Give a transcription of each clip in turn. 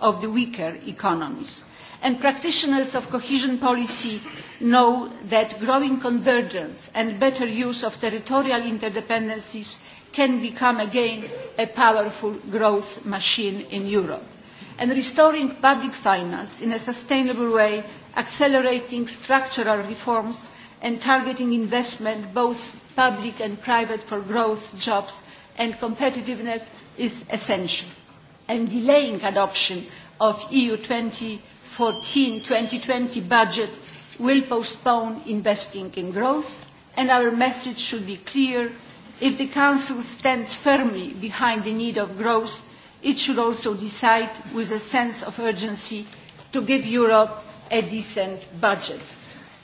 of the weaker economies. And practitioners of cohesion policy know that growing convergence and better use of territorial interdependencies can become again a powerful growth machine in Europe. And restoring public finance in a sustainable way, accelerating structural reforms and targeting investment, both public and private, for growth, jobs and competitiveness is essential and delaying adoption of EU 2014-2020 budget will postpone investing in growth, and our message should be clear. If the Council stands firmly behind the need of growth, it should also decide with a sense of urgency to give Europe a decent budget.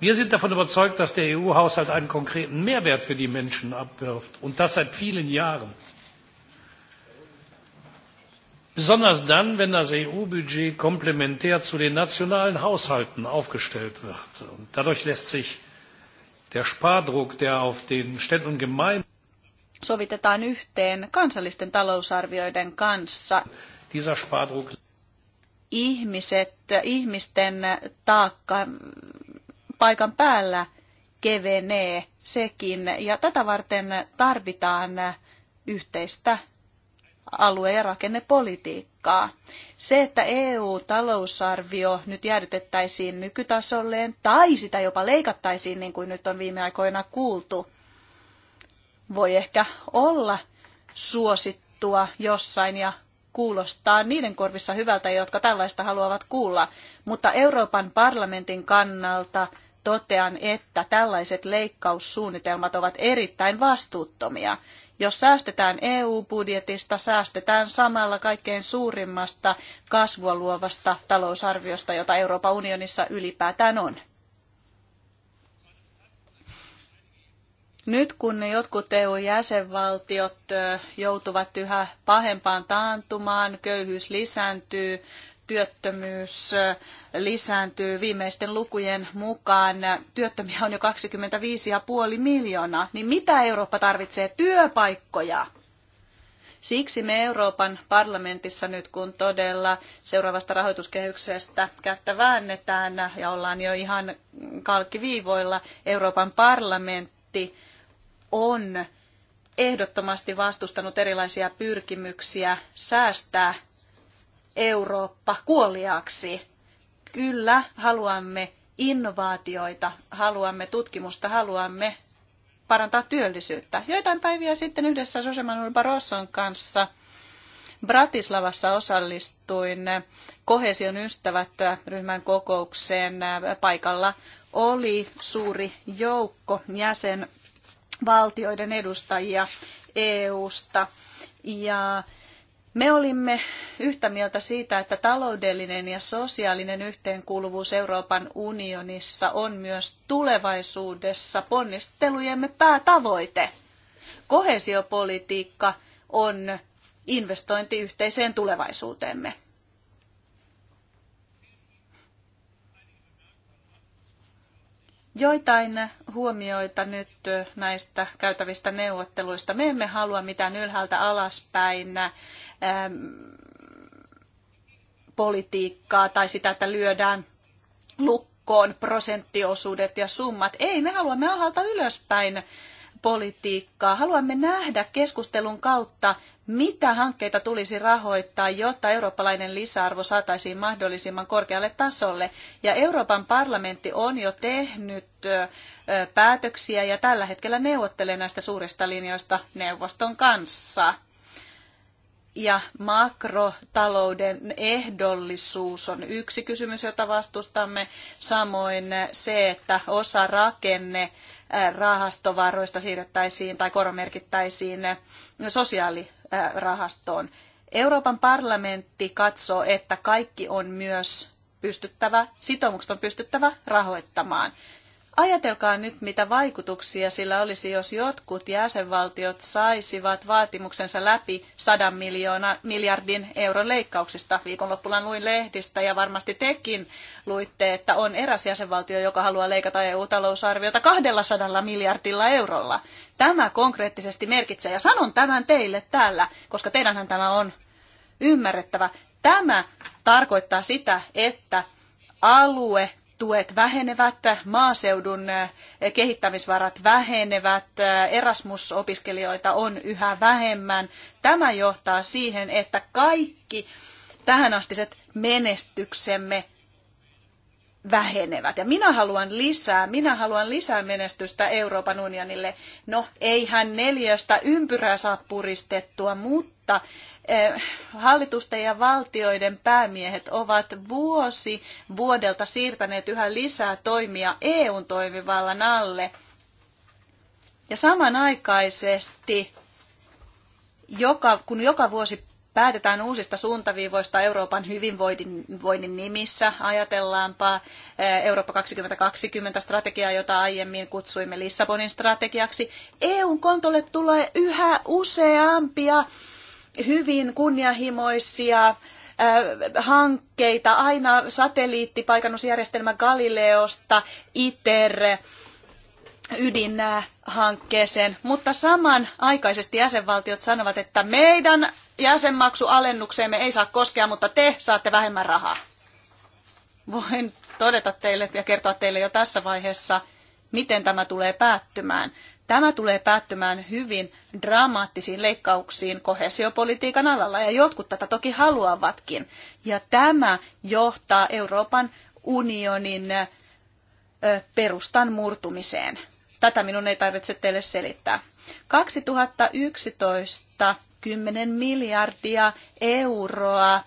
wir sind davon überzeugt dass der eu haushalt einen konkreten mehrwert für die menschen abwirft und das seit vielen jahren besonders dann wenn das eu budget komplementär zu den nationalen haushalten aufgestellt wird. dadurch lässt sich der spardruck der auf den städten und gemeinden sovitetaan yhteen kansallisten talousarvioiden kanssa. Dieser Spardruck ihmiset, ihmisten taakka paikan päällä kevenee sekin. Ja tätä varten tarvitaan yhteistä alue- ja rakennepolitiikkaa. Se, että EU-talousarvio nyt jäädytettäisiin nykytasolleen tai sitä jopa leikattaisiin, niin kuin nyt on viime aikoina kuultu, voi ehkä olla suosittua jossain ja kuulostaa niiden korvissa hyvältä, jotka tällaista haluavat kuulla. Mutta Euroopan parlamentin kannalta totean, että tällaiset leikkaussuunnitelmat ovat erittäin vastuuttomia. Jos säästetään EU-budjetista, säästetään samalla kaikkein suurimmasta kasvua luovasta talousarviosta, jota Euroopan unionissa ylipäätään on. Nyt kun jotkut EU-jäsenvaltiot joutuvat yhä pahempaan taantumaan, köyhyys lisääntyy, työttömyys lisääntyy viimeisten lukujen mukaan. Työttömiä on jo 25,5 miljoonaa. Niin mitä Eurooppa tarvitsee? Työpaikkoja. Siksi me Euroopan parlamentissa nyt, kun todella seuraavasta rahoituskehyksestä kättä väännetään ja ollaan jo ihan kalkkiviivoilla, Euroopan parlamentti on ehdottomasti vastustanut erilaisia pyrkimyksiä säästää Eurooppa kuoliaaksi. Kyllä, haluamme innovaatioita, haluamme tutkimusta, haluamme parantaa työllisyyttä. Joitain päiviä sitten yhdessä Jose Manuel Barroson kanssa Bratislavassa osallistuin kohesion ystävät ryhmän kokoukseen. Paikalla oli suuri joukko jäsenvaltioiden edustajia EU-sta. Ja me olimme yhtä mieltä siitä, että taloudellinen ja sosiaalinen yhteenkuuluvuus Euroopan unionissa on myös tulevaisuudessa ponnistelujemme päätavoite. Kohesiopolitiikka on investointi yhteiseen tulevaisuuteemme. Joitain huomioita nyt näistä käytävistä neuvotteluista. Me emme halua mitään ylhäältä alaspäin ähm, politiikkaa tai sitä, että lyödään lukkoon prosenttiosuudet ja summat. Ei, me haluamme alhaalta ylöspäin politiikkaa. Haluamme nähdä keskustelun kautta, mitä hankkeita tulisi rahoittaa, jotta eurooppalainen lisäarvo saataisiin mahdollisimman korkealle tasolle. Ja Euroopan parlamentti on jo tehnyt päätöksiä ja tällä hetkellä neuvottelee näistä suurista linjoista neuvoston kanssa. Ja makrotalouden ehdollisuus on yksi kysymys, jota vastustamme. Samoin se, että osa rakenne rahastovaroista siirrettäisiin tai korvamerkittäisiin sosiaalirahastoon. Euroopan parlamentti katsoo, että kaikki on myös pystyttävä, sitoumukset on pystyttävä rahoittamaan. Ajatelkaa nyt, mitä vaikutuksia sillä olisi, jos jotkut jäsenvaltiot saisivat vaatimuksensa läpi 100 miljoona, miljardin euron leikkauksista. Viikonloppuna luin lehdistä ja varmasti tekin luitte, että on eräs jäsenvaltio, joka haluaa leikata EU-talousarviota 200 miljardilla eurolla. Tämä konkreettisesti merkitsee, ja sanon tämän teille täällä, koska teidänhän tämä on ymmärrettävä. Tämä tarkoittaa sitä, että alue tuet vähenevät, maaseudun eh, kehittämisvarat vähenevät, eh, Erasmus-opiskelijoita on yhä vähemmän. Tämä johtaa siihen, että kaikki tähänastiset menestyksemme vähenevät. Ja minä haluan lisää, minä haluan lisää menestystä Euroopan unionille. No, eihän neljästä ympyrää saa puristettua, mutta Eh, hallitusten ja valtioiden päämiehet ovat vuosi vuodelta siirtäneet yhä lisää toimia EUn toimivallan alle. Ja samanaikaisesti, joka, kun joka vuosi päätetään uusista suuntaviivoista Euroopan hyvinvoinnin nimissä. Ajatellaanpa eh, Eurooppa 2020 strategiaa, jota aiemmin kutsuimme Lissabonin strategiaksi. EUn kontolle tulee yhä useampia hyvin kunnianhimoisia äh, hankkeita aina satelliittipaikannusjärjestelmä Galileosta ITER ydinhankkeeseen, mutta samanaikaisesti jäsenvaltiot sanovat, että meidän jäsenmaksualennukseemme ei saa koskea, mutta te saatte vähemmän rahaa. Voin todeta teille ja kertoa teille jo tässä vaiheessa, miten tämä tulee päättymään. Tämä tulee päättymään hyvin dramaattisiin leikkauksiin kohesiopolitiikan alalla, ja jotkut tätä toki haluavatkin. Ja tämä johtaa Euroopan unionin perustan murtumiseen. Tätä minun ei tarvitse teille selittää. 2011 10 miljardia euroa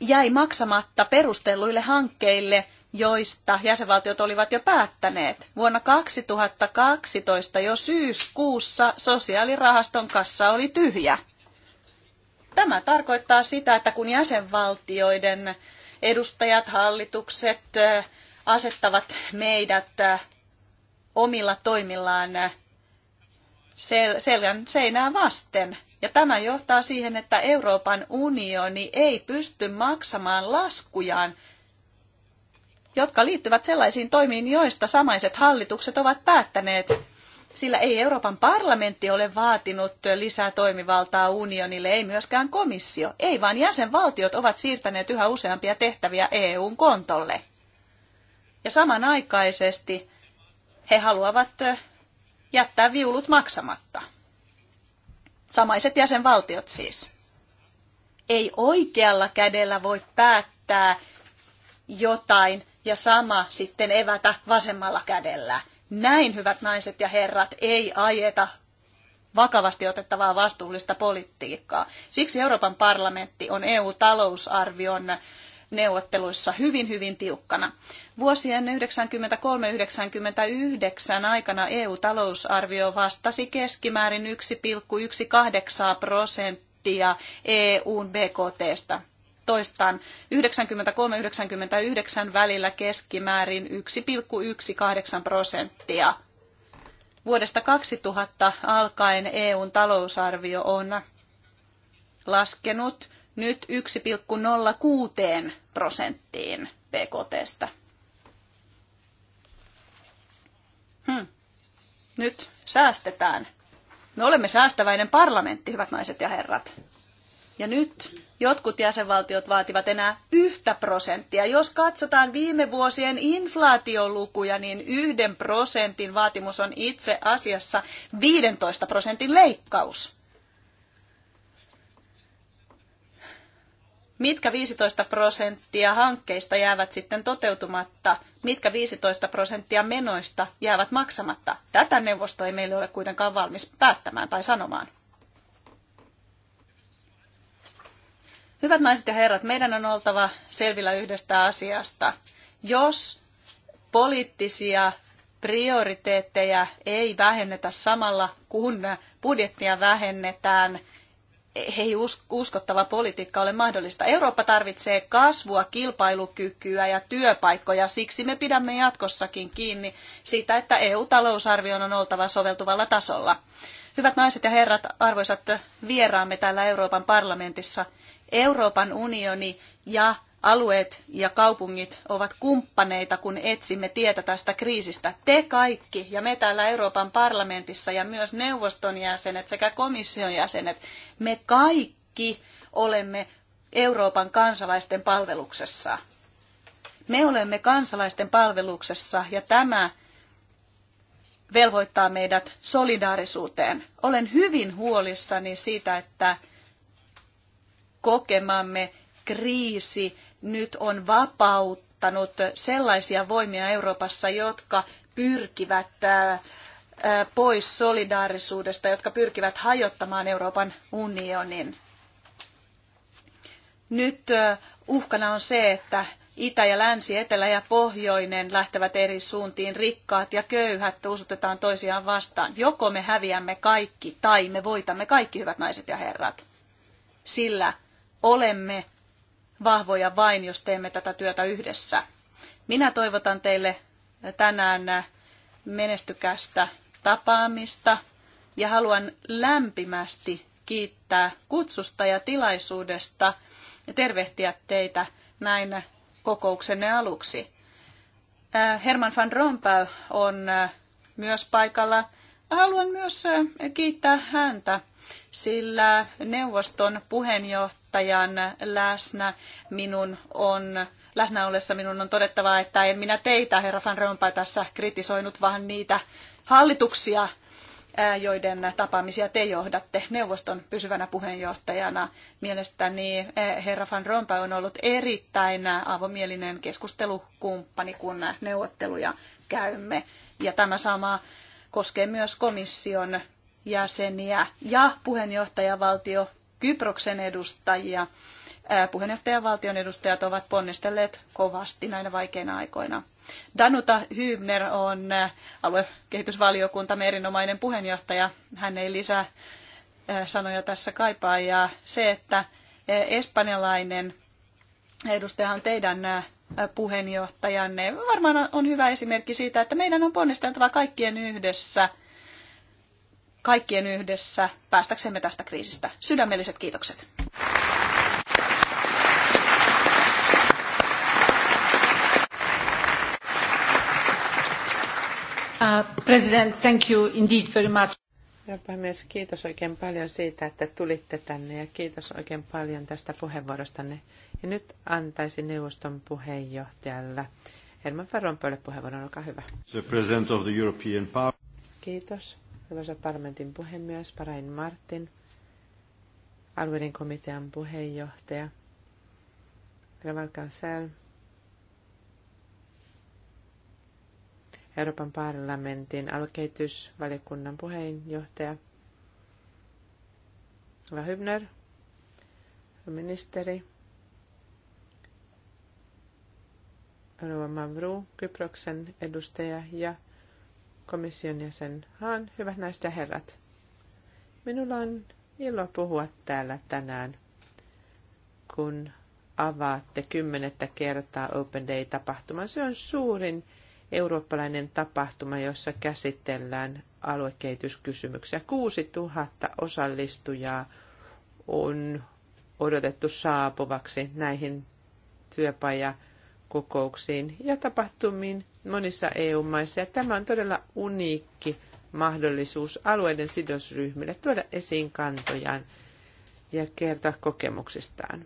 jäi maksamatta perustelluille hankkeille, joista jäsenvaltiot olivat jo päättäneet. Vuonna 2012 jo syyskuussa sosiaalirahaston kassa oli tyhjä. Tämä tarkoittaa sitä, että kun jäsenvaltioiden edustajat, hallitukset asettavat meidät omilla toimillaan sel- selän seinää vasten. Ja tämä johtaa siihen, että Euroopan unioni ei pysty maksamaan laskujaan jotka liittyvät sellaisiin toimiin, joista samaiset hallitukset ovat päättäneet. Sillä ei Euroopan parlamentti ole vaatinut lisää toimivaltaa unionille, ei myöskään komissio. Ei, vaan jäsenvaltiot ovat siirtäneet yhä useampia tehtäviä EUn kontolle. Ja samanaikaisesti he haluavat jättää viulut maksamatta. Samaiset jäsenvaltiot siis. Ei oikealla kädellä voi päättää jotain ja sama sitten evätä vasemmalla kädellä. Näin, hyvät naiset ja herrat, ei ajeta vakavasti otettavaa vastuullista politiikkaa. Siksi Euroopan parlamentti on EU-talousarvion neuvotteluissa hyvin, hyvin tiukkana. Vuosien 1993-1999 aikana EU-talousarvio vastasi keskimäärin 1,18 prosenttia EUn BKTstä toistan, 93-99 välillä keskimäärin 1,18 prosenttia. Vuodesta 2000 alkaen EUn talousarvio on laskenut nyt 1,06 prosenttiin BKTstä. Hmm. Nyt säästetään. Me olemme säästäväinen parlamentti, hyvät naiset ja herrat. Ja nyt jotkut jäsenvaltiot vaativat enää yhtä prosenttia. Jos katsotaan viime vuosien inflaatiolukuja, niin yhden prosentin vaatimus on itse asiassa 15 prosentin leikkaus. Mitkä 15 prosenttia hankkeista jäävät sitten toteutumatta? Mitkä 15 prosenttia menoista jäävät maksamatta? Tätä neuvosto ei meille ole kuitenkaan valmis päättämään tai sanomaan. Hyvät naiset ja herrat, meidän on oltava selvillä yhdestä asiasta. Jos poliittisia prioriteetteja ei vähennetä samalla, kun budjettia vähennetään, ei uskottava politiikka ole mahdollista. Eurooppa tarvitsee kasvua, kilpailukykyä ja työpaikkoja. Siksi me pidämme jatkossakin kiinni siitä, että EU-talousarvion on oltava soveltuvalla tasolla. Hyvät naiset ja herrat, arvoisat vieraamme täällä Euroopan parlamentissa, Euroopan unioni ja alueet ja kaupungit ovat kumppaneita, kun etsimme tietä tästä kriisistä. Te kaikki ja me täällä Euroopan parlamentissa ja myös neuvoston jäsenet sekä komission jäsenet, me kaikki olemme Euroopan kansalaisten palveluksessa. Me olemme kansalaisten palveluksessa ja tämä velvoittaa meidät solidaarisuuteen. Olen hyvin huolissani siitä, että kokemamme kriisi nyt on vapauttanut sellaisia voimia Euroopassa, jotka pyrkivät äh, äh, pois solidaarisuudesta, jotka pyrkivät hajottamaan Euroopan unionin. Nyt äh, uhkana on se, että itä ja länsi, etelä ja pohjoinen lähtevät eri suuntiin, rikkaat ja köyhät usutetaan toisiaan vastaan. Joko me häviämme kaikki tai me voitamme kaikki, hyvät naiset ja herrat. Sillä olemme vahvoja vain, jos teemme tätä työtä yhdessä. Minä toivotan teille tänään menestykästä tapaamista ja haluan lämpimästi kiittää kutsusta ja tilaisuudesta ja tervehtiä teitä näin kokouksenne aluksi. Äh, Herman van Rompuy on äh, myös paikalla. Haluan myös äh, kiittää häntä, sillä neuvoston puheenjohtajan läsnä minun on läsnä ollessa minun on todettava, että en minä teitä, herra Van Rompuy, tässä kritisoinut, vaan niitä hallituksia, joiden tapaamisia te johdatte neuvoston pysyvänä puheenjohtajana. Mielestäni herra Van Rompuy on ollut erittäin avomielinen keskustelukumppani, kun neuvotteluja käymme. Ja tämä sama koskee myös komission jäseniä ja puheenjohtajavaltio Kyproksen edustajia puheenjohtajavaltion edustajat ovat ponnistelleet kovasti näinä vaikeina aikoina. Danuta Hybner on aluekehitysvaliokuntamme erinomainen puheenjohtaja. Hän ei lisää sanoja tässä kaipaa. Ja se, että espanjalainen edustaja on teidän puheenjohtajanne, varmaan on hyvä esimerkki siitä, että meidän on ponnisteltava kaikkien yhdessä kaikkien yhdessä päästäksemme tästä kriisistä. Sydämelliset kiitokset. Uh, Herra puhemies, kiitos oikein paljon siitä, että tulitte tänne ja kiitos oikein paljon tästä puheenvuorostanne. Ja nyt antaisin neuvoston puheenjohtajalle Herman Farronpölle puheenvuoron, olkaa hyvä. The President of the European Kiitos, arvoisa parlamentin puhemies Parain Martin, alueiden komitean puheenjohtaja, Raval Kansel, Euroopan parlamentin alkeitysvaliokunnan puheenjohtaja Ulla Hybner, ministeri Rova Mavru, Kyproksen edustaja ja komission jäsen Haan, hyvät naiset ja herrat. Minulla on ilo puhua täällä tänään, kun avaatte kymmenettä kertaa Open Day-tapahtuman. Se on suurin eurooppalainen tapahtuma, jossa käsitellään aluekehityskysymyksiä. 6000 osallistujaa on odotettu saapuvaksi näihin työpajakokouksiin ja tapahtumiin monissa EU-maissa. Ja tämä on todella uniikki mahdollisuus alueiden sidosryhmille tuoda esiin kantojaan ja kertoa kokemuksistaan.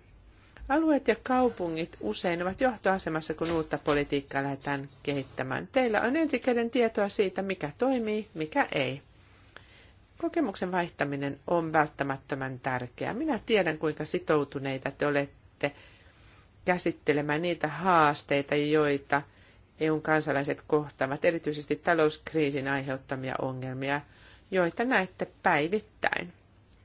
Alueet ja kaupungit usein ovat johtoasemassa, kun uutta politiikkaa lähdetään kehittämään. Teillä on ensikäden tietoa siitä, mikä toimii, mikä ei. Kokemuksen vaihtaminen on välttämättömän tärkeää. Minä tiedän, kuinka sitoutuneita te olette käsittelemään niitä haasteita, joita EUn kansalaiset kohtaavat, erityisesti talouskriisin aiheuttamia ongelmia, joita näette päivittäin.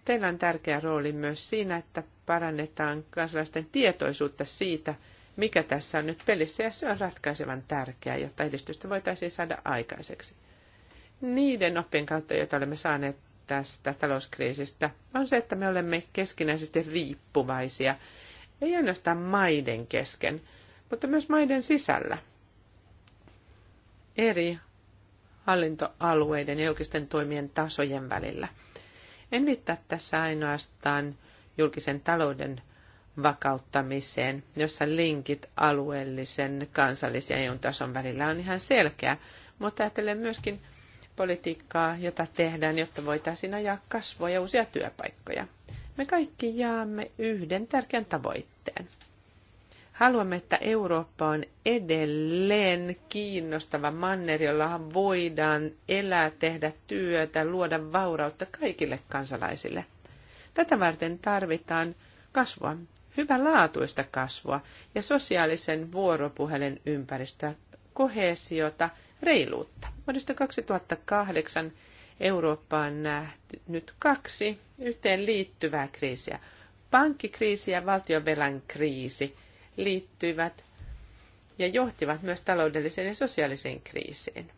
Teillä on tärkeä rooli myös siinä, että parannetaan kansalaisten tietoisuutta siitä, mikä tässä on nyt pelissä, ja se on ratkaisevan tärkeää, jotta edistystä voitaisiin saada aikaiseksi. Niiden oppien kautta, joita olemme saaneet tästä talouskriisistä, on se, että me olemme keskinäisesti riippuvaisia, ei ainoastaan maiden kesken, mutta myös maiden sisällä. Eri hallintoalueiden ja julkisten toimien tasojen välillä – en viittaa tässä ainoastaan julkisen talouden vakauttamiseen, jossa linkit alueellisen, kansallisen ja EU-tason välillä on ihan selkeä, mutta ajattelen myöskin politiikkaa, jota tehdään, jotta voitaisiin ajaa kasvua ja uusia työpaikkoja. Me kaikki jaamme yhden tärkeän tavoitteen – Haluamme, että Eurooppa on edelleen kiinnostava manner, jolla voidaan elää, tehdä työtä, luoda vaurautta kaikille kansalaisille. Tätä varten tarvitaan kasvua, hyvänlaatuista kasvua ja sosiaalisen vuoropuhelun ympäristöä, kohesiota, reiluutta. Vuodesta 2008 Eurooppa on nyt kaksi yhteen liittyvää kriisiä. Pankkikriisi ja valtionvelan kriisi – liittyivät ja johtivat myös taloudelliseen ja sosiaaliseen kriisiin.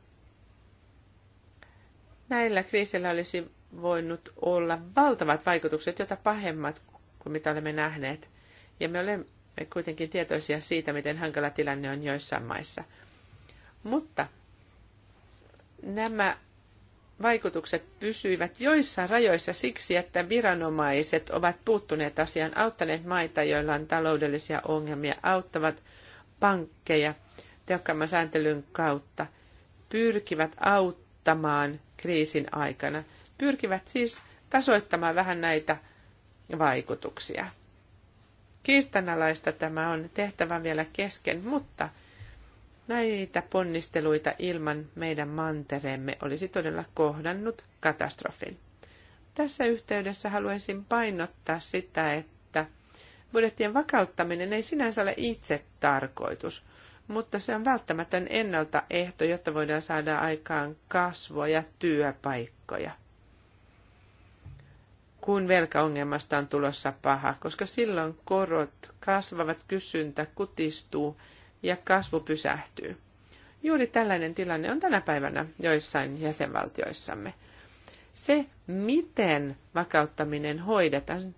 Näillä kriisillä olisi voinut olla valtavat vaikutukset, jota pahemmat kuin mitä olemme nähneet. Ja me olemme kuitenkin tietoisia siitä, miten hankala tilanne on joissain maissa. Mutta nämä vaikutukset pysyivät joissa rajoissa siksi, että viranomaiset ovat puuttuneet asiaan, auttaneet maita, joilla on taloudellisia ongelmia, auttavat pankkeja tehokkaamman sääntelyn kautta, pyrkivät auttamaan kriisin aikana, pyrkivät siis tasoittamaan vähän näitä vaikutuksia. Kiistanalaista tämä on tehtävä vielä kesken, mutta – Näitä ponnisteluita ilman meidän mantereemme olisi todella kohdannut katastrofin. Tässä yhteydessä haluaisin painottaa sitä, että budjettien vakauttaminen ei sinänsä ole itse tarkoitus, mutta se on välttämätön ennaltaehto, jotta voidaan saada aikaan kasvua ja työpaikkoja. Kun velkaongelmasta on tulossa paha, koska silloin korot kasvavat, kysyntä kutistuu – ja kasvu pysähtyy. Juuri tällainen tilanne on tänä päivänä joissain jäsenvaltioissamme. Se, miten vakauttaminen hoidetaan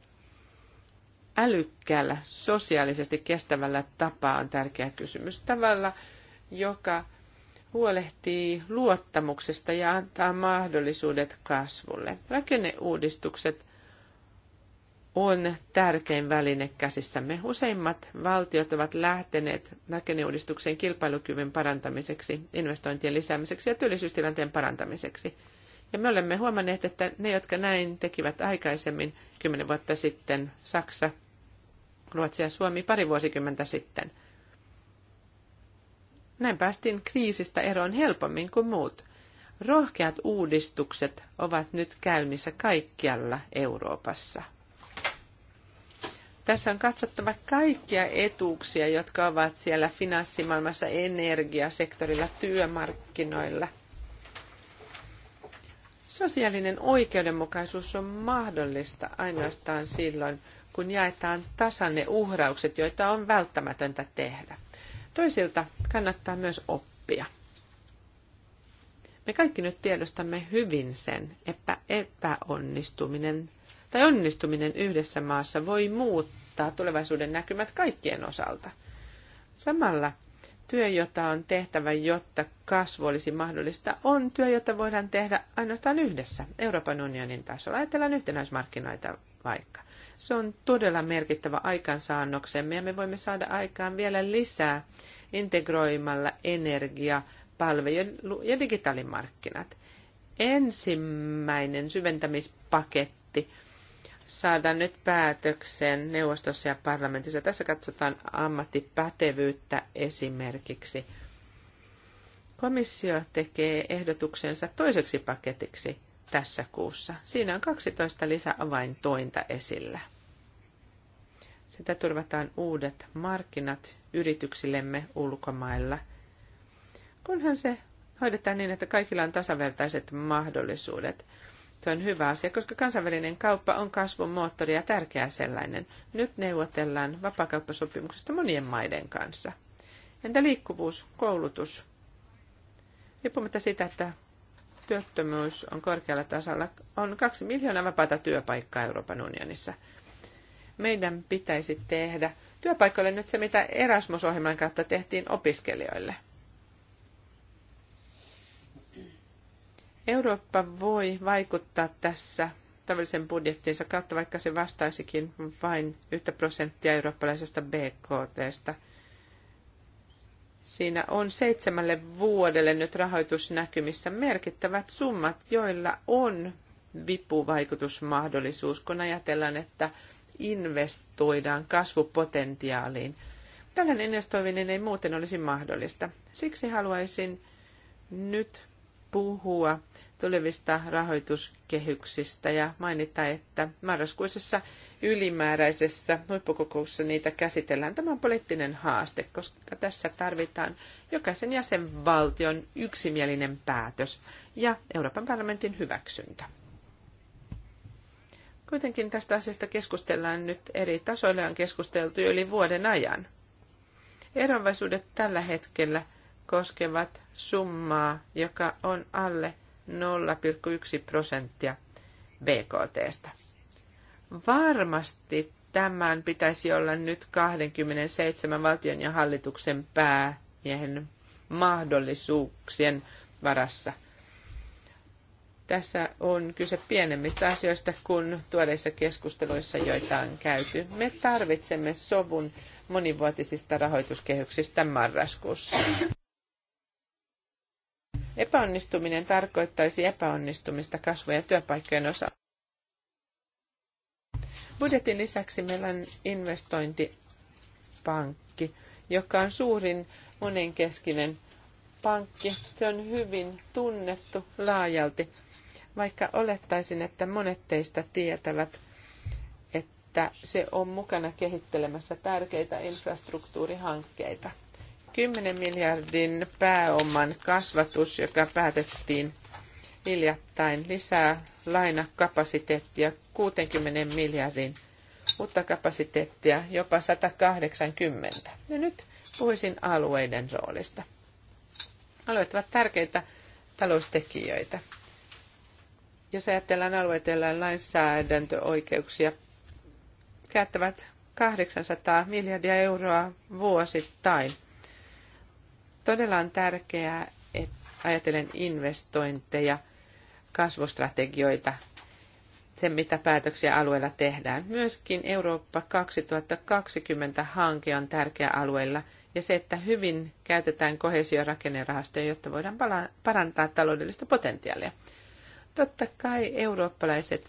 älykkäällä, sosiaalisesti kestävällä tapaa on tärkeä kysymys. Tavalla, joka huolehtii luottamuksesta ja antaa mahdollisuudet kasvulle. Rakenneuudistukset on tärkein väline käsissämme. Useimmat valtiot ovat lähteneet rakenneuudistuksen kilpailukyvyn parantamiseksi, investointien lisäämiseksi ja työllisyystilanteen parantamiseksi. Ja me olemme huomanneet, että ne, jotka näin tekivät aikaisemmin, kymmenen vuotta sitten, Saksa, Ruotsi ja Suomi pari vuosikymmentä sitten. Näin päästiin kriisistä eroon helpommin kuin muut. Rohkeat uudistukset ovat nyt käynnissä kaikkialla Euroopassa. Tässä on katsottava kaikkia etuuksia, jotka ovat siellä finanssimaailmassa, energiasektorilla, työmarkkinoilla. Sosiaalinen oikeudenmukaisuus on mahdollista ainoastaan silloin, kun jaetaan tasan ne uhraukset, joita on välttämätöntä tehdä. Toisilta kannattaa myös oppia. Me kaikki nyt tiedostamme hyvin sen, että epäonnistuminen tai onnistuminen yhdessä maassa voi muuttaa tulevaisuuden näkymät kaikkien osalta. Samalla työ, jota on tehtävä, jotta kasvu olisi mahdollista, on työ, jota voidaan tehdä ainoastaan yhdessä Euroopan unionin tasolla. Ajatellaan yhtenäismarkkinoita vaikka. Se on todella merkittävä aikansaannoksemme ja me voimme saada aikaan vielä lisää integroimalla energia, palvelu- ja digitaalimarkkinat. Ensimmäinen syventämispaketti saada nyt päätöksen neuvostossa ja parlamentissa. Tässä katsotaan ammattipätevyyttä esimerkiksi. Komissio tekee ehdotuksensa toiseksi paketiksi tässä kuussa. Siinä on 12 lisäavaintointa esillä. Sitä turvataan uudet markkinat yrityksillemme ulkomailla, kunhan se hoidetaan niin, että kaikilla on tasavertaiset mahdollisuudet. Tuo on hyvä asia, koska kansainvälinen kauppa on kasvun moottori ja tärkeä sellainen. Nyt neuvotellaan vapakauppasopimuksesta monien maiden kanssa. Entä liikkuvuus, koulutus? Riippumatta siitä, että työttömyys on korkealla tasolla, on kaksi miljoonaa vapaata työpaikkaa Euroopan unionissa. Meidän pitäisi tehdä työpaikoille nyt se, mitä Erasmus-ohjelman kautta tehtiin opiskelijoille – Eurooppa voi vaikuttaa tässä tavallisen budjettinsa kautta, vaikka se vastaisikin vain yhtä prosenttia eurooppalaisesta BKTstä. Siinä on seitsemälle vuodelle nyt rahoitusnäkymissä merkittävät summat, joilla on vipuvaikutusmahdollisuus, kun ajatellaan, että investoidaan kasvupotentiaaliin. Tällainen investoiminen ei muuten olisi mahdollista. Siksi haluaisin nyt puhua tulevista rahoituskehyksistä ja mainita, että marraskuisessa ylimääräisessä huippukokouksessa niitä käsitellään. Tämä on poliittinen haaste, koska tässä tarvitaan jokaisen jäsenvaltion yksimielinen päätös ja Euroopan parlamentin hyväksyntä. Kuitenkin tästä asiasta keskustellaan nyt eri tasoilla on keskusteltu yli vuoden ajan. Eroavaisuudet tällä hetkellä – koskevat summaa, joka on alle 0,1 prosenttia BKTstä. Varmasti tämän pitäisi olla nyt 27 valtion ja hallituksen päämiehen mahdollisuuksien varassa. Tässä on kyse pienemmistä asioista kuin tuoreissa keskusteluissa, joita on käyty. Me tarvitsemme sovun monivuotisista rahoituskehyksistä marraskuussa. Epäonnistuminen tarkoittaisi epäonnistumista kasvu- ja työpaikkojen osalta. Budjetin lisäksi meillä on investointipankki, joka on suurin monenkeskinen pankki. Se on hyvin tunnettu laajalti, vaikka olettaisin, että monet teistä tietävät, että se on mukana kehittelemässä tärkeitä infrastruktuurihankkeita. 10 miljardin pääoman kasvatus, joka päätettiin hiljattain, lisää lainakapasiteettia 60 miljardin uutta kapasiteettia jopa 180. Ja nyt puhuisin alueiden roolista. Alueet ovat tärkeitä taloustekijöitä. Jos ajatellaan alueiden lainsäädäntöoikeuksia, käyttävät 800 miljardia euroa vuosittain – Todella on tärkeää, että ajatellen investointeja, kasvustrategioita, sen mitä päätöksiä alueella tehdään. Myöskin Eurooppa 2020-hanke on tärkeä alueella ja se, että hyvin käytetään kohesiorakennerahastoja, jotta voidaan parantaa taloudellista potentiaalia. Totta kai eurooppalaiset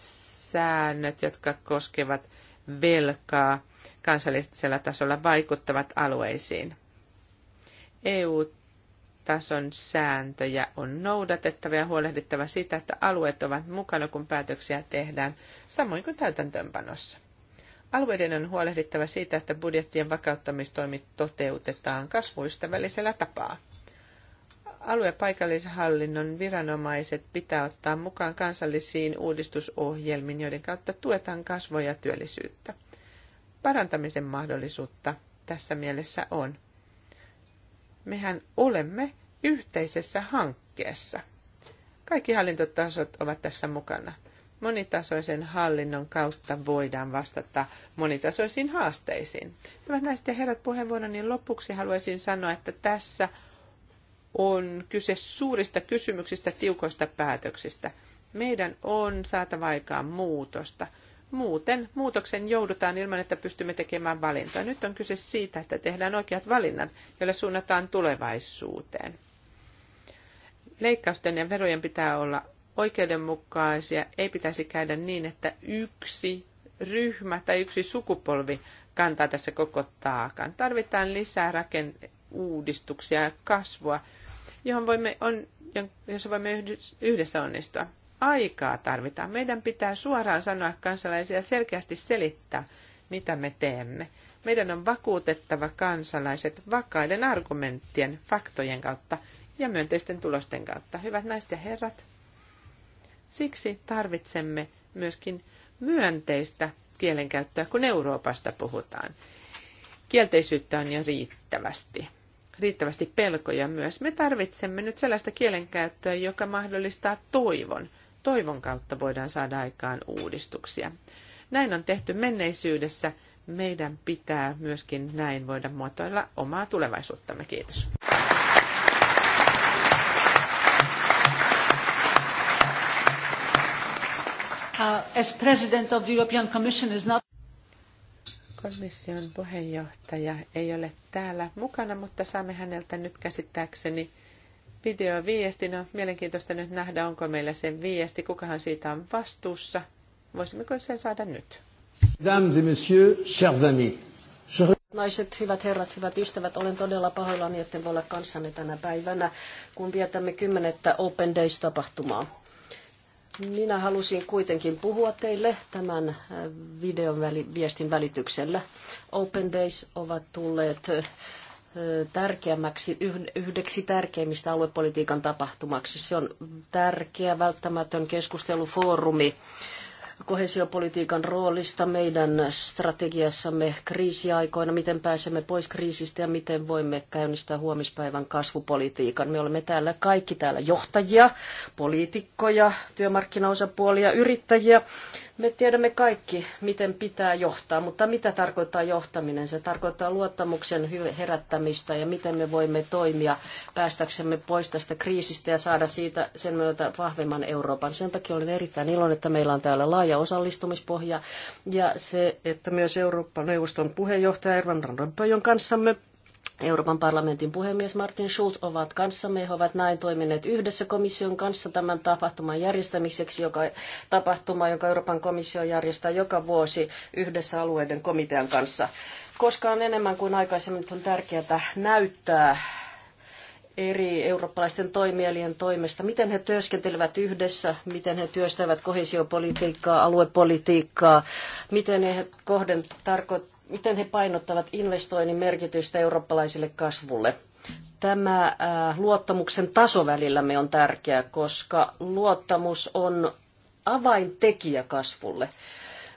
säännöt, jotka koskevat velkaa kansallisella tasolla, vaikuttavat alueisiin. EU-tason sääntöjä on noudatettava ja huolehdittava siitä, että alueet ovat mukana, kun päätöksiä tehdään, samoin kuin täytäntöönpanossa. Alueiden on huolehdittava siitä, että budjettien vakauttamistoimit toteutetaan kasvuystävällisellä tapaa. Alue- ja paikallishallinnon viranomaiset pitää ottaa mukaan kansallisiin uudistusohjelmiin, joiden kautta tuetaan kasvoja ja työllisyyttä. Parantamisen mahdollisuutta tässä mielessä on. Mehän olemme yhteisessä hankkeessa. Kaikki hallintotasot ovat tässä mukana. Monitasoisen hallinnon kautta voidaan vastata monitasoisiin haasteisiin. Hyvät naiset ja herrat, puheenvuoroni lopuksi haluaisin sanoa, että tässä on kyse suurista kysymyksistä, tiukoista päätöksistä. Meidän on saatava aikaan muutosta. Muuten muutoksen joudutaan ilman, että pystymme tekemään valintoja. Nyt on kyse siitä, että tehdään oikeat valinnat, joilla suunnataan tulevaisuuteen. Leikkausten ja verojen pitää olla oikeudenmukaisia. Ei pitäisi käydä niin, että yksi ryhmä tai yksi sukupolvi kantaa tässä koko taakan. Tarvitaan lisää rakennuudistuksia ja kasvua, johon voimme on, jossa voimme yhdessä onnistua aikaa tarvitaan. Meidän pitää suoraan sanoa kansalaisia selkeästi selittää, mitä me teemme. Meidän on vakuutettava kansalaiset vakaiden argumenttien, faktojen kautta ja myönteisten tulosten kautta. Hyvät naiset ja herrat, siksi tarvitsemme myöskin myönteistä kielenkäyttöä, kun Euroopasta puhutaan. Kielteisyyttä on jo riittävästi. Riittävästi pelkoja myös. Me tarvitsemme nyt sellaista kielenkäyttöä, joka mahdollistaa toivon – toivon kautta voidaan saada aikaan uudistuksia. Näin on tehty menneisyydessä. Meidän pitää myöskin näin voida muotoilla omaa tulevaisuuttamme. Kiitos. Uh, as president of the European Commission is not komission puheenjohtaja ei ole täällä mukana, mutta saamme häneltä nyt käsittääkseni videoviestinä. Mielenkiintoista nyt nähdä, onko meillä sen viesti, kukahan siitä on vastuussa. Voisimmeko sen saada nyt? Mesdames et messieurs, chers amis. Naiset, hyvät herrat, hyvät ystävät, olen todella pahoillani, etten voi olla kanssanne tänä päivänä, kun vietämme kymmenettä Open Days-tapahtumaa. Minä halusin kuitenkin puhua teille tämän äh, videon viestin välityksellä. Open Days ovat tulleet äh, tärkeämmäksi, yhdeksi tärkeimmistä aluepolitiikan tapahtumaksi. Se on tärkeä, välttämätön keskustelufoorumi kohesiopolitiikan roolista meidän strategiassamme kriisiaikoina, miten pääsemme pois kriisistä ja miten voimme käynnistää huomispäivän kasvupolitiikan. Me olemme täällä kaikki täällä johtajia, poliitikkoja, työmarkkinaosapuolia, yrittäjiä, me tiedämme kaikki, miten pitää johtaa, mutta mitä tarkoittaa johtaminen? Se tarkoittaa luottamuksen herättämistä ja miten me voimme toimia päästäksemme pois tästä kriisistä ja saada siitä sen myötä vahvemman Euroopan. Sen takia olen erittäin iloinen, että meillä on täällä laaja osallistumispohja ja se, että myös Euroopan neuvoston puheenjohtaja Ervan kanssa kanssamme Euroopan parlamentin puhemies Martin Schulz ovat kanssamme. He ovat näin toimineet yhdessä komission kanssa tämän tapahtuman järjestämiseksi, joka, tapahtuma, jonka Euroopan komissio järjestää joka vuosi yhdessä alueiden komitean kanssa. Koska on enemmän kuin aikaisemmin, on tärkeää näyttää eri eurooppalaisten toimielien toimesta, miten he työskentelevät yhdessä, miten he työstävät kohesiopolitiikkaa, aluepolitiikkaa, miten he kohden, tarko, miten he painottavat investoinnin merkitystä eurooppalaiselle kasvulle. Tämä äh, luottamuksen taso välillämme on tärkeä, koska luottamus on avaintekijä kasvulle.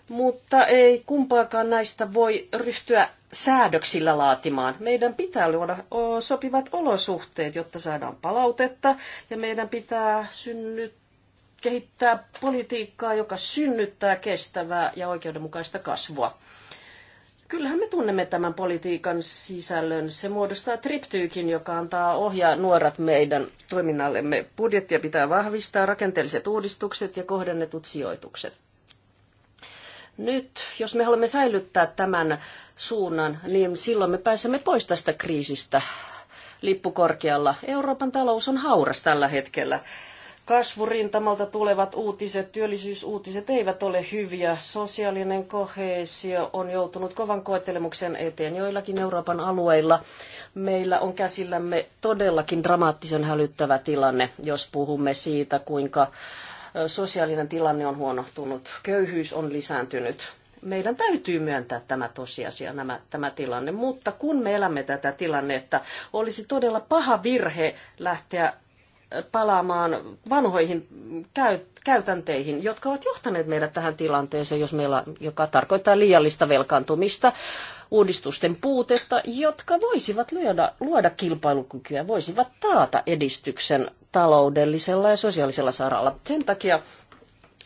Mutta ei kumpaakaan näistä voi ryhtyä säädöksillä laatimaan. Meidän pitää luoda sopivat olosuhteet, jotta saadaan palautetta, ja meidän pitää synnyt, kehittää politiikkaa, joka synnyttää kestävää ja oikeudenmukaista kasvua. Kyllähän me tunnemme tämän politiikan sisällön. Se muodostaa triptyykin, joka antaa ohjaa nuorat meidän toiminnallemme. Budjettia pitää vahvistaa, rakenteelliset uudistukset ja kohdennetut sijoitukset. Nyt, jos me haluamme säilyttää tämän suunnan, niin silloin me pääsemme pois tästä kriisistä lippukorkealla. Euroopan talous on hauras tällä hetkellä kasvurintamalta tulevat uutiset, työllisyysuutiset eivät ole hyviä. Sosiaalinen koheesio on joutunut kovan koettelemuksen eteen joillakin Euroopan alueilla. Meillä on käsillämme todellakin dramaattisen hälyttävä tilanne, jos puhumme siitä, kuinka sosiaalinen tilanne on huonohtunut, köyhyys on lisääntynyt. Meidän täytyy myöntää tämä tosiasia, nämä, tämä tilanne, mutta kun me elämme tätä tilannetta, olisi todella paha virhe lähteä palaamaan vanhoihin käytänteihin, jotka ovat johtaneet meidät tähän tilanteeseen, jos meillä, joka tarkoittaa liiallista velkaantumista, uudistusten puutetta, jotka voisivat luoda, luoda kilpailukykyä, voisivat taata edistyksen taloudellisella ja sosiaalisella saralla. Sen takia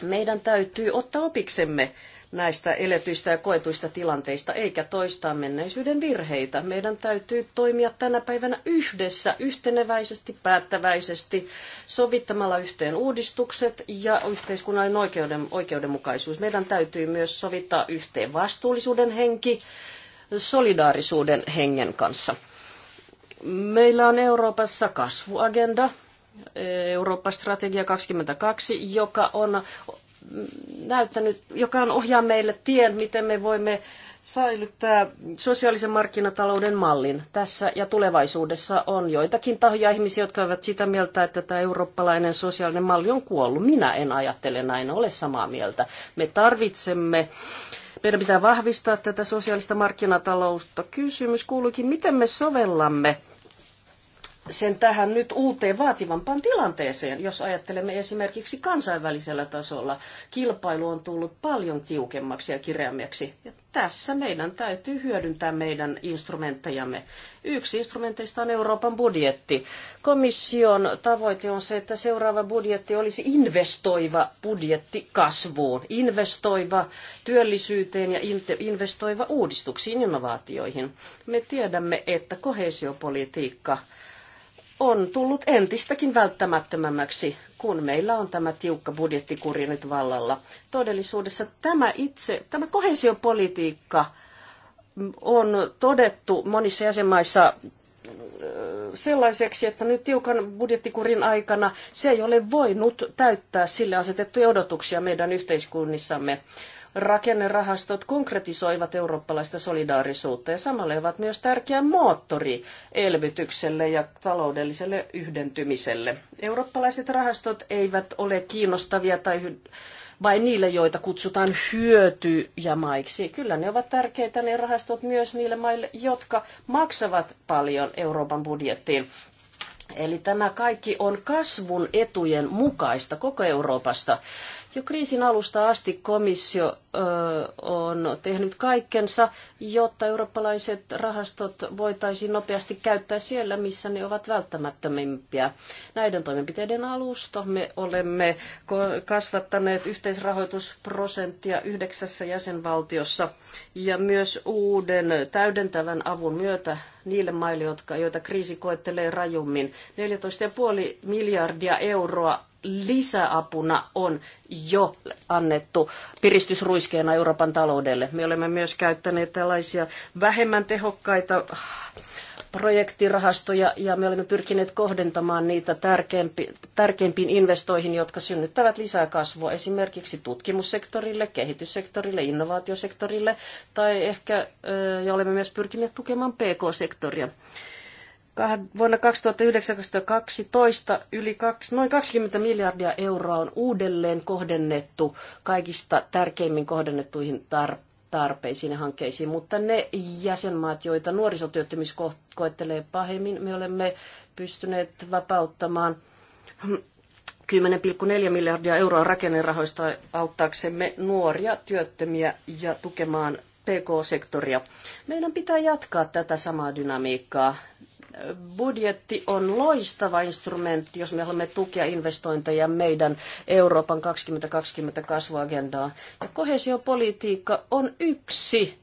meidän täytyy ottaa opiksemme näistä eletyistä ja koetuista tilanteista, eikä toistaa menneisyyden virheitä. Meidän täytyy toimia tänä päivänä yhdessä, yhteneväisesti, päättäväisesti, sovittamalla yhteen uudistukset ja yhteiskunnan oikeuden, oikeudenmukaisuus. Meidän täytyy myös sovittaa yhteen vastuullisuuden henki solidaarisuuden hengen kanssa. Meillä on Euroopassa kasvuagenda, Eurooppa-strategia 22, joka on näyttänyt, joka on ohjaa meille tien, miten me voimme säilyttää sosiaalisen markkinatalouden mallin tässä ja tulevaisuudessa on joitakin tahoja ihmisiä, jotka ovat sitä mieltä, että tämä eurooppalainen sosiaalinen malli on kuollut. Minä en ajattele näin, ole samaa mieltä. Me tarvitsemme meidän pitää vahvistaa tätä sosiaalista markkinataloutta. Kysymys kuuluukin, miten me sovellamme sen tähän nyt uuteen vaativampaan tilanteeseen, jos ajattelemme esimerkiksi kansainvälisellä tasolla. Kilpailu on tullut paljon tiukemmaksi ja kireämmäksi. Ja tässä meidän täytyy hyödyntää meidän instrumenttejamme. Yksi instrumenteista on Euroopan budjetti. Komission tavoite on se, että seuraava budjetti olisi investoiva budjetti kasvuun, investoiva työllisyyteen ja investoiva uudistuksiin, innovaatioihin. Me tiedämme, että kohesiopolitiikka – on tullut entistäkin välttämättömämmäksi, kun meillä on tämä tiukka budjettikuri nyt vallalla. Todellisuudessa tämä itse, tämä kohesiopolitiikka mm, on todettu monissa jäsenmaissa sellaiseksi, että nyt tiukan budjettikurin aikana se ei ole voinut täyttää sille asetettuja odotuksia meidän yhteiskunnissamme rakennerahastot konkretisoivat eurooppalaista solidaarisuutta ja samalla ovat myös tärkeä moottori elvytykselle ja taloudelliselle yhdentymiselle. Eurooppalaiset rahastot eivät ole kiinnostavia tai vain niille, joita kutsutaan hyötyjämaiksi. Kyllä ne ovat tärkeitä ne rahastot myös niille maille, jotka maksavat paljon Euroopan budjettiin. Eli tämä kaikki on kasvun etujen mukaista koko Euroopasta. Jo kriisin alusta asti komissio ö, on tehnyt kaikkensa, jotta eurooppalaiset rahastot voitaisiin nopeasti käyttää siellä, missä ne ovat välttämättömimpiä. Näiden toimenpiteiden alusta me olemme kasvattaneet yhteisrahoitusprosenttia yhdeksässä jäsenvaltiossa ja myös uuden täydentävän avun myötä niille maille, jotka, joita kriisi koettelee rajummin. 14,5 miljardia euroa lisäapuna on jo annettu piristysruiskeena Euroopan taloudelle. Me olemme myös käyttäneet tällaisia vähemmän tehokkaita projektirahastoja ja me olemme pyrkineet kohdentamaan niitä tärkeimpi, tärkeimpiin investoihin, jotka synnyttävät lisää kasvua esimerkiksi tutkimussektorille, kehityssektorille, innovaatiosektorille tai ehkä, ja olemme myös pyrkineet tukemaan PK-sektoria. Vuonna 2009-2012 yli kaksi, noin 20 miljardia euroa on uudelleen kohdennettu kaikista tärkeimmin kohdennettuihin tarpeisiin tarpeisiin ja hankkeisiin, mutta ne jäsenmaat, joita nuorisotyöttömyys koettelee pahemmin, me olemme pystyneet vapauttamaan 10,4 miljardia euroa rakennerahoista auttaaksemme nuoria työttömiä ja tukemaan PK-sektoria. Meidän pitää jatkaa tätä samaa dynamiikkaa budjetti on loistava instrumentti, jos me haluamme tukea investointeja meidän Euroopan 2020 kasvuagendaa. Ja kohesiopolitiikka on yksi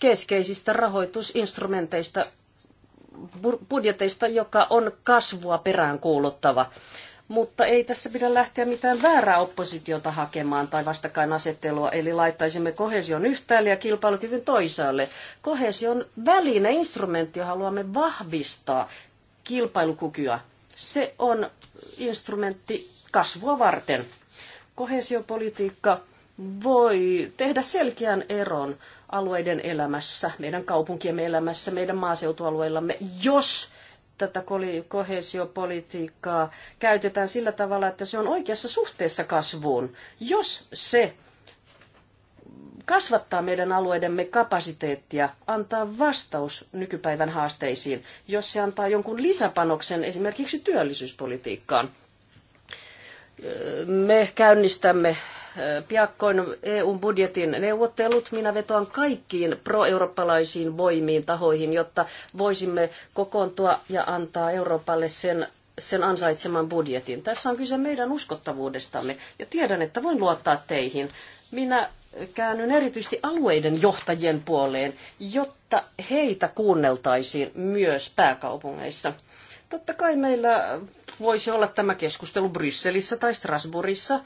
keskeisistä rahoitusinstrumenteista budjeteista, joka on kasvua peräänkuuluttava mutta ei tässä pidä lähteä mitään väärää oppositiota hakemaan tai vastakkainasettelua, eli laittaisimme kohesion yhtäälle ja kilpailukyvyn toisaalle. Kohesion väline, instrumentti, haluamme vahvistaa kilpailukykyä. Se on instrumentti kasvua varten. Kohesiopolitiikka voi tehdä selkeän eron alueiden elämässä, meidän kaupunkiemme elämässä, meidän maaseutualueillamme, jos tätä kohesiopolitiikkaa käytetään sillä tavalla, että se on oikeassa suhteessa kasvuun. Jos se kasvattaa meidän alueidemme kapasiteettia, antaa vastaus nykypäivän haasteisiin, jos se antaa jonkun lisäpanoksen esimerkiksi työllisyyspolitiikkaan – me käynnistämme äh, piakkoin EUn budjetin neuvottelut. Minä vetoan kaikkiin pro-eurooppalaisiin voimiin, tahoihin, jotta voisimme kokoontua ja antaa Euroopalle sen sen ansaitseman budjetin. Tässä on kyse meidän uskottavuudestamme ja tiedän, että voin luottaa teihin. Minä käännyn erityisesti alueiden johtajien puoleen, jotta heitä kuunneltaisiin myös pääkaupungeissa. Totta kai meillä voisi olla tämä keskustelu Brysselissä tai Strasbourgissa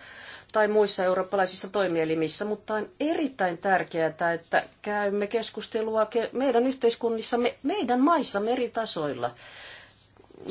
tai muissa eurooppalaisissa toimielimissä, mutta on erittäin tärkeää, että käymme keskustelua meidän yhteiskunnissamme, meidän maissamme eri tasoilla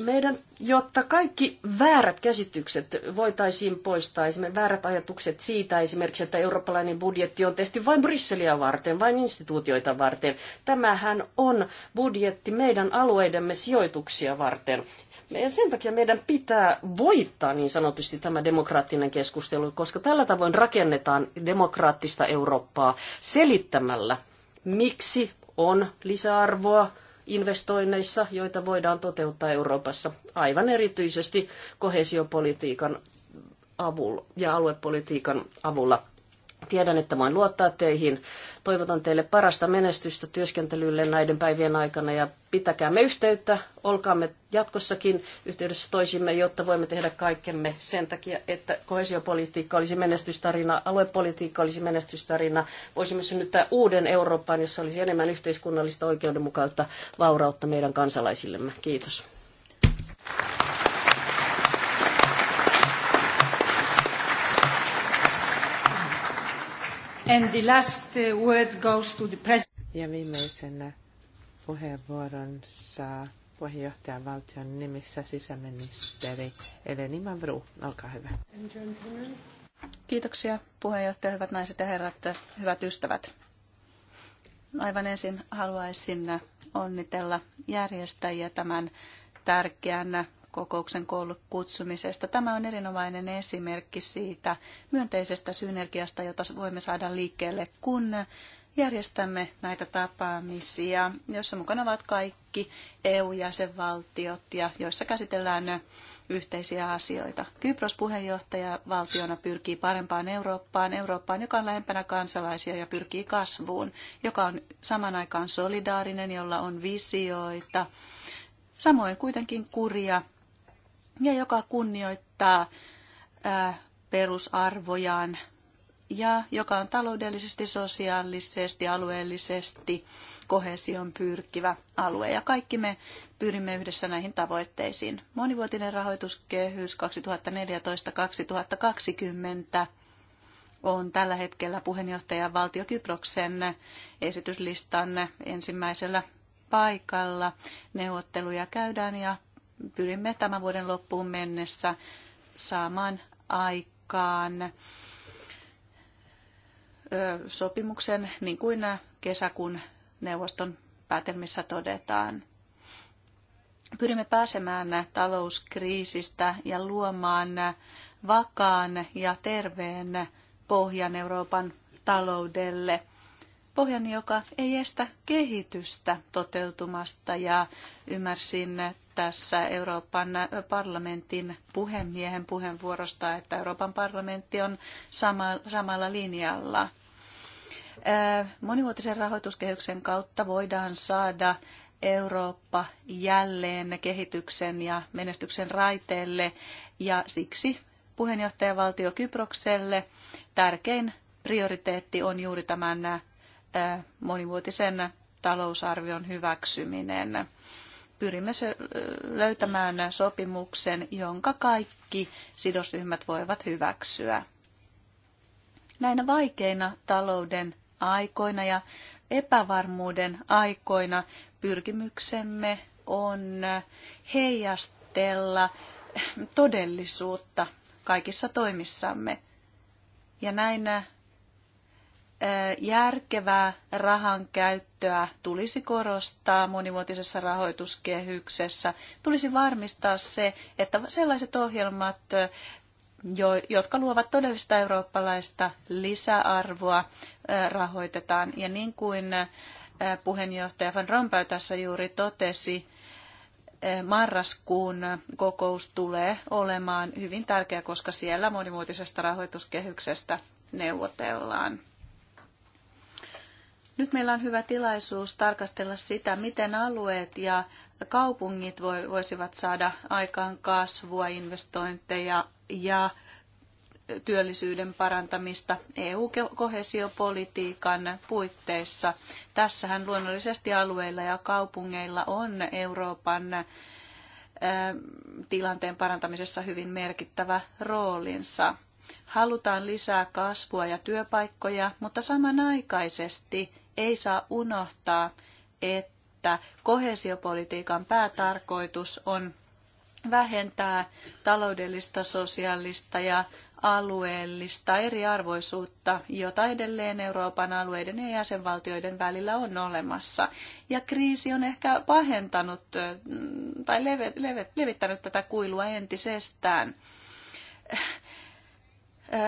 meidän, jotta kaikki väärät käsitykset voitaisiin poistaa, esimerkiksi väärät ajatukset siitä esimerkiksi, että eurooppalainen budjetti on tehty vain Brysseliä varten, vain instituutioita varten. Tämähän on budjetti meidän alueidemme sijoituksia varten. Ja sen takia meidän pitää voittaa niin sanotusti tämä demokraattinen keskustelu, koska tällä tavoin rakennetaan demokraattista Eurooppaa selittämällä, miksi on lisäarvoa, investoinneissa, joita voidaan toteuttaa Euroopassa, aivan erityisesti kohesiopolitiikan avulla ja aluepolitiikan avulla. Tiedän, että voin luottaa teihin. Toivotan teille parasta menestystä työskentelylle näiden päivien aikana ja pitäkäämme yhteyttä. Olkaamme jatkossakin yhteydessä toisimme, jotta voimme tehdä kaikkemme sen takia, että kohesiopolitiikka olisi menestystarina, aluepolitiikka olisi menestystarina. Voisimme synnyttää uuden Euroopan, jossa olisi enemmän yhteiskunnallista oikeudenmukautta vaurautta meidän kansalaisillemme. Kiitos. And the last uh, word goes to the president. Ja viimeisenä puheenvuoron saa puheenjohtajan valtion nimissä sisäministeri Eleni Mavru. Olkaa hyvä. Kiitoksia puheenjohtaja, hyvät naiset ja herrat, hyvät ystävät. Aivan ensin haluaisin onnitella järjestäjiä tämän tärkeän kokouksen kutsumisesta. Tämä on erinomainen esimerkki siitä myönteisestä synergiasta, jota voimme saada liikkeelle, kun järjestämme näitä tapaamisia, joissa mukana ovat kaikki EU-jäsenvaltiot ja joissa käsitellään yhteisiä asioita. Kypros puheenjohtaja valtiona pyrkii parempaan Eurooppaan, Eurooppaan, joka on lähempänä kansalaisia ja pyrkii kasvuun, joka on saman aikaan solidaarinen, jolla on visioita, samoin kuitenkin kuria ja joka kunnioittaa perusarvojaan ja joka on taloudellisesti, sosiaalisesti, alueellisesti kohesion pyrkivä alue. Ja kaikki me pyrimme yhdessä näihin tavoitteisiin. Monivuotinen rahoituskehys 2014-2020 on tällä hetkellä puheenjohtajan valtio Kyproksen esityslistan ensimmäisellä paikalla. Neuvotteluja käydään ja pyrimme tämän vuoden loppuun mennessä saamaan aikaan sopimuksen, niin kuin kesäkuun neuvoston päätelmissä todetaan. Pyrimme pääsemään talouskriisistä ja luomaan vakaan ja terveen pohjan Euroopan taloudelle – pohjan, joka ei estä kehitystä toteutumasta ja ymmärsin tässä Euroopan parlamentin puhemiehen puheenvuorosta, että Euroopan parlamentti on sama, samalla linjalla. Äh, monivuotisen rahoituskehyksen kautta voidaan saada Eurooppa jälleen kehityksen ja menestyksen raiteelle ja siksi puheenjohtajavaltio Kyprokselle tärkein prioriteetti on juuri tämän monivuotisen talousarvion hyväksyminen. Pyrimme löytämään sopimuksen, jonka kaikki sidosryhmät voivat hyväksyä. Näinä vaikeina talouden aikoina ja epävarmuuden aikoina pyrkimyksemme on heijastella todellisuutta kaikissa toimissamme. Ja näinä järkevää rahan käyttöä tulisi korostaa monivuotisessa rahoituskehyksessä. Tulisi varmistaa se, että sellaiset ohjelmat, jotka luovat todellista eurooppalaista lisäarvoa, rahoitetaan. Ja niin kuin puheenjohtaja Van Rompuy tässä juuri totesi, marraskuun kokous tulee olemaan hyvin tärkeä, koska siellä monimuotisesta rahoituskehyksestä neuvotellaan. Nyt meillä on hyvä tilaisuus tarkastella sitä, miten alueet ja kaupungit voisivat saada aikaan kasvua, investointeja ja työllisyyden parantamista EU-kohesiopolitiikan puitteissa. Tässähän luonnollisesti alueilla ja kaupungeilla on Euroopan tilanteen parantamisessa hyvin merkittävä roolinsa. Halutaan lisää kasvua ja työpaikkoja, mutta samanaikaisesti ei saa unohtaa, että kohesiopolitiikan päätarkoitus on vähentää taloudellista, sosiaalista ja alueellista eriarvoisuutta, jota edelleen Euroopan alueiden ja jäsenvaltioiden välillä on olemassa. Ja kriisi on ehkä pahentanut tai levittänyt tätä kuilua entisestään.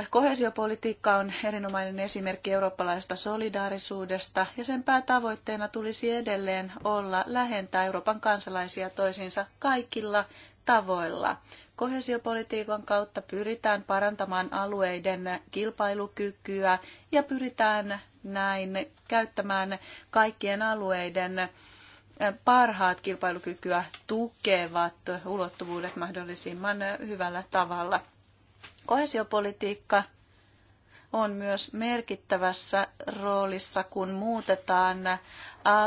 Kohesiopolitiikka on erinomainen esimerkki eurooppalaisesta solidaarisuudesta ja sen päätavoitteena tulisi edelleen olla lähentää Euroopan kansalaisia toisiinsa kaikilla tavoilla. Kohesiopolitiikan kautta pyritään parantamaan alueiden kilpailukykyä ja pyritään näin käyttämään kaikkien alueiden parhaat kilpailukykyä tukevat ulottuvuudet mahdollisimman hyvällä tavalla. Koesiopolitiikka on myös merkittävässä roolissa, kun muutetaan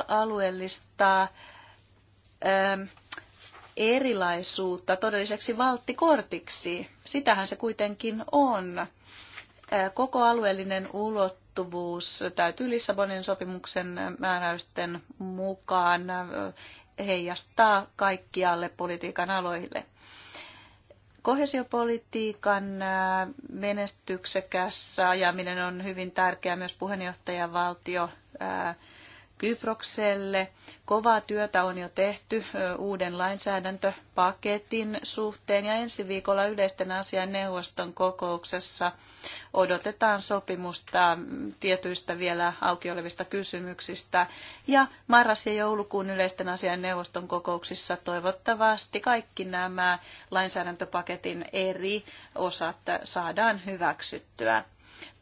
alueellista ähm, erilaisuutta todelliseksi valttikortiksi. Sitähän se kuitenkin on. Äh, koko alueellinen ulottuvuus täytyy Lissabonin sopimuksen määräysten mukaan äh, heijastaa kaikkialle politiikan aloille. Kohesiopolitiikan äh, menestyksekäs ajaminen on hyvin tärkeää myös puheenjohtajavaltio äh, Kyprokselle. Kovaa työtä on jo tehty uuden lainsäädäntöpaketin suhteen ja ensi viikolla yleisten asian neuvoston kokouksessa odotetaan sopimusta tietyistä vielä auki olevista kysymyksistä. Ja marras- ja joulukuun yleisten asian neuvoston kokouksissa toivottavasti kaikki nämä lainsäädäntöpaketin eri osat saadaan hyväksyttyä.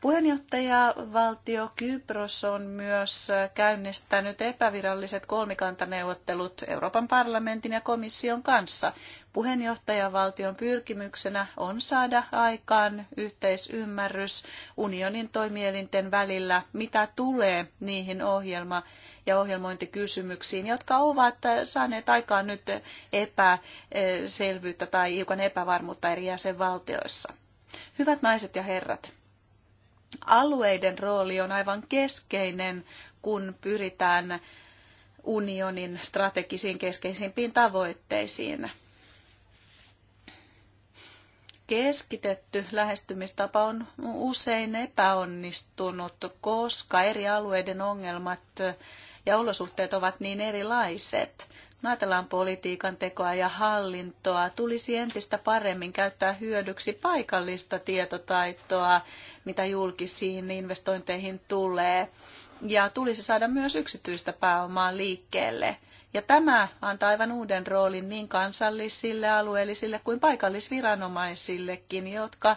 Puheenjohtajavaltio Kypros on myös käynnistänyt epäviralliset kolmikantaneuvottelut Euroopan parlamentin ja komission kanssa. Puheenjohtajavaltion pyrkimyksenä on saada aikaan yhteisymmärrys unionin toimielinten välillä, mitä tulee niihin ohjelma- ja ohjelmointikysymyksiin, jotka ovat saaneet aikaan nyt epäselvyyttä tai hiukan epävarmuutta eri jäsenvaltioissa. Hyvät naiset ja herrat, alueiden rooli on aivan keskeinen, kun pyritään unionin strategisiin keskeisimpiin tavoitteisiin. Keskitetty lähestymistapa on usein epäonnistunut, koska eri alueiden ongelmat ja olosuhteet ovat niin erilaiset ajatellaan politiikan tekoa ja hallintoa, tulisi entistä paremmin käyttää hyödyksi paikallista tietotaitoa, mitä julkisiin investointeihin tulee. Ja tulisi saada myös yksityistä pääomaa liikkeelle. Ja tämä antaa aivan uuden roolin niin kansallisille, alueellisille kuin paikallisviranomaisillekin, jotka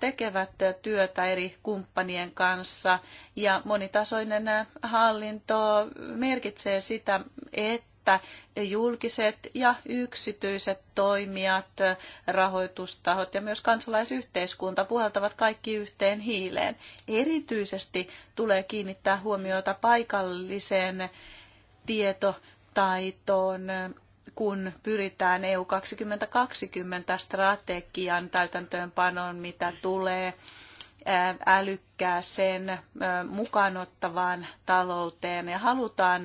tekevät työtä eri kumppanien kanssa. Ja monitasoinen hallinto merkitsee sitä, että että julkiset ja yksityiset toimijat, rahoitustahot ja myös kansalaisyhteiskunta puhaltavat kaikki yhteen hiileen. Erityisesti tulee kiinnittää huomiota paikalliseen tietotaitoon, kun pyritään EU 2020 strategian täytäntöönpanoon, mitä tulee älykkääseen mukaanottavaan talouteen ja halutaan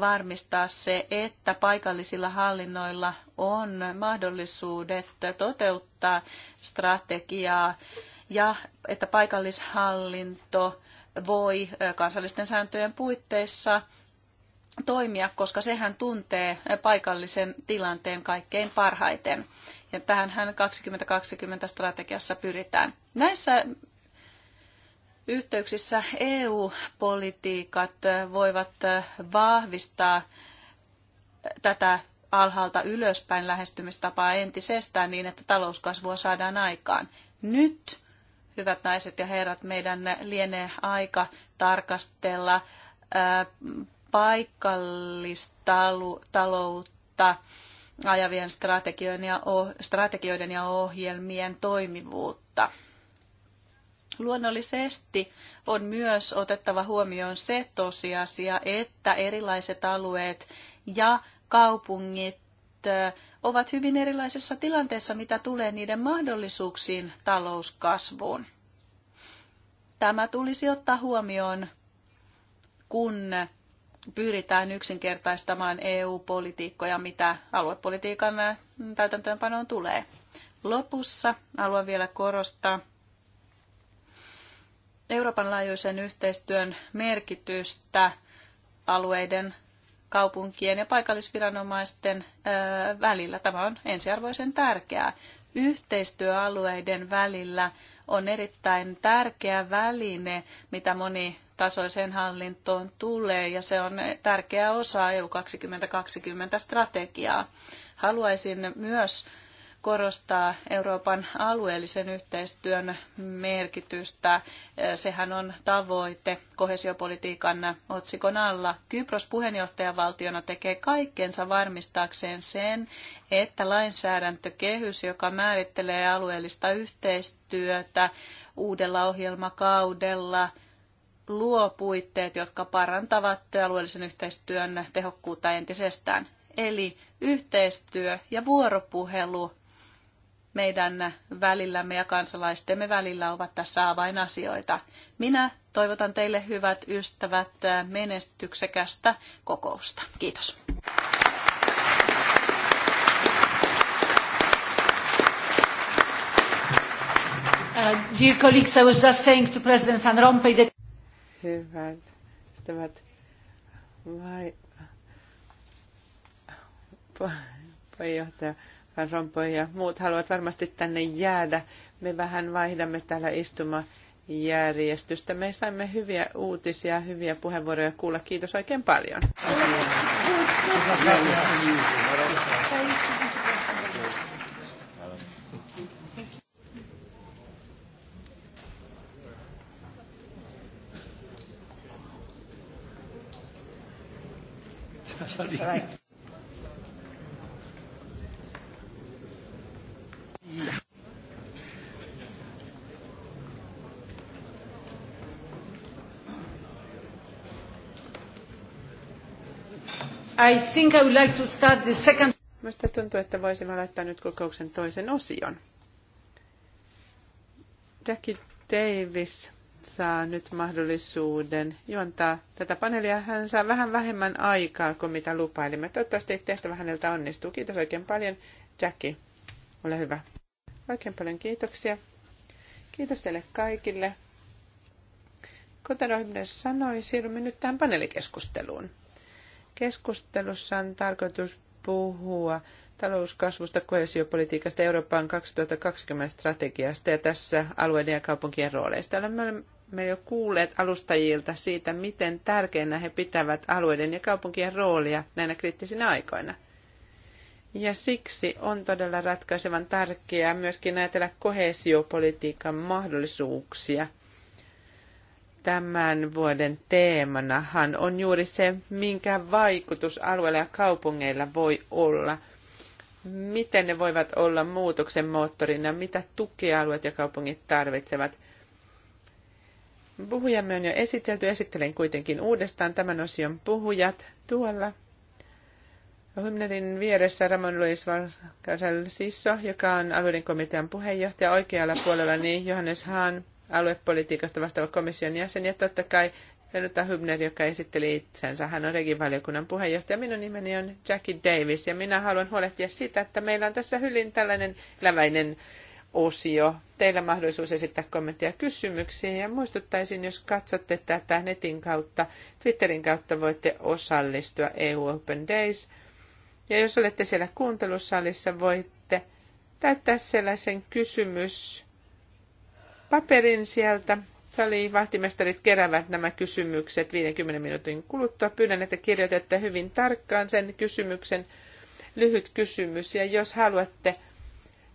varmistaa se, että paikallisilla hallinnoilla on mahdollisuudet toteuttaa strategiaa ja että paikallishallinto voi kansallisten sääntöjen puitteissa toimia, koska sehän tuntee paikallisen tilanteen kaikkein parhaiten. Ja tähän 2020 strategiassa pyritään. Näissä yhteyksissä EU-politiikat voivat vahvistaa tätä alhaalta ylöspäin lähestymistapaa entisestään niin, että talouskasvua saadaan aikaan. Nyt, hyvät naiset ja herrat, meidän lienee aika tarkastella paikallistaloutta ajavien strategioiden ja ohjelmien toimivuutta. Luonnollisesti on myös otettava huomioon se tosiasia, että erilaiset alueet ja kaupungit ovat hyvin erilaisessa tilanteessa, mitä tulee niiden mahdollisuuksiin talouskasvuun. Tämä tulisi ottaa huomioon, kun pyritään yksinkertaistamaan EU-politiikkoja, mitä aluepolitiikan täytäntöönpanoon tulee. Lopussa haluan vielä korostaa, Euroopan laajuisen yhteistyön merkitystä alueiden, kaupunkien ja paikallisviranomaisten välillä. Tämä on ensiarvoisen tärkeää. Yhteistyöalueiden välillä on erittäin tärkeä väline, mitä moni tasoiseen hallintoon tulee ja se on tärkeä osa EU 2020 strategiaa. Haluaisin myös korostaa Euroopan alueellisen yhteistyön merkitystä. Sehän on tavoite kohesiopolitiikan otsikon alla. Kypros puheenjohtajavaltiona tekee kaikkensa varmistaakseen sen, että lainsäädäntökehys, joka määrittelee alueellista yhteistyötä uudella ohjelmakaudella, luo puitteet, jotka parantavat alueellisen yhteistyön tehokkuutta entisestään. Eli yhteistyö ja vuoropuhelu meidän välillämme ja kansalaistemme välillä ovat tässä avainasioita. Minä toivotan teille hyvät ystävät menestyksekästä kokousta. Kiitos. dear colleagues, I was just saying to President Van Rompuy that... Hyvät ystävät, vai... Puheenjohtaja. Van Rompuy ja muut haluavat varmasti tänne jäädä. Me vähän vaihdamme täällä istumajärjestystä. Me saimme hyviä uutisia, hyviä puheenvuoroja kuulla. Kiitos oikein paljon. That's right. I think I would like to start the second... Minusta tuntuu, että voisimme aloittaa nyt kokouksen toisen osion. Jackie Davis saa nyt mahdollisuuden juontaa tätä paneelia. Hän saa vähän vähemmän aikaa kuin mitä lupailimme. Toivottavasti tehtävä häneltä onnistuu. Kiitos oikein paljon, Jackie. Ole hyvä. Oikein paljon kiitoksia. Kiitos teille kaikille. Kuten Ohimnes sanoi, siirrymme nyt tähän paneelikeskusteluun. Keskustelussa on tarkoitus puhua talouskasvusta, koesiopolitiikasta, Euroopan 2020 strategiasta ja tässä alueiden ja kaupunkien rooleista. Täällä me olemme jo kuulleet alustajilta siitä, miten tärkeänä he pitävät alueiden ja kaupunkien roolia näinä kriittisinä aikoina. Ja siksi on todella ratkaisevan tärkeää myöskin ajatella kohesiopolitiikan mahdollisuuksia – tämän vuoden teemanahan on juuri se, minkä vaikutus alueilla ja kaupungeilla voi olla. Miten ne voivat olla muutoksen moottorina, mitä tukea alueet ja kaupungit tarvitsevat. Puhujamme on jo esitelty, esittelen kuitenkin uudestaan tämän osion puhujat tuolla. Hymnerin vieressä Ramon Luis Valkasel Sisso, joka on alueiden komitean puheenjohtaja. Oikealla niin Johannes Hahn, aluepolitiikasta vastaava komission jäsen ja totta kai Renuta Hübner, joka esitteli itsensä. Hän on regivaliokunnan puheenjohtaja. Minun nimeni on Jackie Davis ja minä haluan huolehtia sitä, että meillä on tässä hyvin tällainen läväinen osio. Teillä mahdollisuus esittää kommentteja ja kysymyksiä ja muistuttaisin, jos katsotte tätä netin kautta, Twitterin kautta voitte osallistua EU Open Days. Ja jos olette siellä kuuntelussalissa, voitte täyttää sellaisen kysymys paperin sieltä. Sali vahtimestarit keräävät nämä kysymykset 50 minuutin kuluttua. Pyydän, että kirjoitatte hyvin tarkkaan sen kysymyksen, lyhyt kysymys. Ja jos haluatte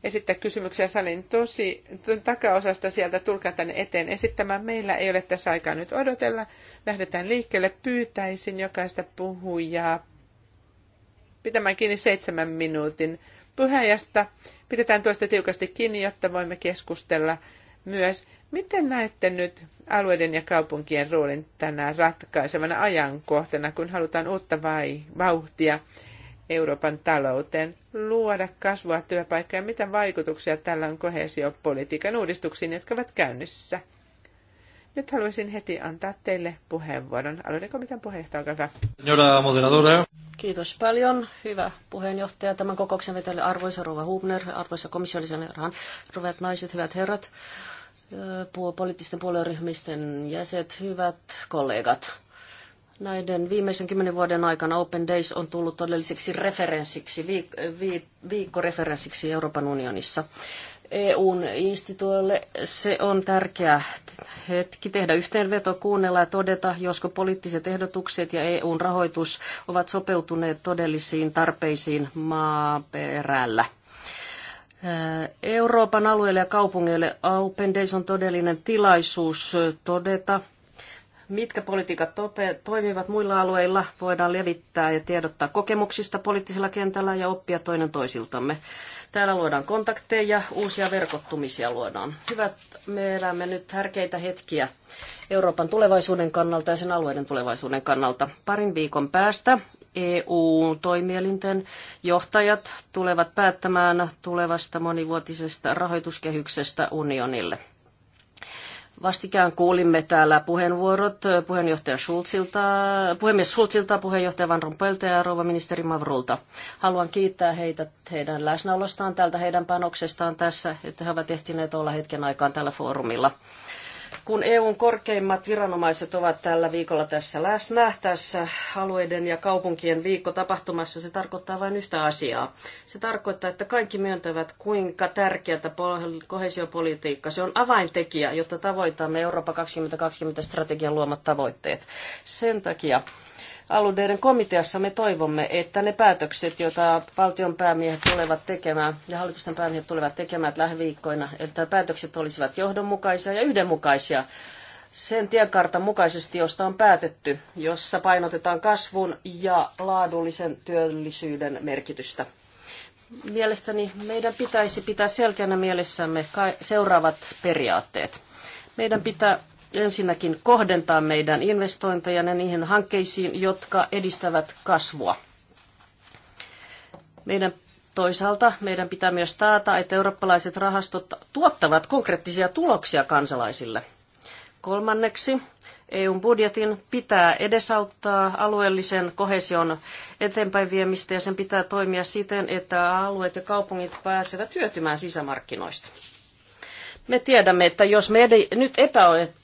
esittää kysymyksiä salin tosi takaosasta sieltä tulkaa tänne eteen esittämään. Meillä ei ole tässä aikaa nyt odotella. Lähdetään liikkeelle. Pyytäisin jokaista puhujaa pitämään kiinni seitsemän minuutin puheenjohtajasta. Pidetään tuosta tiukasti kiinni, jotta voimme keskustella myös. Miten näette nyt alueiden ja kaupunkien roolin tänä ratkaisevana ajankohtana, kun halutaan uutta vai vauhtia Euroopan talouteen, luoda kasvua työpaikkaa ja mitä vaikutuksia tällä on kohesiopolitiikan uudistuksiin, jotka ovat käynnissä? Nyt haluaisin heti antaa teille puheenvuoron. Aloitanko komitean puheenjohtaja, olkaa hyvä. Señora moderadora. Kiitos paljon. Hyvä puheenjohtaja. Tämän kokouksen vetäjälle arvoisa Rova Hubner, arvoisa komissiolisen rahan, ruvet naiset, hyvät herrat, poliittisten puolueryhmisten jäsenet, hyvät kollegat. Näiden viimeisen kymmenen vuoden aikana Open Days on tullut todelliseksi referenssiksi, viik- viikkoreferenssiksi Euroopan unionissa eu instituoille. Se on tärkeä hetki tehdä yhteenveto, kuunnella ja todeta, josko poliittiset ehdotukset ja EUn rahoitus ovat sopeutuneet todellisiin tarpeisiin maaperällä. Euroopan alueelle ja kaupungeille Open Days on todellinen tilaisuus todeta, mitkä politiikat toimivat muilla alueilla. Voidaan levittää ja tiedottaa kokemuksista poliittisella kentällä ja oppia toinen toisiltamme. Täällä luodaan kontakteja, uusia verkottumisia luodaan. Hyvät, me elämme nyt tärkeitä hetkiä Euroopan tulevaisuuden kannalta ja sen alueiden tulevaisuuden kannalta. Parin viikon päästä EU-toimielinten johtajat tulevat päättämään tulevasta monivuotisesta rahoituskehyksestä unionille – Vastikään kuulimme täällä puheenvuorot äh, puheenjohtaja Schulzilta, puhemies Schulzilta, puheenjohtaja Van Rompuelta ja rouva ministeri Mavrulta. Haluan kiittää heitä heidän läsnäolostaan, tältä heidän panoksestaan tässä, että he ovat ehtineet olla hetken aikaan tällä foorumilla. Kun EUn korkeimmat viranomaiset ovat tällä viikolla tässä läsnä, tässä alueiden ja kaupunkien viikko tapahtumassa, se tarkoittaa vain yhtä asiaa. Se tarkoittaa, että kaikki myöntävät, kuinka tärkeätä kohesiopolitiikka. Se on avaintekijä, jotta tavoitamme Eurooppa 2020 strategian luomat tavoitteet. Sen takia aludeiden komiteassa me toivomme, että ne päätökset, joita valtion päämiehet tulevat tekemään ja hallitusten päämiehet tulevat tekemään lähiviikkoina, että päätökset olisivat johdonmukaisia ja yhdenmukaisia sen tiekartan mukaisesti, josta on päätetty, jossa painotetaan kasvun ja laadullisen työllisyyden merkitystä. Mielestäni meidän pitäisi pitää selkeänä mielessämme seuraavat periaatteet. Meidän pitää ensinnäkin kohdentaa meidän investointeja niihin hankkeisiin, jotka edistävät kasvua. Meidän Toisaalta meidän pitää myös taata, että eurooppalaiset rahastot tuottavat konkreettisia tuloksia kansalaisille. Kolmanneksi, EUn budjetin pitää edesauttaa alueellisen kohesion eteenpäin viemistä ja sen pitää toimia siten, että alueet ja kaupungit pääsevät hyötymään sisämarkkinoista. Me tiedämme, että jos me nyt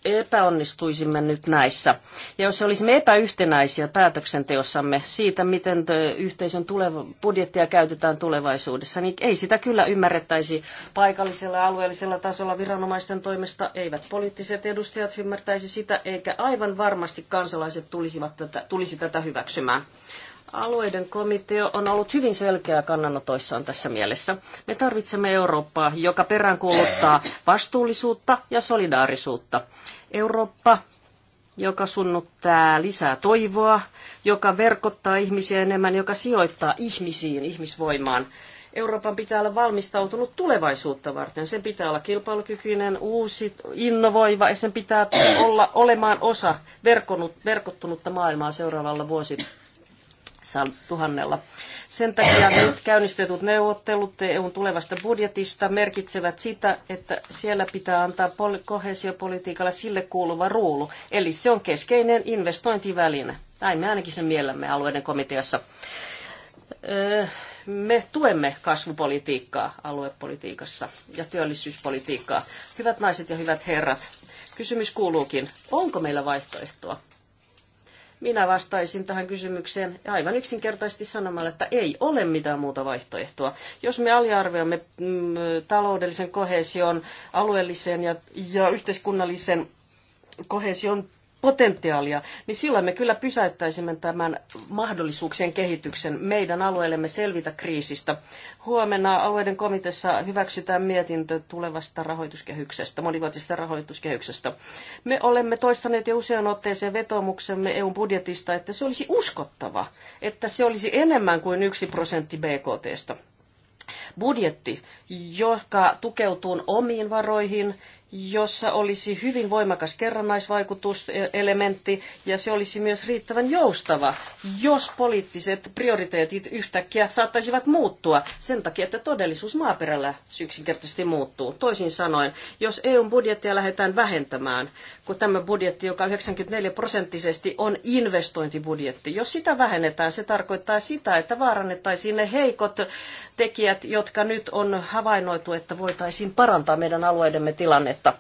epäonnistuisimme nyt näissä, ja jos olisimme epäyhtenäisiä päätöksenteossamme siitä, miten yhteisön tuleva- budjettia käytetään tulevaisuudessa, niin ei sitä kyllä ymmärrettäisi paikallisella ja alueellisella tasolla viranomaisten toimesta, eivät poliittiset edustajat ymmärtäisi sitä, eikä aivan varmasti kansalaiset tulisivat tätä, tulisi tätä hyväksymään. Alueiden komitea on ollut hyvin selkeä kannanotoissaan tässä mielessä. Me tarvitsemme Eurooppaa, joka peräänkuuluttaa vastuullisuutta ja solidaarisuutta. Eurooppa, joka sunnuttaa lisää toivoa, joka verkottaa ihmisiä enemmän, joka sijoittaa ihmisiin, ihmisvoimaan. Euroopan pitää olla valmistautunut tulevaisuutta varten. Sen pitää olla kilpailukykyinen, uusi, innovoiva ja sen pitää olla olemaan osa verkottunutta maailmaa seuraavalla vuosikymmenellä tuhannella. Sen takia nyt käynnistetut neuvottelut EUn tulevasta budjetista merkitsevät sitä, että siellä pitää antaa kohesiopolitiikalla sille kuuluva ruulu. Eli se on keskeinen investointiväline. Näin me ainakin sen mielemme alueiden komiteassa. Öö, me tuemme kasvupolitiikkaa aluepolitiikassa ja työllisyyspolitiikkaa. Hyvät naiset ja hyvät herrat, kysymys kuuluukin, onko meillä vaihtoehtoa? Minä vastaisin tähän kysymykseen aivan yksinkertaisesti sanomalla, että ei ole mitään muuta vaihtoehtoa. Jos me aliarvioimme mm, taloudellisen kohesion, alueellisen ja, ja yhteiskunnallisen kohesion potentiaalia, niin silloin me kyllä pysäyttäisimme tämän mahdollisuuksien kehityksen meidän alueellemme selvitä kriisistä. Huomenna alueiden komiteassa hyväksytään mietintö tulevasta rahoituskehyksestä, monivuotisesta rahoituskehyksestä. Me olemme toistaneet jo usean otteeseen vetoomuksemme EUn budjetista, että se olisi uskottava, että se olisi enemmän kuin yksi prosentti BKTstä budjetti, joka tukeutuu omiin varoihin jossa olisi hyvin voimakas kerrannaisvaikutuselementti ja se olisi myös riittävän joustava, jos poliittiset prioriteetit yhtäkkiä saattaisivat muuttua sen takia, että todellisuus maaperällä yksinkertaisesti muuttuu. Toisin sanoen, jos EUn budjettia lähdetään vähentämään, kun tämä budjetti, joka 94 prosenttisesti on investointibudjetti, jos sitä vähennetään, se tarkoittaa sitä, että vaarannettaisiin ne heikot tekijät, jotka nyt on havainnoitu, että voitaisiin parantaa meidän alueidemme tilannetta mutta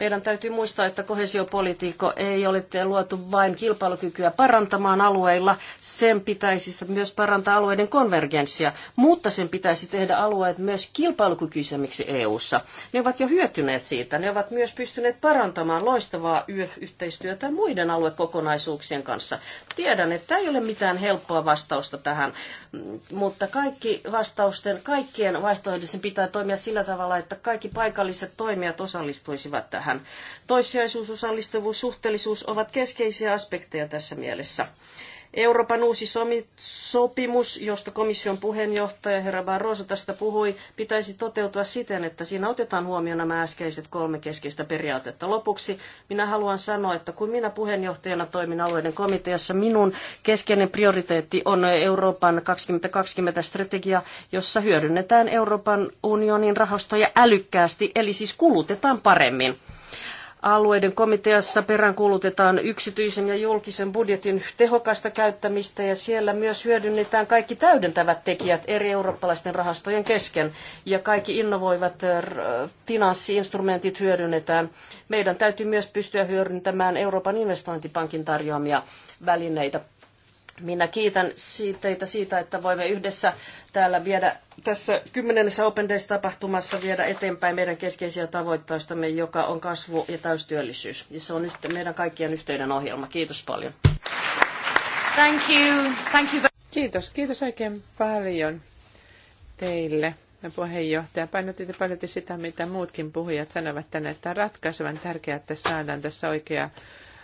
meidän täytyy muistaa, että kohesiopolitiikko ei ole luotu vain kilpailukykyä parantamaan alueilla. Sen pitäisi myös parantaa alueiden konvergenssia, mutta sen pitäisi tehdä alueet myös kilpailukykyisemmiksi EU-ssa. Ne ovat jo hyötyneet siitä. Ne ovat myös pystyneet parantamaan loistavaa yhteistyötä muiden aluekokonaisuuksien kanssa. Tiedän, että ei ole mitään helppoa vastausta tähän, mutta kaikki vastausten, kaikkien vaihtoehtojen pitää toimia sillä tavalla, että kaikki paikalliset toimijat osallistuisivat tähän tähän. Toissijaisuus, osallistuvuus, suhteellisuus ovat keskeisiä aspekteja tässä mielessä. Euroopan uusi sopimus, josta komission puheenjohtaja herra Barroso tästä puhui, pitäisi toteutua siten, että siinä otetaan huomioon nämä äskeiset kolme keskeistä periaatetta. Lopuksi minä haluan sanoa, että kun minä puheenjohtajana toimin alueiden komiteassa, minun keskeinen prioriteetti on Euroopan 2020-strategia, jossa hyödynnetään Euroopan unionin rahastoja älykkäästi, eli siis kulutetaan paremmin. Alueiden komiteassa peräänkuulutetaan yksityisen ja julkisen budjetin tehokasta käyttämistä ja siellä myös hyödynnetään kaikki täydentävät tekijät eri eurooppalaisten rahastojen kesken ja kaikki innovoivat äh, finanssiinstrumentit hyödynnetään. Meidän täytyy myös pystyä hyödyntämään Euroopan investointipankin tarjoamia välineitä minä kiitän teitä siitä, että voimme yhdessä täällä viedä tässä kymmenennessä Open Days-tapahtumassa viedä eteenpäin meidän keskeisiä tavoitteistamme, joka on kasvu ja täystyöllisyys. Ja se on nyt meidän kaikkien yhteinen ohjelma. Kiitos paljon. Thank you. Thank you. Kiitos. Kiitos oikein paljon teille. Ja puheenjohtaja, painotitte paljon sitä, mitä muutkin puhujat sanovat tänne, että on ratkaisevan tärkeää, että saadaan tässä oikea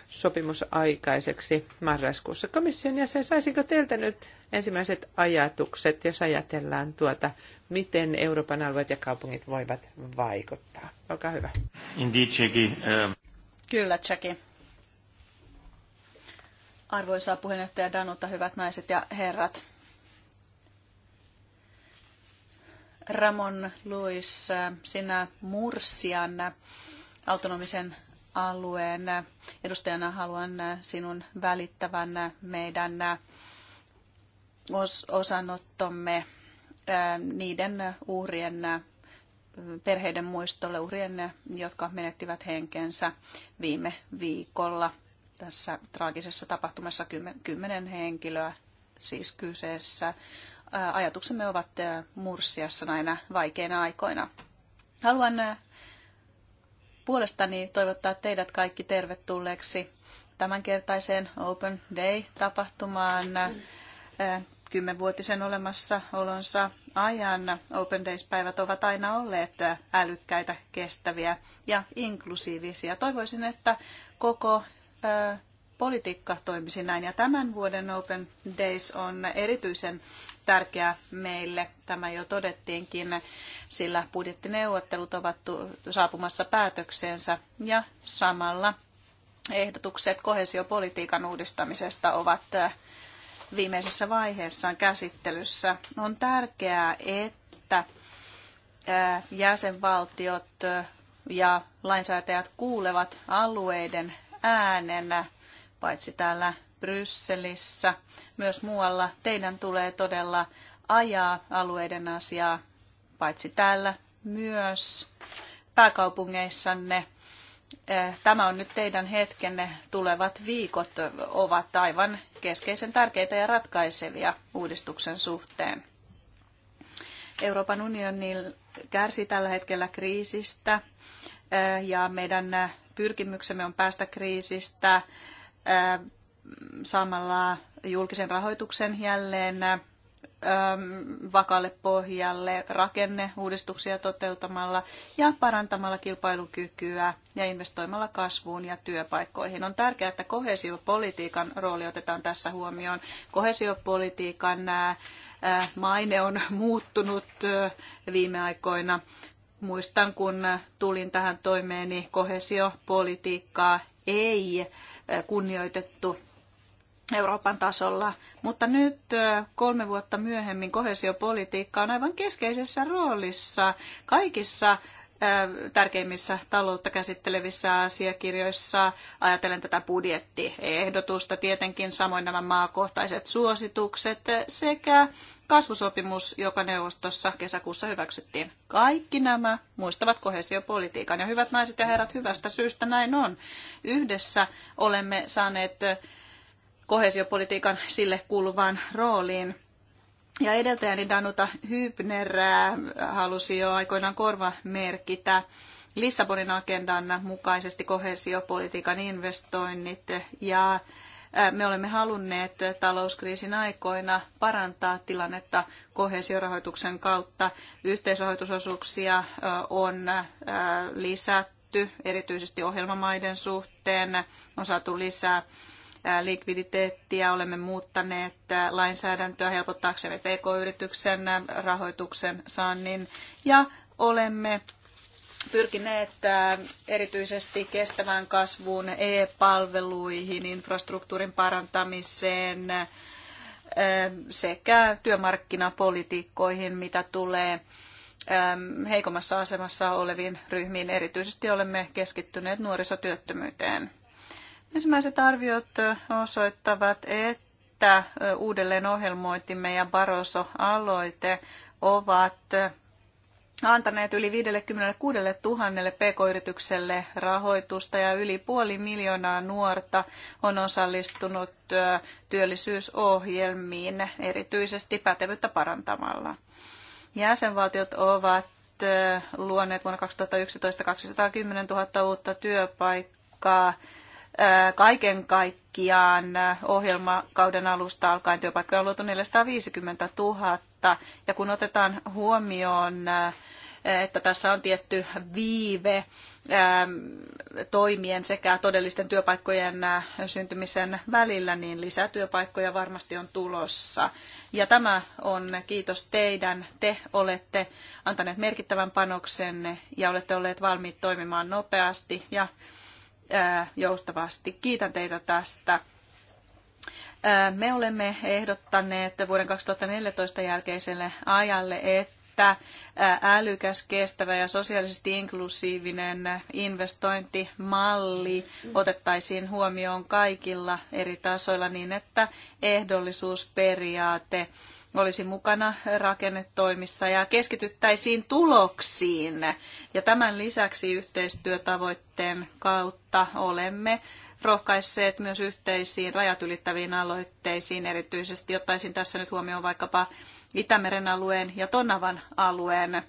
sopimus aikaiseksi marraskuussa. Komission jäsen, saisiko teiltä nyt ensimmäiset ajatukset, jos ajatellaan tuota, miten Euroopan alueet ja kaupungit voivat vaikuttaa? Olkaa hyvä. Indeed, Tseki. Um, Kyllä, Tseki. Arvoisa puheenjohtaja Danuta, hyvät naiset ja herrat. Ramon Luis, sinä Mursian autonomisen alueen edustajana haluan sinun välittävän meidän osanottomme niiden uhrien perheiden muistolle, uhrien, jotka menettivät henkensä viime viikolla tässä traagisessa tapahtumassa kymmenen henkilöä siis kyseessä. Ajatuksemme ovat Mursiassa näinä vaikeina aikoina. Haluan puolestani toivottaa teidät kaikki tervetulleeksi tämänkertaiseen Open Day-tapahtumaan äh, kymmenvuotisen olemassaolonsa ajan Open Days-päivät ovat aina olleet älykkäitä, kestäviä ja inklusiivisia. Toivoisin, että koko äh, politiikka toimisi näin. Ja tämän vuoden Open Days on erityisen tärkeä meille. Tämä jo todettiinkin, sillä budjettineuvottelut ovat saapumassa päätökseensä ja samalla ehdotukset kohesiopolitiikan uudistamisesta ovat äh, viimeisessä vaiheessaan käsittelyssä. On tärkeää, että äh, jäsenvaltiot äh, ja lainsäätäjät kuulevat alueiden äänenä paitsi täällä Brysselissä, myös muualla, teidän tulee todella ajaa alueiden asiaa, paitsi täällä, myös pääkaupungeissanne. Eh, tämä on nyt teidän hetkenne. Tulevat viikot ovat aivan keskeisen tärkeitä ja ratkaisevia uudistuksen suhteen. Euroopan unioni kärsii tällä hetkellä kriisistä eh, ja meidän pyrkimyksemme on päästä kriisistä eh, saamalla julkisen rahoituksen jälleen vakalle pohjalle, rakenneuudistuksia toteutamalla ja parantamalla kilpailukykyä ja investoimalla kasvuun ja työpaikkoihin. On tärkeää, että kohesiopolitiikan rooli otetaan tässä huomioon. Kohesiopolitiikan maine on muuttunut viime aikoina. Muistan, kun tulin tähän toimeeni, kohesiopolitiikkaa ei kunnioitettu Euroopan tasolla, mutta nyt kolme vuotta myöhemmin kohesiopolitiikka on aivan keskeisessä roolissa kaikissa tärkeimmissä taloutta käsittelevissä asiakirjoissa. Ajatellen tätä budjettiehdotusta tietenkin, samoin nämä maakohtaiset suositukset sekä kasvusopimus, joka neuvostossa kesäkuussa hyväksyttiin. Kaikki nämä muistavat kohesiopolitiikan. Ja hyvät naiset ja herrat, hyvästä syystä näin on. Yhdessä olemme saaneet kohesiopolitiikan sille kuuluvaan rooliin. Ja edeltäjäni Danuta Hybner äh, halusi jo aikoinaan korva merkitä Lissabonin agendan mukaisesti kohesiopolitiikan investoinnit ja äh, me olemme halunneet talouskriisin aikoina parantaa tilannetta kohesiorahoituksen kautta. Yhteisrahoitusosuuksia äh, on lisätty erityisesti ohjelmamaiden suhteen, on saatu lisää likviditeettiä, olemme muuttaneet lainsäädäntöä helpottaaksemme pk-yrityksen rahoituksen saannin ja olemme pyrkineet erityisesti kestävään kasvuun, e-palveluihin, infrastruktuurin parantamiseen sekä työmarkkinapolitiikkoihin, mitä tulee heikommassa asemassa oleviin ryhmiin. Erityisesti olemme keskittyneet nuorisotyöttömyyteen. Ensimmäiset arviot osoittavat, että uudelleen ja baroso aloite ovat antaneet yli 56 000 pk-yritykselle rahoitusta ja yli puoli miljoonaa nuorta on osallistunut työllisyysohjelmiin, erityisesti pätevyyttä parantamalla. Jäsenvaltiot ovat luoneet vuonna 2011 210 000 uutta työpaikkaa kaiken kaikkiaan ohjelmakauden alusta alkaen työpaikkoja on luotu 450 000. Ja kun otetaan huomioon, että tässä on tietty viive toimien sekä todellisten työpaikkojen syntymisen välillä, niin lisätyöpaikkoja varmasti on tulossa. Ja tämä on kiitos teidän. Te olette antaneet merkittävän panoksenne ja olette olleet valmiit toimimaan nopeasti ja joustavasti. Kiitän teitä tästä. Me olemme ehdottaneet vuoden 2014 jälkeiselle ajalle, että älykäs, kestävä ja sosiaalisesti inklusiivinen investointimalli otettaisiin huomioon kaikilla eri tasoilla niin, että ehdollisuusperiaate olisi mukana rakennetoimissa ja keskityttäisiin tuloksiin. Ja tämän lisäksi yhteistyötavoitteen kautta olemme rohkaisseet myös yhteisiin rajat ylittäviin aloitteisiin. Erityisesti ottaisin tässä nyt huomioon vaikkapa Itämeren alueen ja Tonavan alueen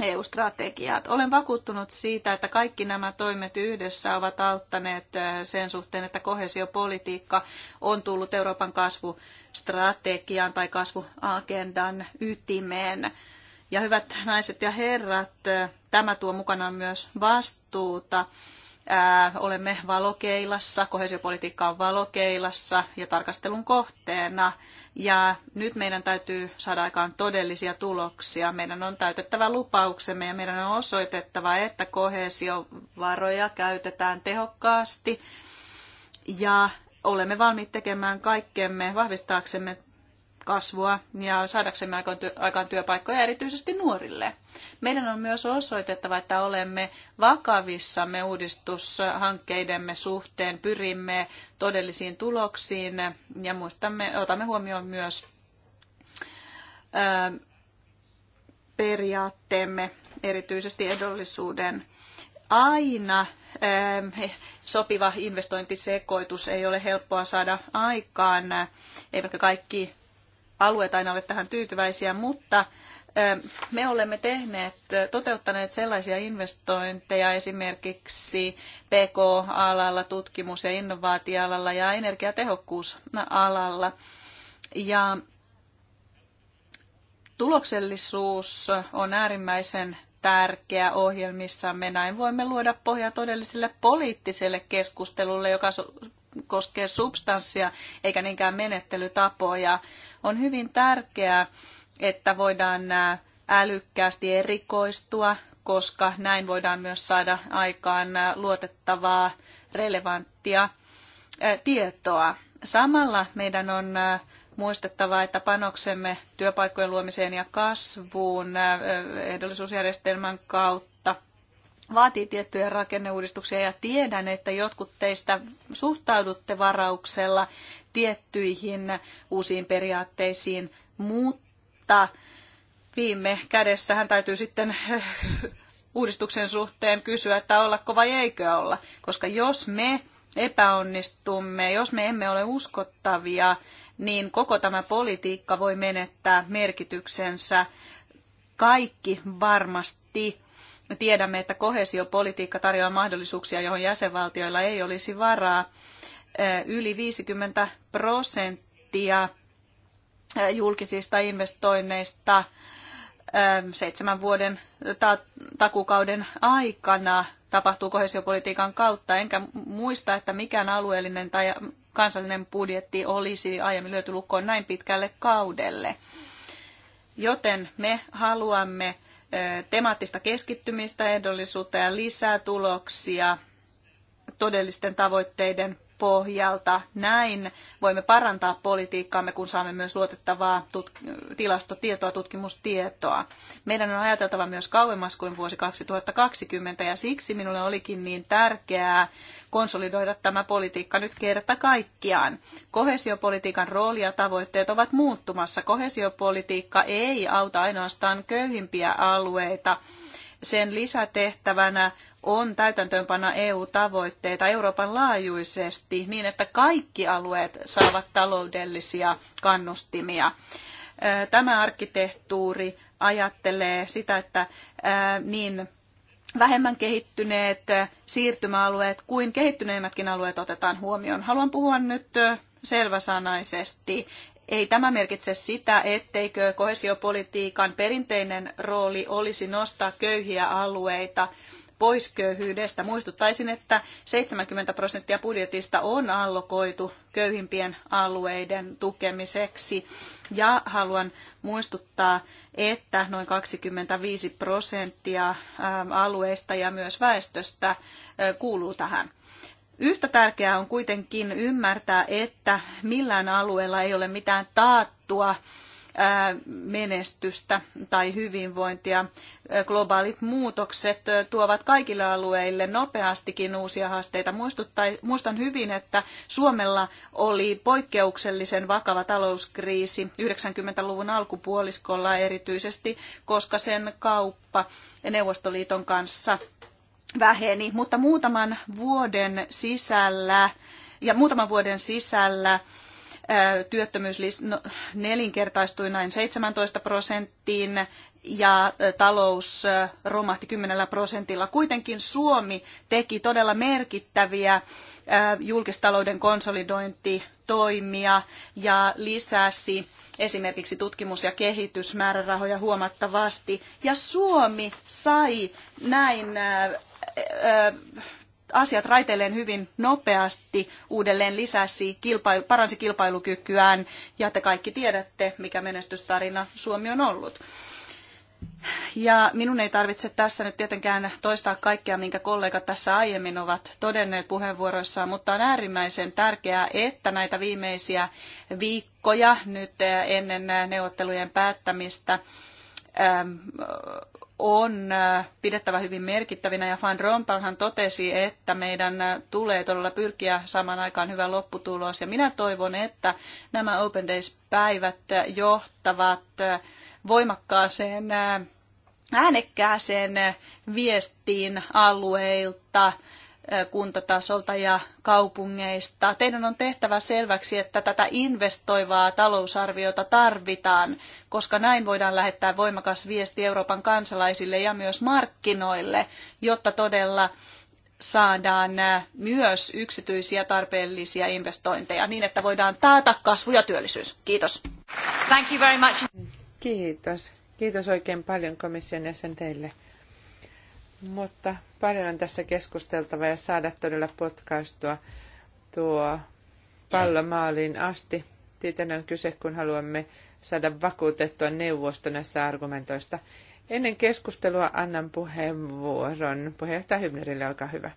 eu strategiaa Olen vakuuttunut siitä, että kaikki nämä toimet yhdessä ovat auttaneet sen suhteen, että kohesiopolitiikka on tullut Euroopan kasvustrategian tai kasvuagendan ytimeen. Ja hyvät naiset ja herrat, tämä tuo mukanaan myös vastuuta olemme valokeilassa, kohesiopolitiikka on valokeilassa ja tarkastelun kohteena. Ja nyt meidän täytyy saada aikaan todellisia tuloksia. Meidän on täytettävä lupauksemme ja meidän on osoitettava, että kohesiovaroja käytetään tehokkaasti. Ja olemme valmiit tekemään kaikkemme vahvistaaksemme kasvua ja saadaksemme aikaan työpaikkoja erityisesti nuorille. Meidän on myös osoitettava, että olemme vakavissamme uudistushankkeidemme suhteen, pyrimme todellisiin tuloksiin ja muistamme, otamme huomioon myös ö, periaatteemme, erityisesti edollisuuden aina sopiva investointisekoitus ei ole helppoa saada aikaan, eivätkä kaikki alueet aina ole tähän tyytyväisiä, mutta me olemme tehneet, toteuttaneet sellaisia investointeja esimerkiksi PK-alalla, tutkimus- ja innovaatialalla ja energiatehokkuusalalla. Ja tuloksellisuus on äärimmäisen tärkeä ohjelmissamme. Näin voimme luoda pohjaa todelliselle poliittiselle keskustelulle, joka koskee substanssia eikä niinkään menettelytapoja. On hyvin tärkeää, että voidaan älykkäästi erikoistua, koska näin voidaan myös saada aikaan luotettavaa, relevanttia tietoa. Samalla meidän on muistettava, että panoksemme työpaikkojen luomiseen ja kasvuun ehdollisuusjärjestelmän kautta vaatii tiettyjä rakenneuudistuksia ja tiedän, että jotkut teistä suhtaudutte varauksella tiettyihin uusiin periaatteisiin, mutta viime kädessähän täytyy sitten uudistuksen suhteen kysyä, että ollako vai eikö olla, koska jos me epäonnistumme, jos me emme ole uskottavia, niin koko tämä politiikka voi menettää merkityksensä. Kaikki varmasti tiedämme, että kohesiopolitiikka tarjoaa mahdollisuuksia, johon jäsenvaltioilla ei olisi varaa. Yli 50 prosenttia julkisista investoinneista seitsemän vuoden ta- takukauden aikana tapahtuu kohesiopolitiikan kautta, enkä muista, että mikään alueellinen tai kansallinen budjetti olisi aiemmin lyöty lukkoon näin pitkälle kaudelle. Joten me haluamme temaattista keskittymistä, ehdollisuutta ja lisää tuloksia todellisten tavoitteiden pohjalta. Näin voimme parantaa politiikkaamme, kun saamme myös luotettavaa tut- tilastotietoa, tutkimustietoa. Meidän on ajateltava myös kauemmas kuin vuosi 2020 ja siksi minulle olikin niin tärkeää konsolidoida tämä politiikka nyt kerta kaikkiaan. Kohesiopolitiikan rooli ja tavoitteet ovat muuttumassa. Kohesiopolitiikka ei auta ainoastaan köyhimpiä alueita. Sen lisätehtävänä on täytäntöönpanna EU-tavoitteita Euroopan laajuisesti niin, että kaikki alueet saavat taloudellisia kannustimia. Tämä arkkitehtuuri ajattelee sitä, että niin vähemmän kehittyneet siirtymäalueet kuin kehittyneimmätkin alueet otetaan huomioon. Haluan puhua nyt selväsanaisesti. Ei tämä merkitse sitä, etteikö kohesiopolitiikan perinteinen rooli olisi nostaa köyhiä alueita – pois köyhyydestä. Muistuttaisin, että 70 prosenttia budjetista on allokoitu köyhimpien alueiden tukemiseksi. Ja haluan muistuttaa, että noin 25 prosenttia ähm, alueista ja myös väestöstä äh, kuuluu tähän. Yhtä tärkeää on kuitenkin ymmärtää, että millään alueella ei ole mitään taattua menestystä tai hyvinvointia. Globaalit muutokset tuovat kaikille alueille nopeastikin uusia haasteita. Muistan hyvin, että Suomella oli poikkeuksellisen vakava talouskriisi 90-luvun alkupuoliskolla erityisesti, koska sen kauppa Neuvostoliiton kanssa väheni, mutta muutaman vuoden sisällä ja muutaman vuoden sisällä työttömyys no, nelinkertaistui näin 17 prosenttiin ja talous romahti 10 prosentilla. Kuitenkin Suomi teki todella merkittäviä julkistalouden konsolidointitoimia ja lisäsi esimerkiksi tutkimus- ja kehitysmäärärahoja huomattavasti. Ja Suomi sai näin asiat raiteilleen hyvin nopeasti, uudelleen lisäsi, kilpailu, paransi kilpailukykyään ja te kaikki tiedätte, mikä menestystarina Suomi on ollut. Ja minun ei tarvitse tässä nyt tietenkään toistaa kaikkea, minkä kollegat tässä aiemmin ovat todenneet puheenvuoroissaan, mutta on äärimmäisen tärkeää, että näitä viimeisiä viikkoja nyt eh, ennen eh, neuvottelujen päättämistä eh, on äh, pidettävä hyvin merkittävinä ja Van Rompelhan totesi, että meidän äh, tulee todella pyrkiä saamaan aikaan hyvä lopputulos ja minä toivon, että nämä Open Days-päivät äh, johtavat voimakkaaseen äänekkääseen viestiin alueilta kuntatasolta ja kaupungeista. Teidän on tehtävä selväksi, että tätä investoivaa talousarviota tarvitaan, koska näin voidaan lähettää voimakas viesti Euroopan kansalaisille ja myös markkinoille, jotta todella saadaan myös yksityisiä tarpeellisia investointeja niin, että voidaan taata kasvu ja työllisyys. Kiitos. Thank you very much. Kiitos. Kiitos oikein paljon komission jäsen teille mutta paljon on tässä keskusteltava ja saada todella potkaistua tuo pallomaaliin asti. Siitä on kyse, kun haluamme saada vakuutettua neuvosto näistä argumentoista. Ennen keskustelua annan puheenvuoron puheenjohtaja Hybnerille, olkaa hyvä.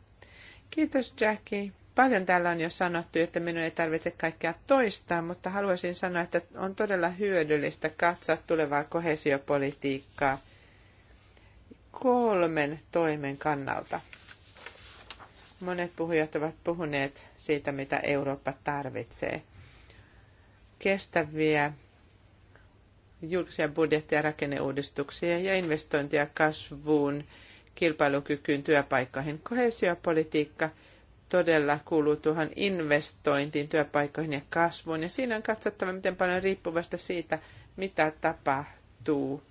Kiitos Jackie. Paljon täällä on jo sanottu, että minun ei tarvitse kaikkea toistaa, mutta haluaisin sanoa, että on todella hyödyllistä katsoa tulevaa kohesiopolitiikkaa kolmen toimen kannalta. Monet puhujat ovat puhuneet siitä, mitä Eurooppa tarvitsee. Kestäviä julkisia budjetteja, rakenneuudistuksia ja investointia kasvuun, kilpailukykyyn, työpaikkoihin. Kohesiopolitiikka todella kuuluu tuohon investointiin, työpaikkoihin ja kasvuun. Ja siinä on katsottava, miten paljon riippuvasta siitä, mitä tapahtuu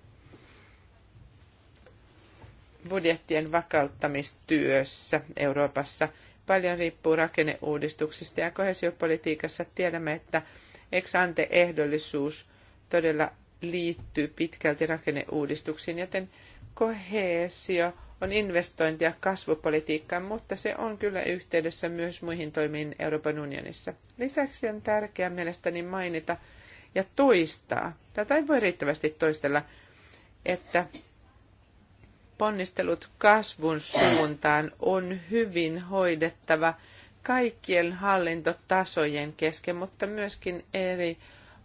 budjettien vakauttamistyössä Euroopassa. Paljon riippuu rakenneuudistuksista ja kohesiopolitiikassa tiedämme, että ex ante ehdollisuus todella liittyy pitkälti rakenneuudistuksiin, joten kohesio on investointi- ja kasvupolitiikkaa, mutta se on kyllä yhteydessä myös muihin toimiin Euroopan unionissa. Lisäksi on tärkeää mielestäni mainita ja toistaa, tätä ei voi riittävästi toistella, että ponnistelut kasvun suuntaan on hyvin hoidettava kaikkien hallintotasojen kesken, mutta myöskin eri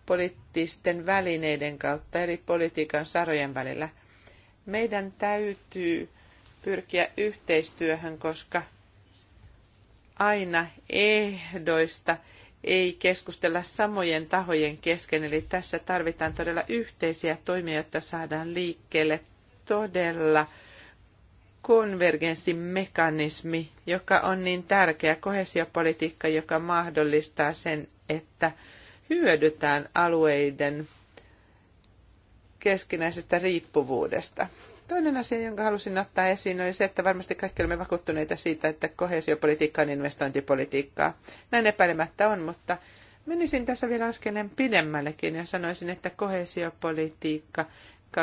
poliittisten välineiden kautta, eri politiikan sarojen välillä. Meidän täytyy pyrkiä yhteistyöhön, koska aina ehdoista ei keskustella samojen tahojen kesken, eli tässä tarvitaan todella yhteisiä toimia, jotta saadaan liikkeelle todella konvergenssimekanismi, joka on niin tärkeä kohesiopolitiikka, joka mahdollistaa sen, että hyödytään alueiden keskinäisestä riippuvuudesta. Toinen asia, jonka halusin ottaa esiin, oli se, että varmasti kaikki olemme vakuuttuneita siitä, että kohesiopolitiikka on investointipolitiikkaa. Näin epäilemättä on, mutta menisin tässä vielä askeleen pidemmällekin ja sanoisin, että kohesiopolitiikka 2013-2020.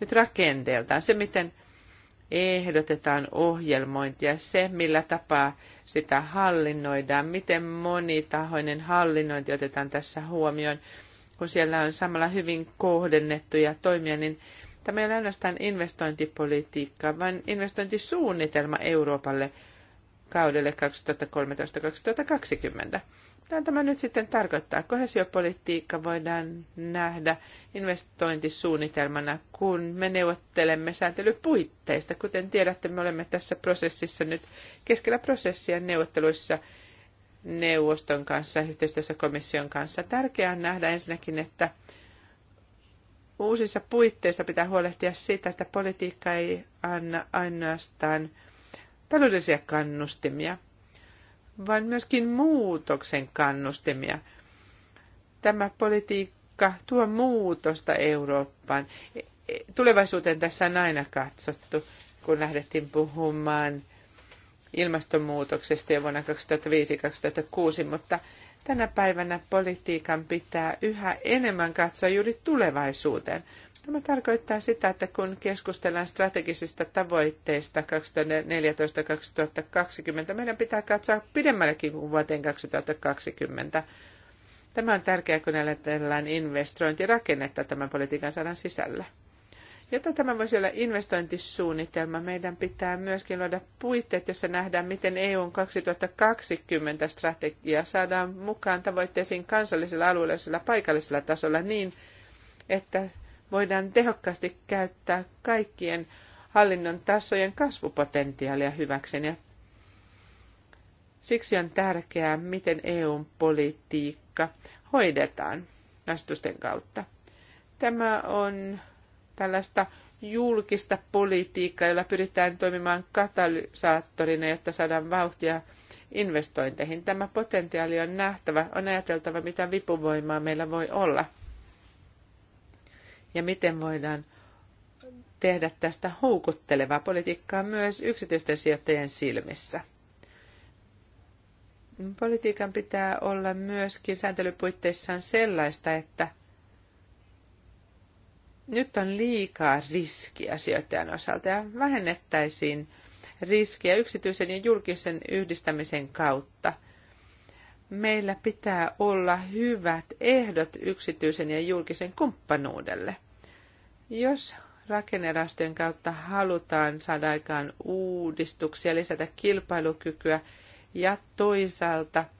Nyt rakenteeltaan se, miten ehdotetaan ohjelmointia, se millä tapaa sitä hallinnoidaan, miten monitahoinen hallinnointi otetaan tässä huomioon, kun siellä on samalla hyvin kohdennettuja toimia, niin tämä ei ole ainoastaan investointipolitiikkaa, vaan investointisuunnitelma Euroopalle kaudelle 2013-2020 mitä tämä nyt sitten tarkoittaa? Kohesiopolitiikka voidaan nähdä investointisuunnitelmana, kun me neuvottelemme sääntelypuitteista. Kuten tiedätte, me olemme tässä prosessissa nyt keskellä prosessia neuvotteluissa neuvoston kanssa, yhteistyössä komission kanssa. Tärkeää on nähdä ensinnäkin, että uusissa puitteissa pitää huolehtia siitä, että politiikka ei anna ainoastaan taloudellisia kannustimia, vaan myöskin muutoksen kannustimia. Tämä politiikka tuo muutosta Eurooppaan. E, e, tulevaisuuteen tässä on aina katsottu, kun lähdettiin puhumaan ilmastonmuutoksesta jo vuonna 2005-2006, mutta Tänä päivänä politiikan pitää yhä enemmän katsoa juuri tulevaisuuteen. Tämä tarkoittaa sitä, että kun keskustellaan strategisista tavoitteista 2014-2020, meidän pitää katsoa pidemmällekin kuin vuoteen 2020. Tämä on tärkeää, kun ajatellaan investointirakennetta tämän politiikan sanan sisällä. Jotta tämä voisi olla investointisuunnitelma, meidän pitää myöskin luoda puitteet, jossa nähdään, miten EUn 2020 strategia saadaan mukaan tavoitteisiin kansallisella, alueellisella, paikallisella tasolla niin, että voidaan tehokkaasti käyttää kaikkien hallinnon tasojen kasvupotentiaalia hyväkseen. siksi on tärkeää, miten EUn politiikka hoidetaan vastusten kautta. Tämä on tällaista julkista politiikkaa, jolla pyritään toimimaan katalysaattorina, jotta saadaan vauhtia investointeihin. Tämä potentiaali on nähtävä, on ajateltava, mitä vipuvoimaa meillä voi olla ja miten voidaan tehdä tästä houkuttelevaa politiikkaa myös yksityisten sijoittajien silmissä. Politiikan pitää olla myöskin sääntelypuitteissaan sellaista, että – nyt on liikaa riskiä sijoittajan osalta ja vähennettäisiin riskiä yksityisen ja julkisen yhdistämisen kautta. Meillä pitää olla hyvät ehdot yksityisen ja julkisen kumppanuudelle. Jos rakennerastojen kautta halutaan saada aikaan uudistuksia, lisätä kilpailukykyä ja toisaalta –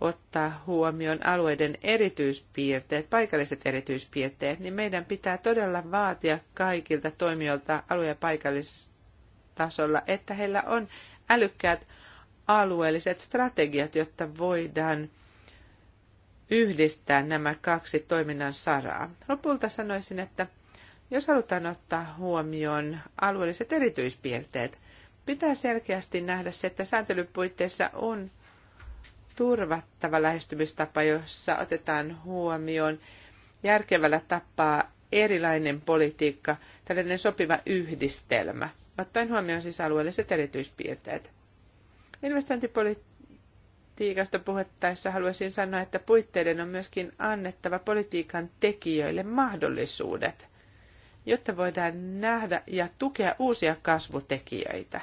ottaa huomioon alueiden erityispiirteet, paikalliset erityispiirteet, niin meidän pitää todella vaatia kaikilta toimijoilta alue- ja paikallistasolla, että heillä on älykkäät alueelliset strategiat, jotta voidaan yhdistää nämä kaksi toiminnan saraa. Lopulta sanoisin, että jos halutaan ottaa huomioon alueelliset erityispiirteet, pitää selkeästi nähdä se, että sääntelypuitteissa on – turvattava lähestymistapa, jossa otetaan huomioon järkevällä tapaa erilainen politiikka, tällainen sopiva yhdistelmä, ottaen huomioon siis alueelliset erityispiirteet. Investointipolitiikasta puhettaessa haluaisin sanoa, että puitteiden on myöskin annettava politiikan tekijöille mahdollisuudet, jotta voidaan nähdä ja tukea uusia kasvutekijöitä.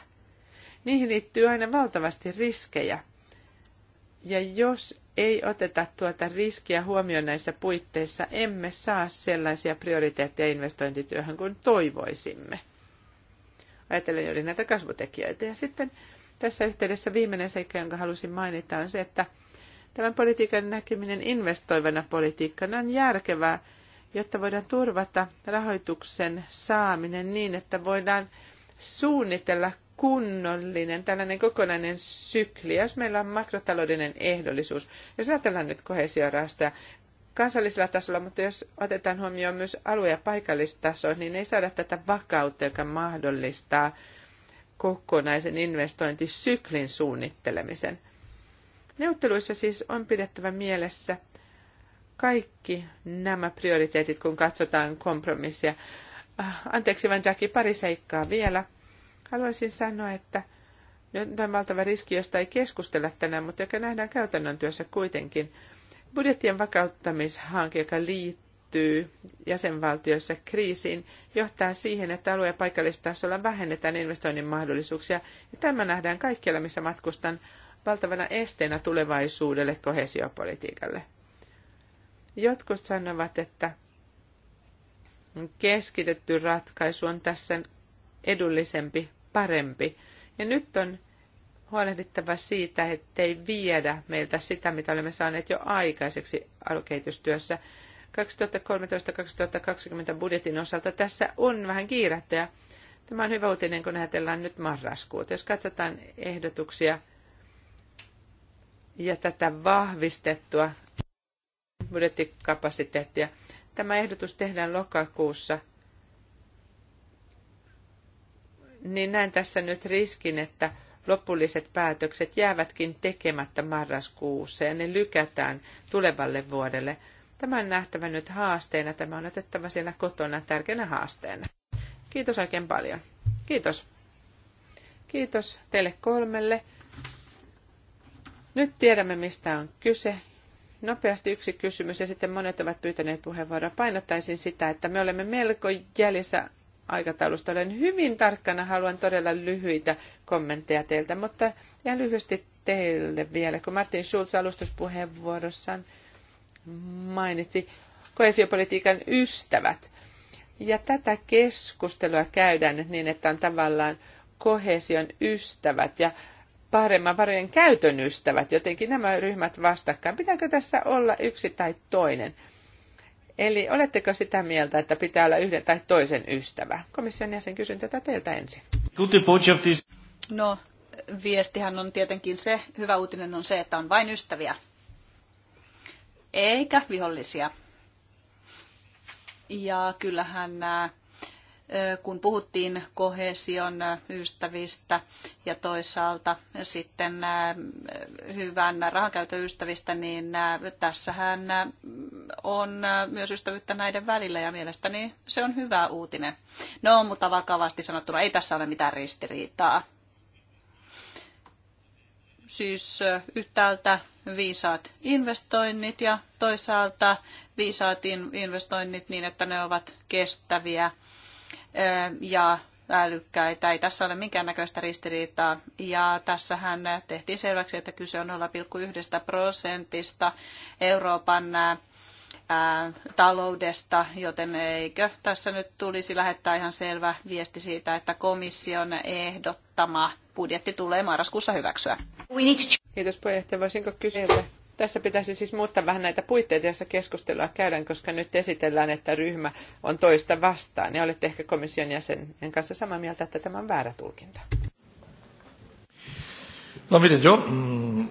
Niihin liittyy aina valtavasti riskejä, ja jos ei oteta tuota riskiä huomioon näissä puitteissa, emme saa sellaisia prioriteetteja investointityöhön kuin toivoisimme. Ajatellen juuri näitä kasvutekijöitä. Ja sitten tässä yhteydessä viimeinen seikka, jonka halusin mainita, on se, että tämän politiikan näkeminen investoivana politiikkana on järkevää, jotta voidaan turvata rahoituksen saaminen niin, että voidaan suunnitella kunnollinen, tällainen kokonainen sykli, jos meillä on makrotaloudellinen ehdollisuus. Jos ajatellaan nyt kohesiorahastoja kansallisella tasolla, mutta jos otetaan huomioon myös alue- ja paikallistaso, niin ei saada tätä vakautta, joka mahdollistaa kokonaisen investointisyklin suunnittelemisen. Neuvotteluissa siis on pidettävä mielessä kaikki nämä prioriteetit, kun katsotaan kompromissia. Ah, anteeksi vain Jackie, pari seikkaa vielä. Haluaisin sanoa, että nyt on valtava riski, josta ei keskustella tänään, mutta joka nähdään käytännön työssä kuitenkin. Budjettien vakauttamishanke, joka liittyy jäsenvaltioissa kriisiin, johtaa siihen, että alue- ja paikallistasolla vähennetään investoinnin mahdollisuuksia. Ja tämä nähdään kaikkialla, missä matkustan valtavana esteenä tulevaisuudelle kohesiopolitiikalle. Jotkut sanovat, että keskitetty ratkaisu on tässä edullisempi parempi. Ja nyt on huolehdittava siitä, ettei viedä meiltä sitä, mitä olemme saaneet jo aikaiseksi alukehitystyössä. 2013-2020 budjetin osalta tässä on vähän kiirettä ja tämä on hyvä uutinen, kun ajatellaan nyt marraskuuta. Jos katsotaan ehdotuksia ja tätä vahvistettua budjettikapasiteettia, tämä ehdotus tehdään lokakuussa – niin näen tässä nyt riskin, että lopulliset päätökset jäävätkin tekemättä marraskuussa ja ne lykätään tulevalle vuodelle. Tämä on nähtävä nyt haasteena, tämä on otettava siellä kotona tärkeänä haasteena. Kiitos oikein paljon. Kiitos. Kiitos teille kolmelle. Nyt tiedämme, mistä on kyse. Nopeasti yksi kysymys ja sitten monet ovat pyytäneet puheenvuoroa. Painottaisin sitä, että me olemme melko jäljessä aikataulusta. Olen hyvin tarkkana, haluan todella lyhyitä kommentteja teiltä, mutta ja lyhyesti teille vielä, kun Martin Schulz alustuspuheenvuorossaan mainitsi koesiopolitiikan ystävät. Ja tätä keskustelua käydään nyt niin, että on tavallaan kohesion ystävät ja paremman varojen käytön ystävät, jotenkin nämä ryhmät vastakkain. Pitääkö tässä olla yksi tai toinen? Eli oletteko sitä mieltä, että pitää olla yhden tai toisen ystävä? Komission jäsen kysyn tätä teiltä ensin. No, viestihän on tietenkin se, hyvä uutinen on se, että on vain ystäviä, eikä vihollisia. Ja kyllähän nämä äh, kun puhuttiin kohesion ystävistä ja toisaalta sitten hyvän rahankäytön ystävistä, niin tässähän on myös ystävyyttä näiden välillä ja mielestäni se on hyvä uutinen. No, mutta vakavasti sanottuna ei tässä ole mitään ristiriitaa. Siis yhtäältä viisaat investoinnit ja toisaalta viisaat investoinnit niin, että ne ovat kestäviä – ja älykkäitä. Ei tässä ole minkäännäköistä ristiriitaa. Ja tässähän tehtiin selväksi, että kyse on 0,1 prosentista Euroopan taloudesta, joten eikö tässä nyt tulisi lähettää ihan selvä viesti siitä, että komission ehdottama budjetti tulee marraskuussa hyväksyä. Kiitos puheenjohtaja. Voisinko kysyä, tässä pitäisi siis muuttaa vähän näitä puitteita, joissa keskustelua käydään, koska nyt esitellään, että ryhmä on toista vastaan. Ja olette ehkä komission jäsenen kanssa samaa mieltä, että tämä on väärä tulkinta. No miten jo, mm,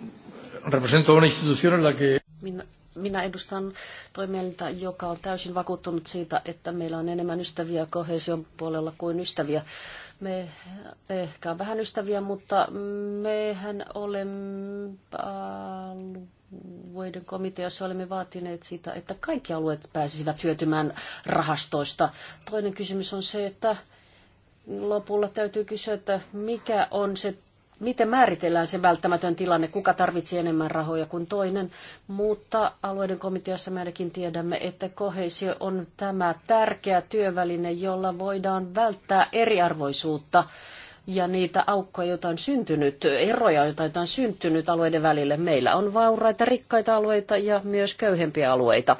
una institución en la que... Minä, minä edustan toimielintä, joka on täysin vakuuttunut siitä, että meillä on enemmän ystäviä kohesion puolella kuin ystäviä. Me ehkä on vähän ystäviä, mutta mehän olemme alueiden komiteassa olemme vaatineet sitä, että kaikki alueet pääsisivät hyötymään rahastoista. Toinen kysymys on se, että lopulla täytyy kysyä, että mikä on se miten määritellään se välttämätön tilanne, kuka tarvitsee enemmän rahoja kuin toinen. Mutta alueiden komiteassa me ainakin tiedämme, että kohesio on tämä tärkeä työväline, jolla voidaan välttää eriarvoisuutta ja niitä aukkoja, joita on syntynyt, eroja, joita on syntynyt alueiden välille. Meillä on vauraita, rikkaita alueita ja myös köyhempiä alueita.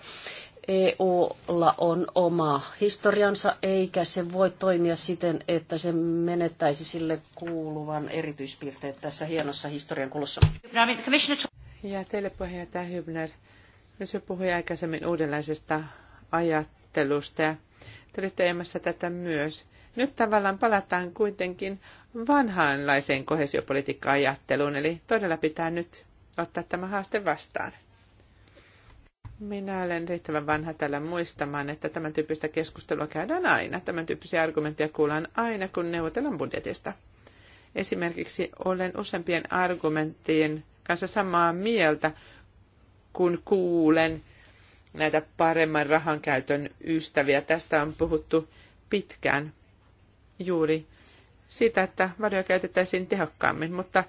EUlla on oma historiansa, eikä se voi toimia siten, että se menettäisi sille kuuluvan erityispiirteet tässä hienossa historian kulussa. Ja teille puheenjohtaja Hübner. Myös jo puhui aikaisemmin uudenlaisesta ajattelusta ja te olitte tätä myös. Nyt tavallaan palataan kuitenkin vanhaanlaiseen kohesiopolitiikkaan ajatteluun eli todella pitää nyt ottaa tämä haaste vastaan. Minä olen riittävän vanha tällä muistamaan, että tämän tyyppistä keskustelua käydään aina. Tämän tyyppisiä argumentteja kuullaan aina, kun neuvotellaan budjetista. Esimerkiksi olen useampien argumenttien kanssa samaa mieltä, kun kuulen näitä paremman rahan käytön ystäviä. Tästä on puhuttu pitkään juuri sitä, että varoja käytettäisiin tehokkaammin, mutta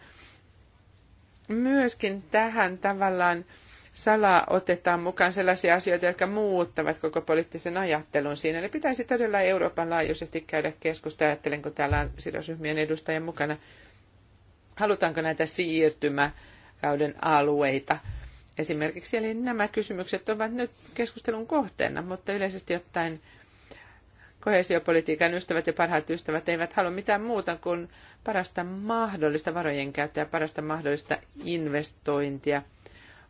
myöskin tähän tavallaan salaa otetaan mukaan sellaisia asioita, jotka muuttavat koko poliittisen ajattelun siinä. Eli pitäisi todella Euroopan laajuisesti käydä keskustelua, ajattelen, kun täällä on sidosryhmien edustajien mukana. Halutaanko näitä siirtymäkauden alueita? Esimerkiksi, eli nämä kysymykset ovat nyt keskustelun kohteena, mutta yleisesti ottaen kohesiopolitiikan ystävät ja parhaat ystävät eivät halua mitään muuta kuin parasta mahdollista varojen käyttöä, parasta mahdollista investointia.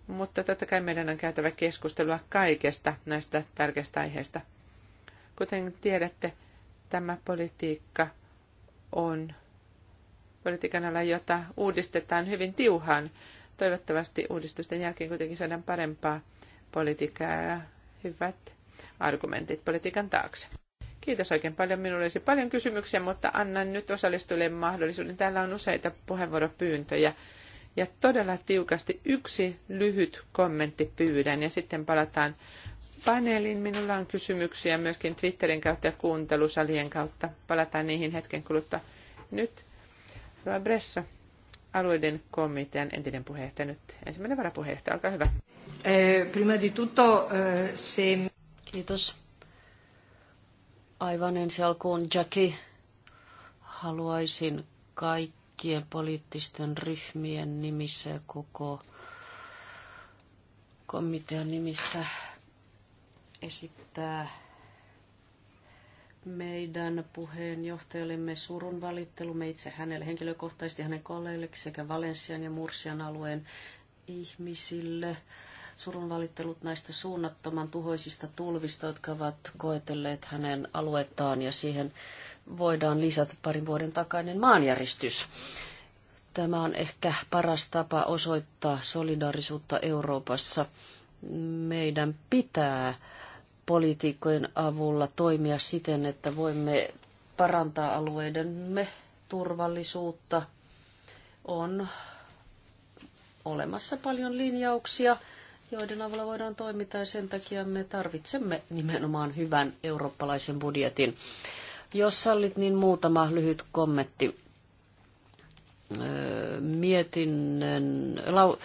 Mutta totta kai meidän on käytävä keskustelua kaikesta näistä tärkeistä aiheista. Kuten tiedätte, tämä politiikka on politiikan ala, jota uudistetaan hyvin tiuhaan. Toivottavasti uudistusten jälkeen kuitenkin saadaan parempaa politiikkaa ja hyvät argumentit politiikan taakse. Kiitos oikein paljon. Minulla olisi paljon kysymyksiä, mutta annan nyt osallistujille mahdollisuuden. Täällä on useita puheenvuoropyyntöjä. Ja todella tiukasti yksi lyhyt kommentti pyydän ja sitten palataan paneeliin. Minulla on kysymyksiä myöskin Twitterin kautta ja kuuntelusalien kautta. Palataan niihin hetken kuluttua. Nyt Roa Bressa, alueiden komitean entinen puheenjohtaja, nyt ensimmäinen varapuheenjohtaja, olkaa hyvä. Eh, prima di tutto, eh, se... Kiitos. Aivan ensi alkuun, Jackie, haluaisin kaikkien poliittisten ryhmien nimissä ja koko komitean nimissä esittää meidän puheenjohtajallemme surun valittelumme itse hänelle henkilökohtaisesti, hänen kolleille sekä Valensian ja Mursian alueen ihmisille surunvalittelut näistä suunnattoman tuhoisista tulvista, jotka ovat koetelleet hänen aluettaan ja siihen voidaan lisätä parin vuoden takainen maanjäristys. Tämä on ehkä paras tapa osoittaa solidaarisuutta Euroopassa. Meidän pitää poliitikkojen avulla toimia siten, että voimme parantaa alueidemme turvallisuutta. On olemassa paljon linjauksia joiden avulla voidaan toimita ja sen takia me tarvitsemme nimenomaan hyvän eurooppalaisen budjetin. Jos sallit, niin muutama lyhyt kommentti mietinnön, lau,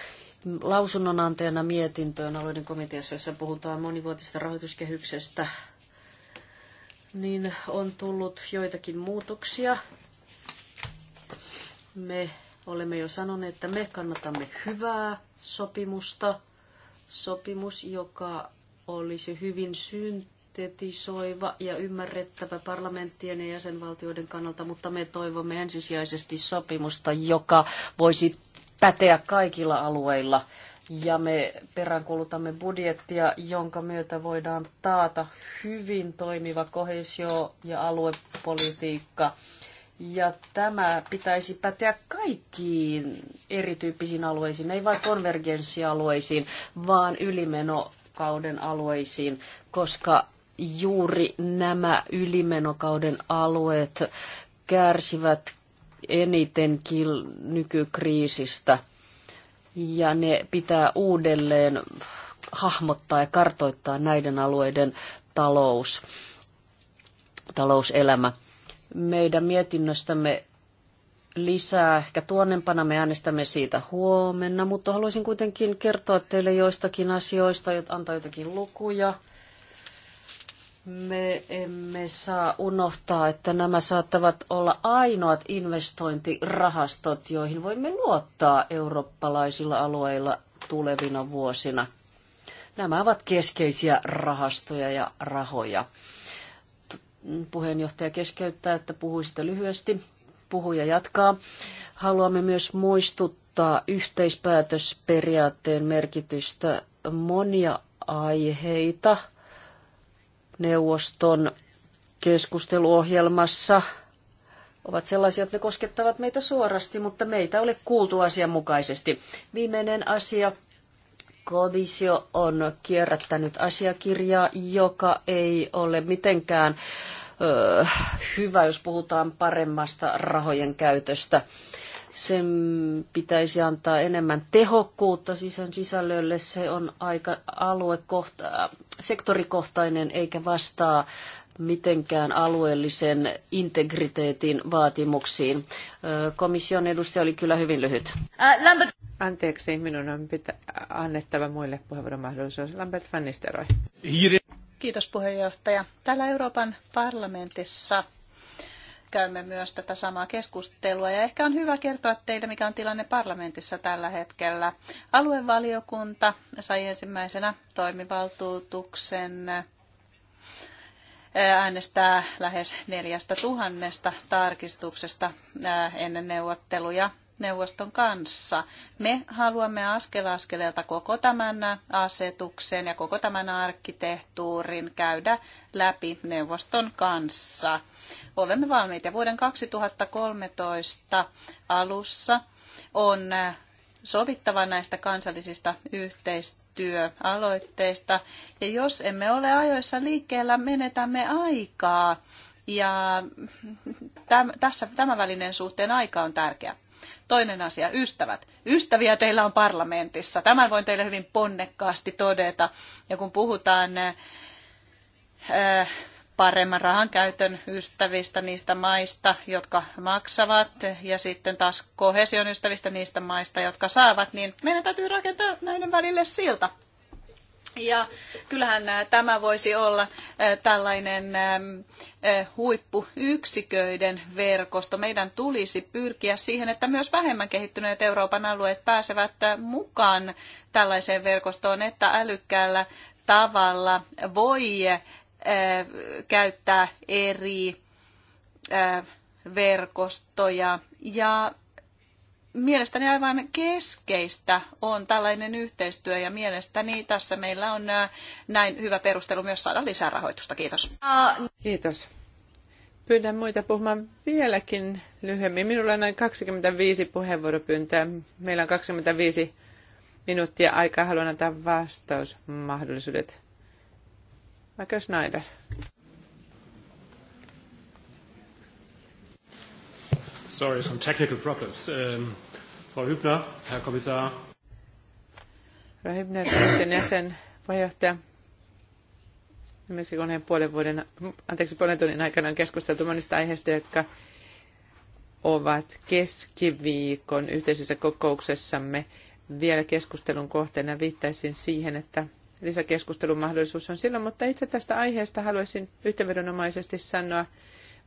lausunnonantajana mietintöön alueiden komiteassa, jossa puhutaan monivuotisesta rahoituskehyksestä, niin on tullut joitakin muutoksia. Me olemme jo sanoneet, että me kannatamme hyvää sopimusta, sopimus, joka olisi hyvin syntetisoiva ja ymmärrettävä parlamenttien ja jäsenvaltioiden kannalta, mutta me toivomme ensisijaisesti sopimusta, joka voisi päteä kaikilla alueilla. Ja me peräänkuulutamme budjettia, jonka myötä voidaan taata hyvin toimiva kohesio- ja aluepolitiikka ja tämä pitäisi päteä kaikkiin erityyppisiin alueisiin, ei vain konvergenssialueisiin, vaan ylimenokauden alueisiin, koska juuri nämä ylimenokauden alueet kärsivät eniten nykykriisistä ja ne pitää uudelleen hahmottaa ja kartoittaa näiden alueiden talous, talouselämä meidän mietinnöstämme lisää ehkä tuonnempana. Me äänestämme siitä huomenna, mutta haluaisin kuitenkin kertoa teille joistakin asioista, antaa jotakin lukuja. Me emme saa unohtaa, että nämä saattavat olla ainoat investointirahastot, joihin voimme luottaa eurooppalaisilla alueilla tulevina vuosina. Nämä ovat keskeisiä rahastoja ja rahoja. Puheenjohtaja keskeyttää, että puhuisitte lyhyesti. Puhuja jatkaa. Haluamme myös muistuttaa yhteispäätösperiaatteen merkitystä monia aiheita neuvoston keskusteluohjelmassa ovat sellaisia, että ne koskettavat meitä suorasti, mutta meitä ole kuultu asianmukaisesti. Viimeinen asia komissio on kierrättänyt asiakirjaa, joka ei ole mitenkään ö, hyvä, jos puhutaan paremmasta rahojen käytöstä. Sen pitäisi antaa enemmän tehokkuutta sisän sisällölle. Se on aika aluekohta, sektorikohtainen eikä vastaa mitenkään alueellisen integriteetin vaatimuksiin. Komission edustaja oli kyllä hyvin lyhyt. Äh, Anteeksi, minun on pitä- annettava muille puheenvuoron mahdollisuus. Lambert van Nisteroi. Kiitos puheenjohtaja. Täällä Euroopan parlamentissa käymme myös tätä samaa keskustelua ja ehkä on hyvä kertoa teille, mikä on tilanne parlamentissa tällä hetkellä. Aluevaliokunta sai ensimmäisenä toimivaltuutuksen äänestää lähes neljästä tuhannesta tarkistuksesta ennen neuvotteluja neuvoston kanssa. Me haluamme askel askeleelta koko tämän asetuksen ja koko tämän arkkitehtuurin käydä läpi neuvoston kanssa. Olemme valmiita. Vuoden 2013 alussa on sovittava näistä kansallisista yhteistyöstä työaloitteesta. Ja jos emme ole ajoissa liikkeellä, menetämme aikaa. Ja täm, tässä tämän välinen suhteen aika on tärkeä. Toinen asia, ystävät. Ystäviä teillä on parlamentissa. Tämän voin teille hyvin ponnekkaasti todeta. Ja kun puhutaan äh, paremman rahan käytön ystävistä, niistä maista, jotka maksavat, ja sitten taas kohesion ystävistä, niistä maista, jotka saavat, niin meidän täytyy rakentaa näiden välille silta. Ja kyllähän tämä voisi olla tällainen huippuyksiköiden verkosto. Meidän tulisi pyrkiä siihen, että myös vähemmän kehittyneet Euroopan alueet pääsevät mukaan tällaiseen verkostoon, että älykkäällä tavalla voi Äh, käyttää eri äh, verkostoja. Ja mielestäni aivan keskeistä on tällainen yhteistyö ja mielestäni tässä meillä on äh, näin hyvä perustelu myös saada lisää rahoitusta. Kiitos. Kiitos. Pyydän muita puhumaan vieläkin lyhyemmin. Minulla on noin 25 puheenvuoropyyntöä. Meillä on 25 minuuttia aikaa. Haluan antaa vastausmahdollisuudet. Michael Schneider. Sorry, some technical problems. Um, Frau Hübner, Herr Kommissar. Frau Hübner, komission jäsen, puheenjohtaja. Viimeisen koneen puolen vuoden, anteeksi, puolen tunnin aikana on keskusteltu monista aiheista, jotka ovat keskiviikon yhteisessä kokouksessamme vielä keskustelun kohteena. Viittaisin siihen, että lisäkeskustelun mahdollisuus on silloin, mutta itse tästä aiheesta haluaisin yhteenvedonomaisesti sanoa,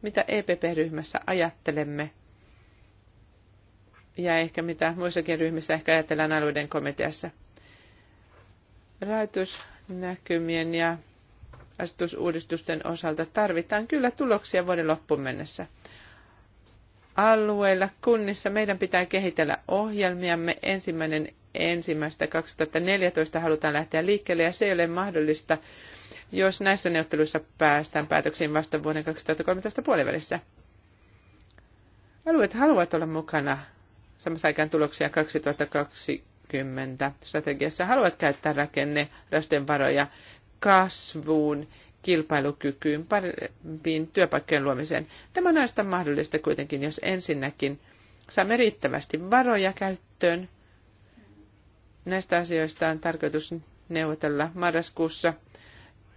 mitä EPP-ryhmässä ajattelemme ja ehkä mitä muissakin ryhmissä ehkä ajatellaan alueiden komiteassa. Rahoitusnäkymien ja asetusuudistusten osalta tarvitaan kyllä tuloksia vuoden loppuun mennessä. Alueilla, kunnissa meidän pitää kehitellä ohjelmiamme. Ensimmäinen ensimmäistä 2014 halutaan lähteä liikkeelle ja se ei ole mahdollista, jos näissä neuvotteluissa päästään päätöksiin vasta vuoden 2013 puolivälissä. Alueet haluavat olla mukana samassa aikaan tuloksia 2020 strategiassa. Haluavat käyttää rakenne varoja kasvuun, kilpailukykyyn, parempiin työpaikkojen luomiseen. Tämä on ainoastaan mahdollista kuitenkin, jos ensinnäkin saamme riittävästi varoja käyttöön – Näistä asioista on tarkoitus neuvotella marraskuussa.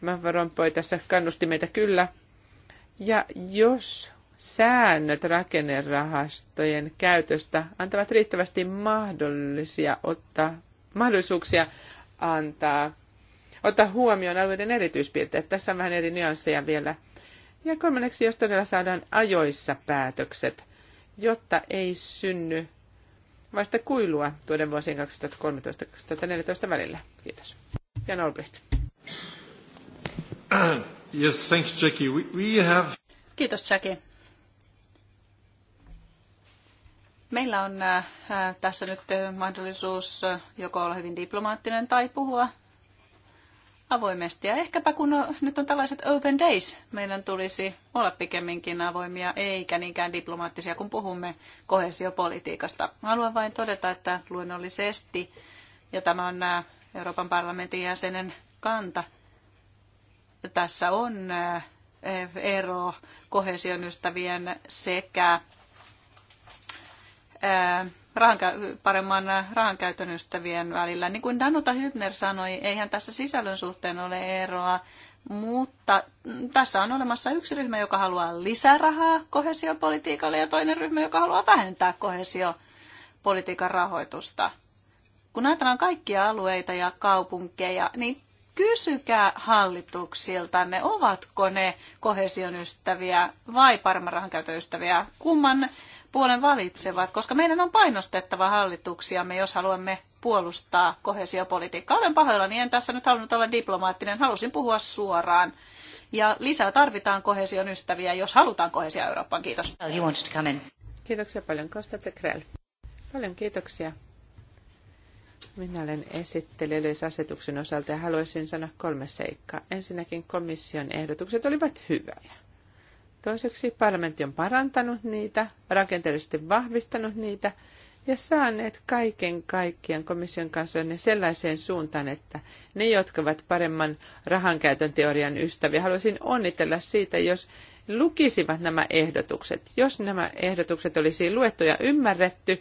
Mä varompoi tässä kannusti meitä kyllä. Ja jos säännöt rakennerahastojen käytöstä antavat riittävästi mahdollisia ottaa, mahdollisuuksia antaa, ottaa huomioon alueiden erityispiirteet. Tässä on vähän eri nyansseja vielä. Ja kolmanneksi, jos todella saadaan ajoissa päätökset, jotta ei synny vasta kuilua tuoden vuosien 2013-2014 välillä. Kiitos. Jan Olbricht. Yes, thank you Jackie. We, we have... Kiitos Jackie. Meillä on äh, äh, tässä nyt äh, mahdollisuus joko olla hyvin diplomaattinen tai puhua avoimesti. Ja ehkäpä kun on, nyt on tällaiset open days, meidän tulisi olla pikemminkin avoimia eikä niinkään diplomaattisia, kun puhumme kohesiopolitiikasta. Haluan vain todeta, että luonnollisesti, ja tämä on nämä Euroopan parlamentin jäsenen kanta, tässä on ero kohesion ystävien sekä rahan, paremman äh, rahankäytön ystävien välillä. Niin kuin Danuta Hybner sanoi, eihän tässä sisällön suhteen ole eroa, mutta mm, tässä on olemassa yksi ryhmä, joka haluaa lisää rahaa kohesiopolitiikalle ja toinen ryhmä, joka haluaa vähentää kohesiopolitiikan rahoitusta. Kun ajatellaan kaikkia alueita ja kaupunkeja, niin kysykää hallituksilta, ne ovatko ne kohesion ystäviä vai paremman rahankäytön ystäviä. Kumman puolen valitsevat, koska meidän on painostettava hallituksiamme, jos haluamme puolustaa kohesiopolitiikkaa. Olen pahoillani, en tässä nyt halunnut olla diplomaattinen, halusin puhua suoraan. Ja lisää tarvitaan kohesion ystäviä, jos halutaan kohesia Eurooppaan. Kiitos. Kiitoksia paljon, Kosta Krell. Paljon kiitoksia. Minä olen esittelijä yleisasetuksen osalta ja haluaisin sanoa kolme seikkaa. Ensinnäkin komission ehdotukset olivat hyviä. Toiseksi parlamentti on parantanut niitä, rakenteellisesti vahvistanut niitä ja saaneet kaiken kaikkiaan komission kanssa ne sellaiseen suuntaan, että ne, jotka ovat paremman rahankäytön teorian ystäviä, haluaisin onnitella siitä, jos lukisivat nämä ehdotukset. Jos nämä ehdotukset olisi luettu ja ymmärretty,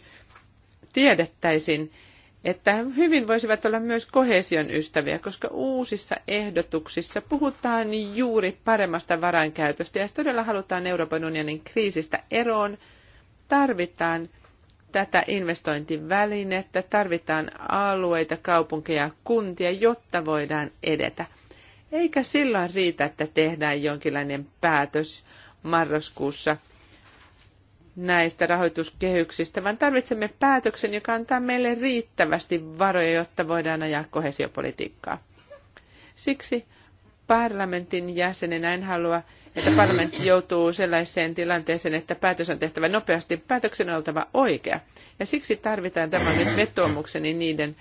tiedettäisiin, että hyvin voisivat olla myös kohesion ystäviä, koska uusissa ehdotuksissa puhutaan juuri paremmasta varainkäytöstä ja jos todella halutaan Euroopan unionin kriisistä eroon, tarvitaan tätä investointivälinettä, tarvitaan alueita, kaupunkeja, kuntia, jotta voidaan edetä. Eikä silloin riitä, että tehdään jonkinlainen päätös marraskuussa – näistä rahoituskehyksistä, vaan tarvitsemme päätöksen, joka antaa meille riittävästi varoja, jotta voidaan ajaa kohesiopolitiikkaa. Siksi parlamentin jäsenenä en halua, että parlamentti joutuu sellaiseen tilanteeseen, että päätös on tehtävä nopeasti, päätöksen on oltava oikea. Ja siksi tarvitaan tämä nyt vetoomukseni niiden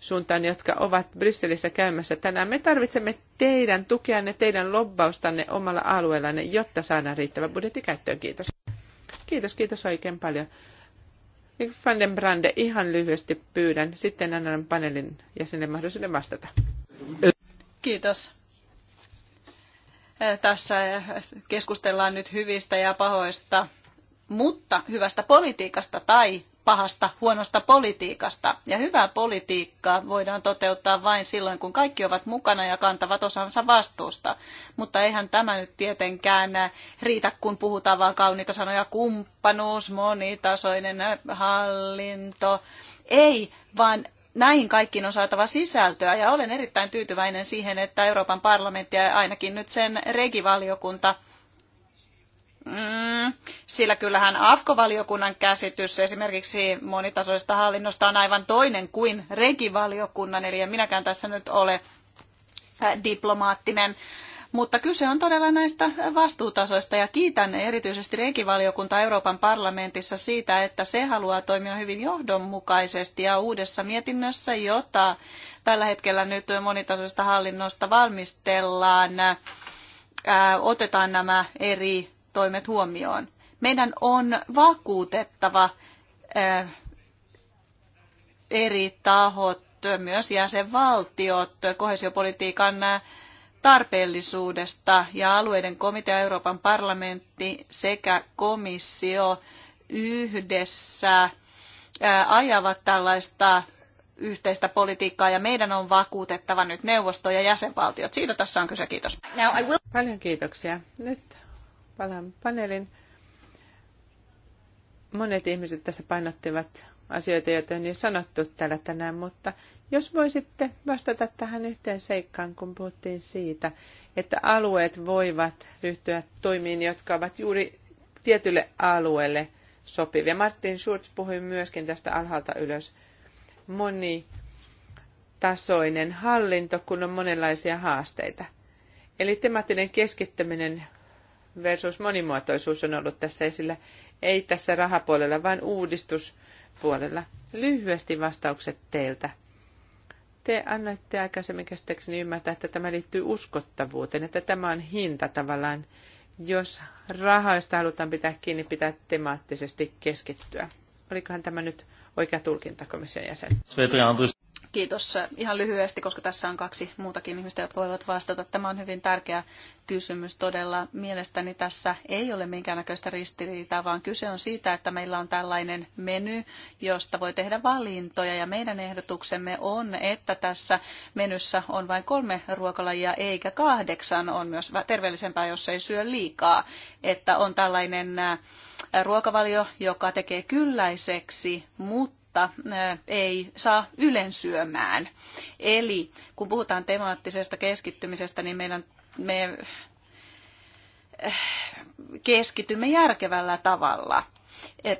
suuntaan, jotka ovat Brysselissä käymässä tänään. Me tarvitsemme teidän tukeanne, teidän lobbaustanne omalla alueellanne, jotta saadaan riittävä budjetti käyttöön. Kiitos. Kiitos, kiitos oikein paljon. Fanden niin Brande, ihan lyhyesti pyydän. Sitten annan paneelin jäsenen mahdollisuuden vastata. Kiitos. Tässä keskustellaan nyt hyvistä ja pahoista, mutta hyvästä politiikasta tai pahasta, huonosta politiikasta. Ja hyvää politiikkaa voidaan toteuttaa vain silloin, kun kaikki ovat mukana ja kantavat osansa vastuusta. Mutta eihän tämä nyt tietenkään riitä, kun puhutaan vain kauniita sanoja kumppanuus, monitasoinen hallinto. Ei, vaan näihin kaikkiin on saatava sisältöä ja olen erittäin tyytyväinen siihen, että Euroopan parlamentti ja ainakin nyt sen regivaliokunta – Mm, sillä kyllähän AFKO-valiokunnan käsitys esimerkiksi monitasoisesta hallinnosta on aivan toinen kuin regivaliokunnan, eli en minäkään tässä nyt ole äh, diplomaattinen. Mutta kyse on todella näistä vastuutasoista ja kiitän erityisesti regivaliokunta Euroopan parlamentissa siitä, että se haluaa toimia hyvin johdonmukaisesti ja uudessa mietinnössä, jota tällä hetkellä nyt monitasoisesta hallinnosta valmistellaan, äh, otetaan nämä eri toimet huomioon. Meidän on vakuutettava eri tahot, myös jäsenvaltiot, kohesiopolitiikan tarpeellisuudesta ja alueiden komitea Euroopan parlamentti sekä komissio yhdessä ajavat tällaista yhteistä politiikkaa ja meidän on vakuutettava nyt neuvosto ja jäsenvaltiot. Siitä tässä on kyse. Kiitos. Will... Paljon kiitoksia. Nyt palan paneelin. Monet ihmiset tässä painottivat asioita, joita on jo sanottu täällä tänään, mutta jos voisitte vastata tähän yhteen seikkaan, kun puhuttiin siitä, että alueet voivat ryhtyä toimiin, jotka ovat juuri tietylle alueelle sopivia. Martin Schulz puhui myöskin tästä alhaalta ylös. Moni tasoinen hallinto, kun on monenlaisia haasteita. Eli temaattinen keskittäminen versus monimuotoisuus on ollut tässä esillä. Ei tässä rahapuolella, vaan uudistuspuolella. Lyhyesti vastaukset teiltä. Te annoitte aikaisemmin käsittääkseni ymmärtää, että tämä liittyy uskottavuuteen, että tämä on hinta tavallaan, jos rahoista halutaan pitää kiinni, pitää temaattisesti keskittyä. Olikohan tämä nyt oikea tulkinta komission jäsen? Kiitos. Eh, ihan lyhyesti, koska tässä on kaksi muutakin ihmistä, jotka voivat vastata. Tämä on hyvin tärkeä kysymys todella. Mielestäni tässä ei ole minkäännäköistä ristiriitaa, vaan kyse on siitä, että meillä on tällainen meny, josta voi tehdä valintoja. Ja meidän ehdotuksemme on, että tässä menyssä on vain kolme ruokalajia eikä kahdeksan. On myös terveellisempää, jos ei syö liikaa. Että on tällainen eh, ruokavalio, joka tekee kylläiseksi, mutta tilannetta ei saa ylensyömään. Eli kun puhutaan temaattisesta keskittymisestä, niin meidän, me äh, keskitymme järkevällä tavalla.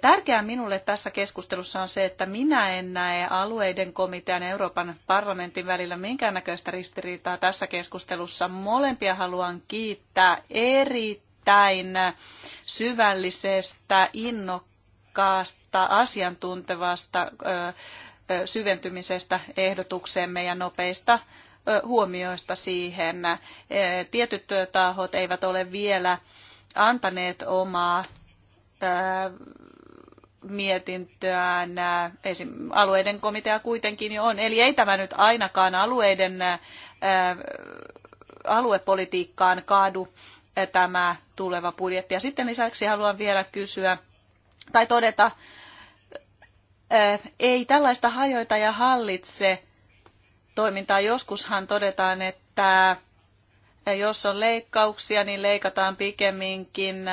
Tärkeää minulle tässä keskustelussa on se, että minä en näe alueiden komitean ja Euroopan parlamentin välillä minkäännäköistä ristiriitaa tässä keskustelussa. Molempia haluan kiittää erittäin syvällisestä, innokkaasta voimakkaasta asiantuntevasta syventymisestä ehdotuksemme ja nopeista huomioista siihen. Tietyt tahot eivät ole vielä antaneet omaa mietintöään. Esim. alueiden komitea kuitenkin jo on. Eli ei tämä nyt ainakaan alueiden aluepolitiikkaan kaadu tämä tuleva budjetti. Ja sitten lisäksi haluan vielä kysyä tai todeta, ei tällaista hajoita ja hallitse toimintaa. Joskushan todetaan, että jos on leikkauksia, niin leikataan pikemminkin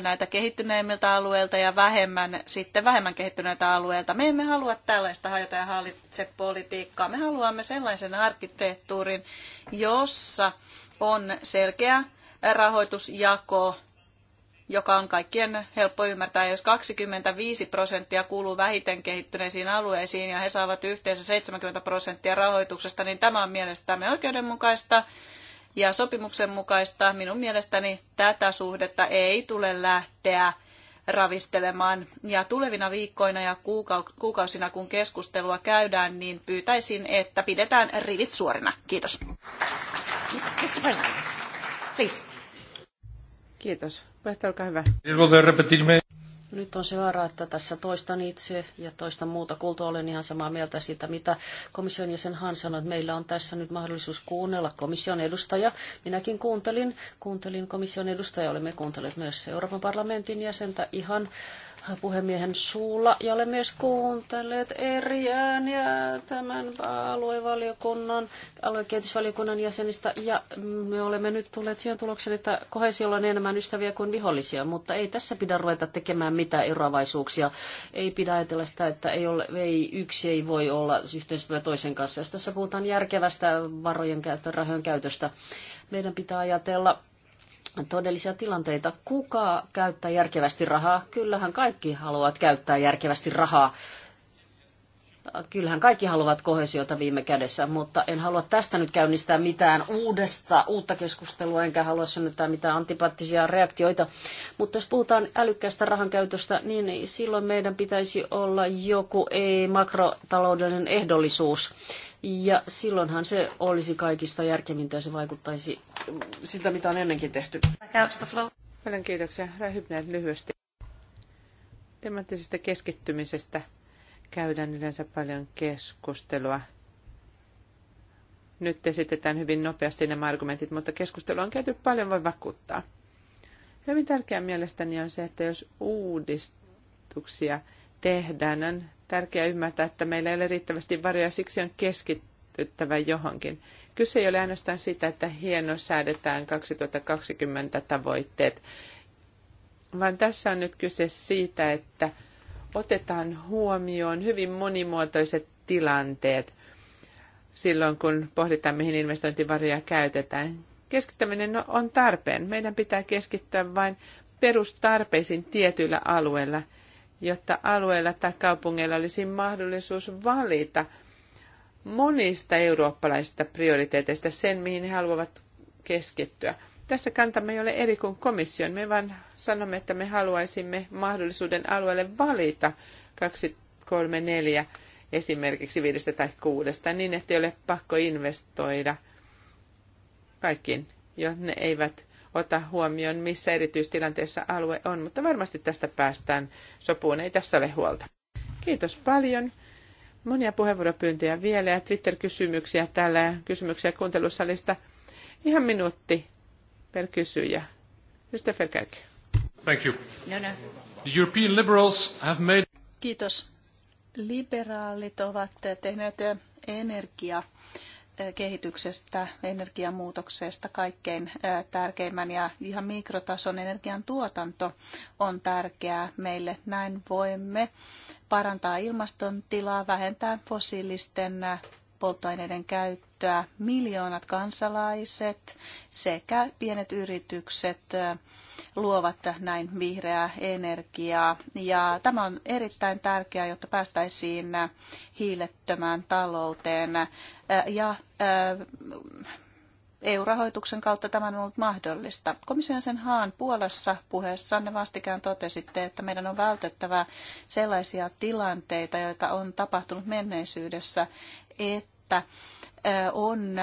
näitä kehittyneimmiltä alueilta ja vähemmän, sitten vähemmän kehittyneiltä alueilta. Me emme halua tällaista hajota ja hallitse politiikkaa. Me haluamme sellaisen arkkitehtuurin, jossa on selkeä rahoitusjako joka on kaikkien helppo ymmärtää. Jos 25 prosenttia kuuluu vähiten kehittyneisiin alueisiin ja he saavat yhteensä 70 prosenttia rahoituksesta, niin tämä on mielestämme oikeudenmukaista ja sopimuksen mukaista. Minun mielestäni tätä suhdetta ei tule lähteä ravistelemaan. Ja tulevina viikkoina ja kuukausina, kun keskustelua käydään, niin pyytäisin, että pidetään rivit suorina. Kiitos. Kiitos. Puheenjohtaja, olkaa hyvä. Nyt on se vaara, että tässä toistan itse ja toistan muuta kuultua. Olen ihan samaa mieltä siitä, mitä komission jäsen Han sanoi, että meillä on tässä nyt mahdollisuus kuunnella komission edustaja. Minäkin kuuntelin, kuuntelin komission edustaja, olemme kuuntelleet myös Euroopan parlamentin jäsentä ihan puhemiehen suulla ja olen myös kuuntelleet eri ääniä tämän aluevaliokunnan, aluekehitysvaliokunnan jäsenistä ja me olemme nyt tulleet siihen tulokseen, että kohesiolla on enemmän ystäviä kuin vihollisia, mutta ei tässä pidä ruveta tekemään mitään eroavaisuuksia. Ei pidä ajatella sitä, että ei ole, ei, yksi ei voi olla yhteistyö toisen kanssa. Jos tässä puhutaan järkevästä varojen käytön, rahojen käytöstä, meidän pitää ajatella todellisia tilanteita. Kuka käyttää järkevästi rahaa? Kyllähän kaikki haluavat käyttää järkevästi rahaa. Kyllähän kaikki haluavat kohesiota viime kädessä, mutta en halua tästä nyt käynnistää mitään uudesta, uutta keskustelua, enkä halua synnyttää mitään antipaattisia reaktioita. Mutta jos puhutaan älykkäästä rahankäytöstä, niin silloin meidän pitäisi olla joku ei makrotaloudellinen ehdollisuus ja silloinhan se olisi kaikista järkevintä ja se vaikuttaisi mm, siltä, mitä on ennenkin tehty. Paljon kiitoksia. Rähypneet lyhyesti. Temaattisesta keskittymisestä käydään yleensä paljon keskustelua. Nyt esitetään hyvin nopeasti nämä argumentit, mutta keskustelua on käyty paljon, voi vakuuttaa. Hyvin tärkeää mielestäni on se, että jos uudistuksia tehdään, on tärkeää ymmärtää, että meillä ei ole riittävästi varoja, siksi on keskityttävä johonkin. Kyse ei ole ainoastaan sitä, että hieno säädetään 2020 tavoitteet, vaan tässä on nyt kyse siitä, että otetaan huomioon hyvin monimuotoiset tilanteet silloin, kun pohditaan, mihin investointivaroja käytetään. Keskittäminen on tarpeen. Meidän pitää keskittyä vain perustarpeisiin tietyillä alueilla – jotta alueella tai kaupungeilla olisi mahdollisuus valita monista eurooppalaisista prioriteeteista sen, mihin he haluavat keskittyä. Tässä kantamme ei ole eri kuin komission. Me vain sanomme, että me haluaisimme mahdollisuuden alueelle valita kaksi, kolme, neljä esimerkiksi viidestä tai kuudesta, niin ettei ole pakko investoida kaikkiin, jos ne eivät ota huomioon, missä erityistilanteessa alue on, mutta varmasti tästä päästään sopuun, ei tässä ole huolta. Kiitos paljon. Monia puheenvuoropyyntöjä vielä ja Twitter-kysymyksiä täällä ja kysymyksiä kuuntelussalista. Ihan minuutti per kysyjä. Christopher Kärk. Thank you. No, no. The European liberals have made... Kiitos. Liberaalit ovat tehneet energia kehityksestä, energiamuutoksesta kaikkein tärkeimmän ja ihan mikrotason energian tuotanto on tärkeää meille. Näin voimme parantaa ilmaston tilaa, vähentää fossiilisten polttoaineiden käyttöä käyttöä miljoonat kansalaiset sekä pienet yritykset luovat näin vihreää energiaa. Ja tämä on erittäin tärkeää, jotta päästäisiin hiilettömään talouteen. Ja EU-rahoituksen kautta tämä on ollut mahdollista. Komission sen Haan Puolassa puheessanne vastikään totesitte, että meidän on vältettävä sellaisia tilanteita, joita on tapahtunut menneisyydessä, että että on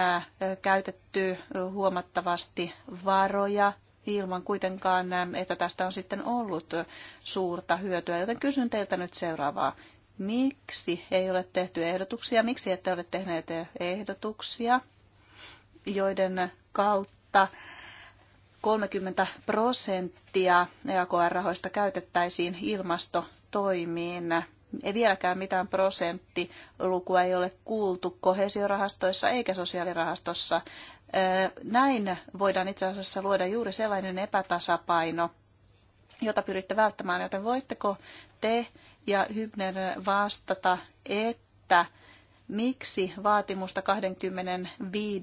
käytetty huomattavasti varoja ilman kuitenkaan, että tästä on sitten ollut suurta hyötyä. Joten kysyn teiltä nyt seuraavaa. Miksi ei ole tehty ehdotuksia? Miksi ette ole tehneet ehdotuksia, joiden kautta 30 prosenttia EAKR-rahoista käytettäisiin ilmastotoimiin? ei vieläkään mitään prosenttilukua ei ole kuultu kohesiorahastoissa eikä sosiaalirahastossa. Näin voidaan itse asiassa luoda juuri sellainen epätasapaino, jota pyritte välttämään, joten voitteko te ja Hybner vastata, että miksi vaatimusta 25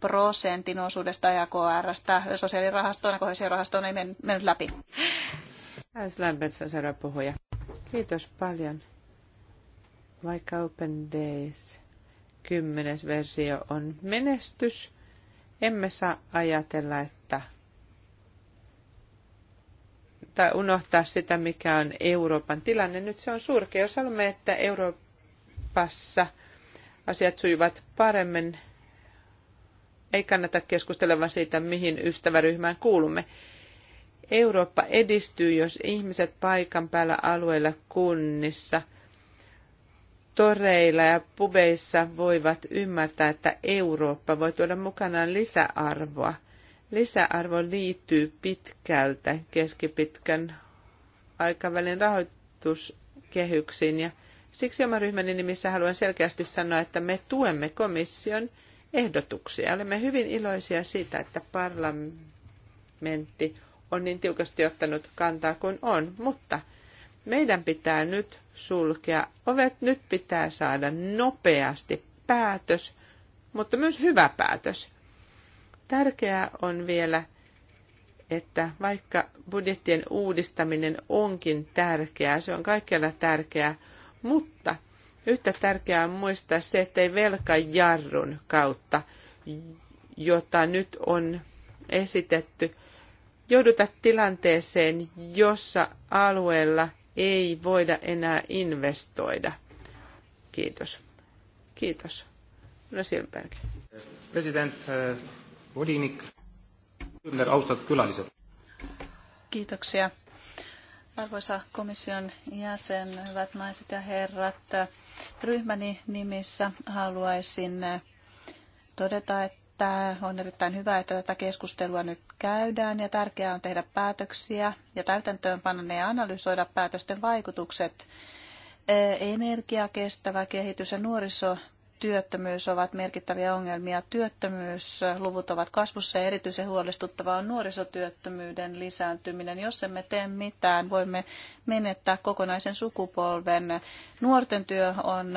prosentin osuudesta AKRstä e sosiaalirahastoon ja kohesiorahastoon ei mennyt läpi? Lämmin, puhuja. Kiitos paljon. Vaikka Open Days kymmenes versio on menestys, emme saa ajatella, että tai unohtaa sitä, mikä on Euroopan tilanne. Nyt se on surkea. Jos haluamme, että Euroopassa asiat sujuvat paremmin, ei kannata keskustella siitä, mihin ystäväryhmään kuulumme. Eurooppa edistyy, jos ihmiset paikan päällä alueilla kunnissa, toreilla ja pubeissa voivat ymmärtää, että Eurooppa voi tuoda mukanaan lisäarvoa. Lisäarvo liittyy pitkältä keskipitkän aikavälin rahoituskehyksiin ja siksi oman ryhmäni nimissä haluan selkeästi sanoa, että me tuemme komission ehdotuksia. Olemme hyvin iloisia siitä, että parlamentti on niin tiukasti ottanut kantaa kuin on, mutta meidän pitää nyt sulkea ovet, nyt pitää saada nopeasti päätös, mutta myös hyvä päätös. Tärkeää on vielä, että vaikka budjettien uudistaminen onkin tärkeää, se on kaikkialla tärkeää, mutta yhtä tärkeää on muistaa se, että velka velkajarrun kautta, jota nyt on esitetty, jouduta tilanteeseen, jossa alueella ei voida enää investoida. Kiitos. Kiitos. Ulla Silberg. President äh, Vodinik, austat kyläliset. Kiitoksia. Arvoisa komission jäsen, hyvät naiset ja herrat, ryhmäni nimissä haluaisin todeta, että että on erittäin hyvä, että tätä keskustelua nyt käydään ja tärkeää on tehdä päätöksiä ja täytäntöönpanna ne ja analysoida päätösten vaikutukset. Energia, kestävä kehitys ja nuorisotyöttömyys ovat merkittäviä ongelmia. Työttömyysluvut ovat kasvussa ja erityisen huolestuttavaa on nuorisotyöttömyyden lisääntyminen. Jos emme tee mitään, voimme menettää kokonaisen sukupolven. Nuorten työ on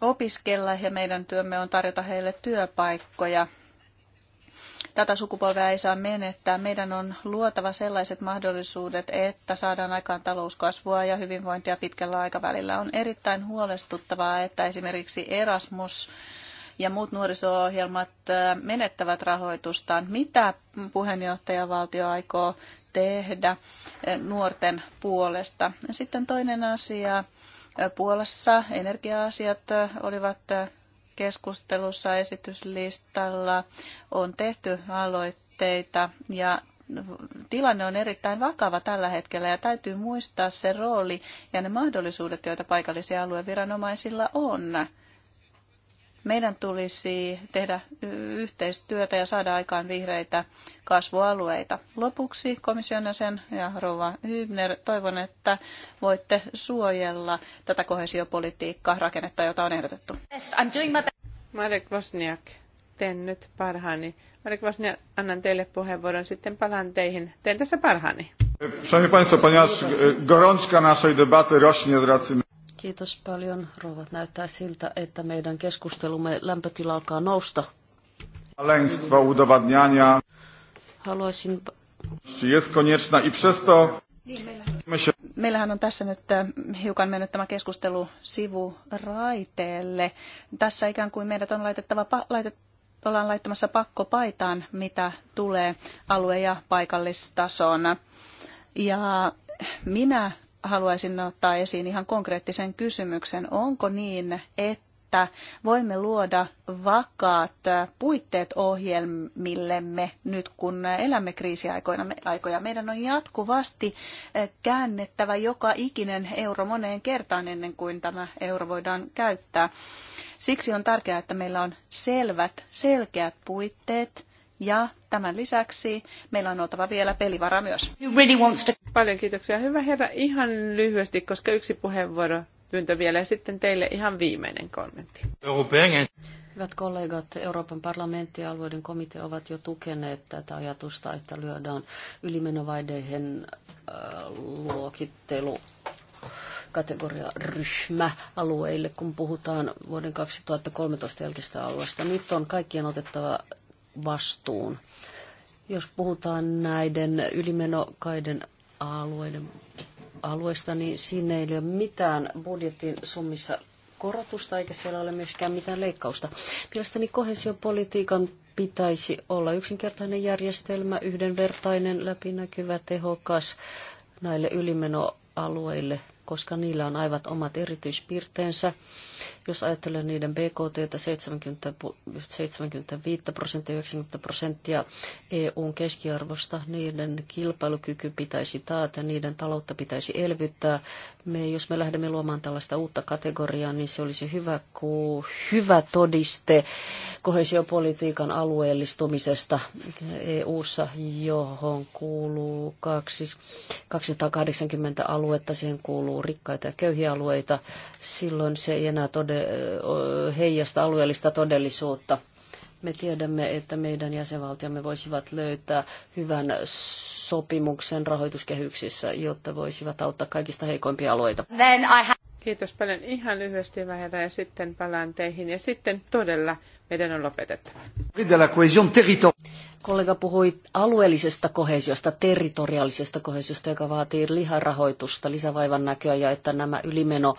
opiskella ja meidän työmme on tarjota heille työpaikkoja. Tätä sukupolvea ei saa menettää. Meidän on luotava sellaiset mahdollisuudet, että saadaan aikaan talouskasvua ja hyvinvointia pitkällä aikavälillä. On erittäin huolestuttavaa, että esimerkiksi Erasmus ja muut nuoriso-ohjelmat menettävät rahoitustaan. Mitä puheenjohtajavaltio aikoo tehdä nuorten puolesta? Sitten toinen asia Puolassa energia-asiat olivat keskustelussa esityslistalla, on tehty aloitteita ja tilanne on erittäin vakava tällä hetkellä ja täytyy muistaa se rooli ja ne mahdollisuudet, joita paikallisia alueviranomaisilla on meidän tulisi tehdä yhteistyötä ja saada aikaan vihreitä kasvualueita. Lopuksi komission sen ja Rova Hybner, toivon, että voitte suojella tätä kohesiopolitiikkaa rakennetta, jota on ehdotettu. Yes, I'm doing my Marek Vosniak, teen nyt parhaani. Marek Vosniak, annan teille puheenvuoron, sitten palaan teihin. Teen tässä parhaani. Szanowni Państwo, ponieważ gorączka naszej debaty rośnie z racji... Kiitos paljon, rouva. Näyttää siltä, että meidän keskustelumme lämpötila alkaa nousta. Haluaisin... konieczna i niin, Meillähän on tässä nyt äh, hiukan mennyt tämä keskustelu sivuraiteelle. Tässä ikään kuin meidät on laitettava, laitet, ollaan laittamassa pakkopaitaan, mitä tulee alue- ja paikallistason. Ja minä haluaisin ottaa esiin ihan konkreettisen kysymyksen. Onko niin, että voimme luoda vakaat puitteet ohjelmillemme nyt, kun elämme kriisiaikoja. Meidän on jatkuvasti käännettävä joka ikinen euro moneen kertaan ennen kuin tämä euro voidaan käyttää. Siksi on tärkeää, että meillä on selvät, selkeät puitteet ja tämän lisäksi meillä on oltava vielä pelivara myös. Really wants to... Paljon kiitoksia. Hyvä herra, ihan lyhyesti, koska yksi puheenvuoro pyyntö vielä ja sitten teille ihan viimeinen kommentti. Hyvät kollegat, Euroopan parlamentti ja alueiden komitea ovat jo tukeneet tätä ajatusta, että lyödään ylimenovaideihin äh, luokittelu ryhmä alueille, kun puhutaan vuoden 2013 jälkeistä alueesta. Nyt on kaikkien otettava vastuun. Jos puhutaan näiden ylimenokaiden alueiden alueista, niin siinä ei ole mitään budjetin summissa korotusta, eikä siellä ole myöskään mitään leikkausta. Mielestäni kohesiopolitiikan pitäisi olla yksinkertainen järjestelmä, yhdenvertainen, läpinäkyvä, tehokas näille ylimenoalueille, koska niillä on aivan omat erityispiirteensä. Jos ajattelee niiden BKT 70, 75 prosenttia, 90 prosenttia EUn keskiarvosta, niiden kilpailukyky pitäisi taata, niiden taloutta pitäisi elvyttää, me, jos me lähdemme luomaan tällaista uutta kategoriaa, niin se olisi hyvä, ku, hyvä todiste kohesiopolitiikan alueellistumisesta EU-ssa, johon kuuluu 280 aluetta, siihen kuuluu rikkaita ja köyhiä alueita. Silloin se ei enää tode, heijasta alueellista todellisuutta. Me tiedämme, että meidän jäsenvaltiomme voisivat löytää hyvän sopimuksen rahoituskehyksissä, jotta voisivat auttaa kaikista heikoimpia alueita. Then I ha- Kiitos paljon. Ihan lyhyesti vähemmän ja sitten palaan teihin. Ja sitten todella meidän on lopetettava. Kollega puhui alueellisesta kohesiosta, territoriaalisesta kohesiosta, joka vaatii liharahoitusta, lisävaivan näköä ja että nämä ylimeno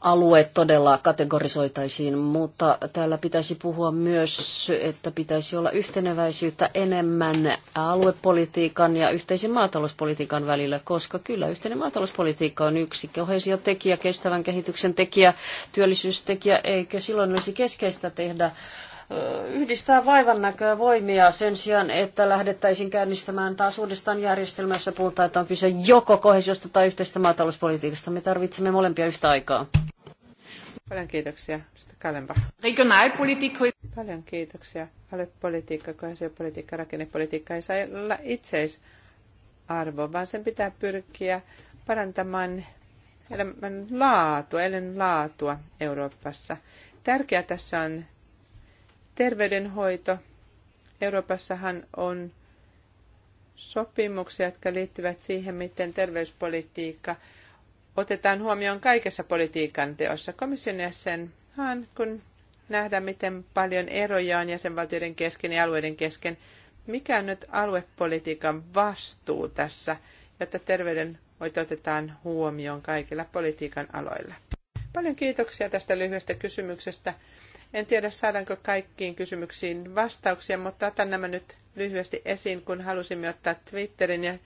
alue todella kategorisoitaisiin, mutta täällä pitäisi puhua myös, että pitäisi olla yhteneväisyyttä enemmän aluepolitiikan ja yhteisen maatalouspolitiikan välillä, koska kyllä yhteinen maatalouspolitiikka on yksi tekijä kestävän kehityksen tekijä, työllisyystekijä, eikä silloin olisi keskeistä tehdä yhdistää vaivannäköä voimia sen sijaan, että lähdettäisiin käynnistämään taas uudestaan järjestelmässä puhutaan, että on kyse joko kohesiosta tai yhteistä maatalouspolitiikasta. Me tarvitsemme molempia yhtä aikaa. Paljon kiitoksia. Kalempa. Regionalpolitiikko. Paljon kiitoksia. Aluepolitiikka, kohesiopolitiikka, rakennepolitiikka ei saa olla itseisarvo, vaan sen pitää pyrkiä parantamaan elämän laatua, elin laatua Euroopassa. Tärkeää tässä on Terveydenhoito. Euroopassahan on sopimuksia, jotka liittyvät siihen, miten terveyspolitiikka otetaan huomioon kaikessa politiikan teossa. Komission jäsen, kun nähdään, miten paljon eroja on jäsenvaltioiden kesken ja alueiden kesken, mikä on nyt aluepolitiikan vastuu tässä, jotta terveydenhoito otetaan huomioon kaikilla politiikan aloilla? Paljon kiitoksia tästä lyhyestä kysymyksestä. En tiedä, saadaanko kaikkiin kysymyksiin vastauksia, mutta otan nämä nyt lyhyesti esiin, kun halusimme ottaa Twitterin ja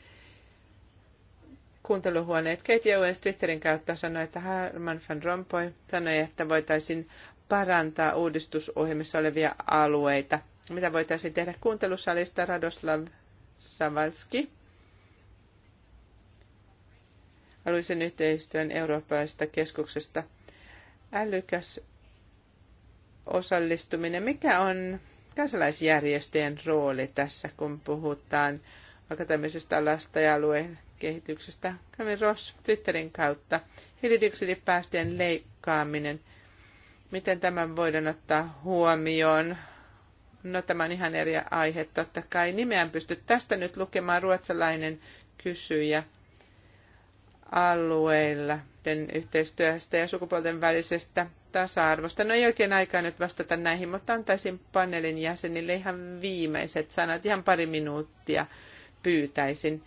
kuunteluhuoneet. Katie Owens Twitterin kautta sanoi, että Herman van Rompuy sanoi, että voitaisiin parantaa uudistusohjelmissa olevia alueita. Mitä voitaisiin tehdä kuuntelusalista Radoslav Savalski? Haluaisin yhteistyön eurooppalaisesta keskuksesta. Älykäs osallistuminen. Mikä on kansalaisjärjestöjen rooli tässä, kun puhutaan akateemisesta tämmöisestä lasta- ja alueen kehityksestä? Kami Ross Twitterin kautta. Hiilidioksidipäästöjen leikkaaminen. Miten tämän voidaan ottaa huomioon? No tämä on ihan eri aihe, totta kai. Nimeän pysty tästä nyt lukemaan ruotsalainen kysyjä alueilla yhteistyöstä ja sukupuolten välisestä tasa-arvosta. No ei oikein aikaa nyt vastata näihin, mutta antaisin paneelin jäsenille ihan viimeiset sanat, ihan pari minuuttia pyytäisin.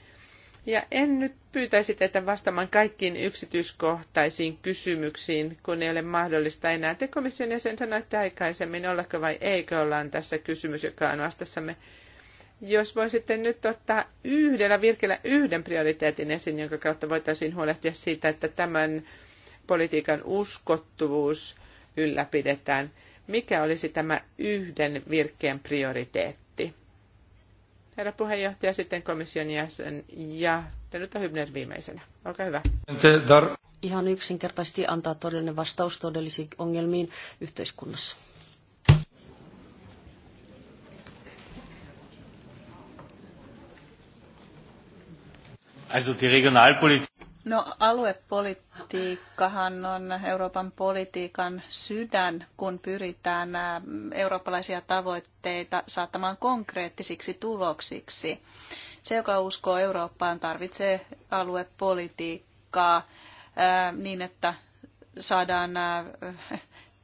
Ja en nyt pyytäisi teitä vastaamaan kaikkiin yksityiskohtaisiin kysymyksiin, kun ei ole mahdollista enää. Te komission jäsen sanoitte aikaisemmin, ollako vai eikö ollaan tässä kysymys, joka on vastassamme. Jos voisitte nyt ottaa yhdellä virkellä yhden prioriteetin esiin, jonka kautta voitaisiin huolehtia siitä, että tämän politiikan uskottuvuus ylläpidetään. Mikä olisi tämä yhden virkkeen prioriteetti? Herra puheenjohtaja, sitten komission jäsen ja Danuta Hybner viimeisenä. Olkaa hyvä. Ihan yksinkertaisesti antaa todellinen vastaus todellisiin ongelmiin yhteiskunnassa. Also die Regionalpolitik. No aluepolitiikkahan on Euroopan politiikan sydän, kun pyritään eurooppalaisia tavoitteita saattamaan konkreettisiksi tuloksiksi. Se, joka uskoo Eurooppaan, tarvitsee aluepolitiikkaa niin, että saadaan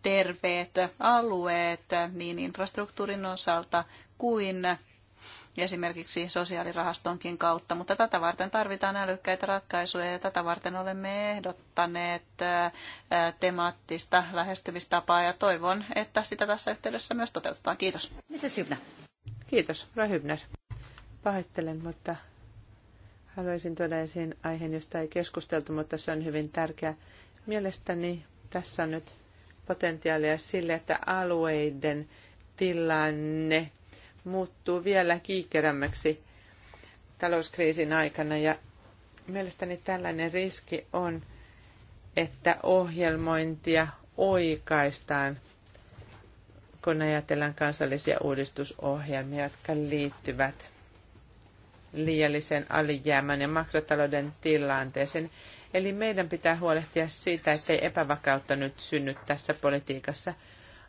terveet alueet niin infrastruktuurin osalta kuin esimerkiksi sosiaalirahastonkin kautta, mutta tätä varten tarvitaan älykkäitä ratkaisuja ja tätä varten olemme ehdottaneet temaattista lähestymistapaa ja toivon, että sitä tässä yhteydessä myös toteutetaan. Kiitos. Mrs. Hybner. Kiitos, Rahybner. Pahoittelen, mutta haluaisin tuoda esiin aiheen, josta ei keskusteltu, mutta se on hyvin tärkeä. Mielestäni tässä on nyt potentiaalia sille, että alueiden tilanne muuttuu vielä kiikkerämmäksi talouskriisin aikana ja mielestäni tällainen riski on, että ohjelmointia oikaistaan, kun ajatellaan kansallisia uudistusohjelmia, jotka liittyvät liiallisen alijäämän ja makrotalouden tilanteeseen. Eli meidän pitää huolehtia siitä, ettei epävakautta nyt synny tässä politiikassa –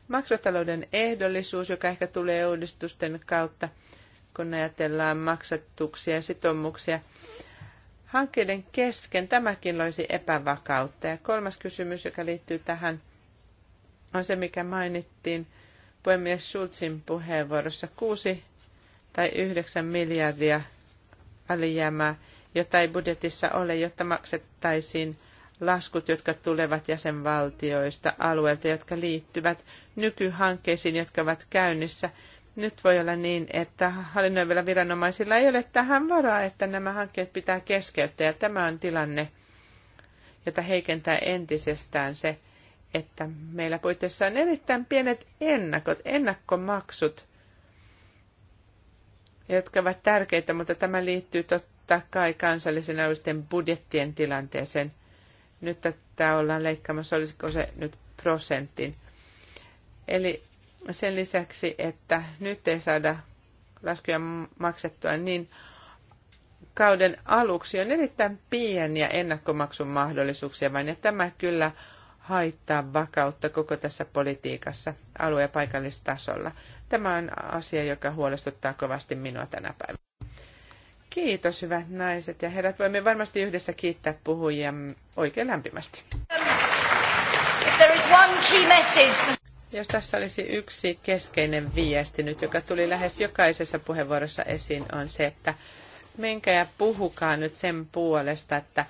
maksatalouden ehdollisuus, joka ehkä tulee uudistusten kautta, kun ajatellaan maksatuksia ja sitoumuksia. Hankkeiden kesken tämäkin loisi epävakautta. Ja kolmas kysymys, joka liittyy tähän, on se, mikä mainittiin puhemies Schulzin puheenvuorossa. Kuusi tai yhdeksän miljardia alijäämää, jota ei budjetissa ole, jotta maksettaisiin – laskut, jotka tulevat jäsenvaltioista, alueilta, jotka liittyvät nykyhankkeisiin, jotka ovat käynnissä. Nyt voi olla niin, että hallinnoivilla viranomaisilla ei ole tähän varaa, että nämä hankkeet pitää keskeyttää. Ja tämä on tilanne, jota heikentää entisestään se, että meillä puitteissa on erittäin pienet ennakot, ennakkomaksut, jotka ovat tärkeitä, mutta tämä liittyy totta kai kansallisen alusten budjettien tilanteeseen – nyt tätä ollaan leikkaamassa, olisiko se nyt prosentin. Eli sen lisäksi, että nyt ei saada laskuja maksettua, niin kauden aluksi on erittäin pieniä ennakkomaksun mahdollisuuksia vain, ja tämä kyllä haittaa vakautta koko tässä politiikassa alue- ja paikallistasolla. Tämä on asia, joka huolestuttaa kovasti minua tänä päivänä. Kiitos hyvät naiset ja herrat. Voimme varmasti yhdessä kiittää puhujia oikein lämpimästi. Jos tässä olisi yksi keskeinen viesti nyt, joka tuli lähes jokaisessa puheenvuorossa esiin, on se, että menkää ja puhukaa nyt sen puolesta, että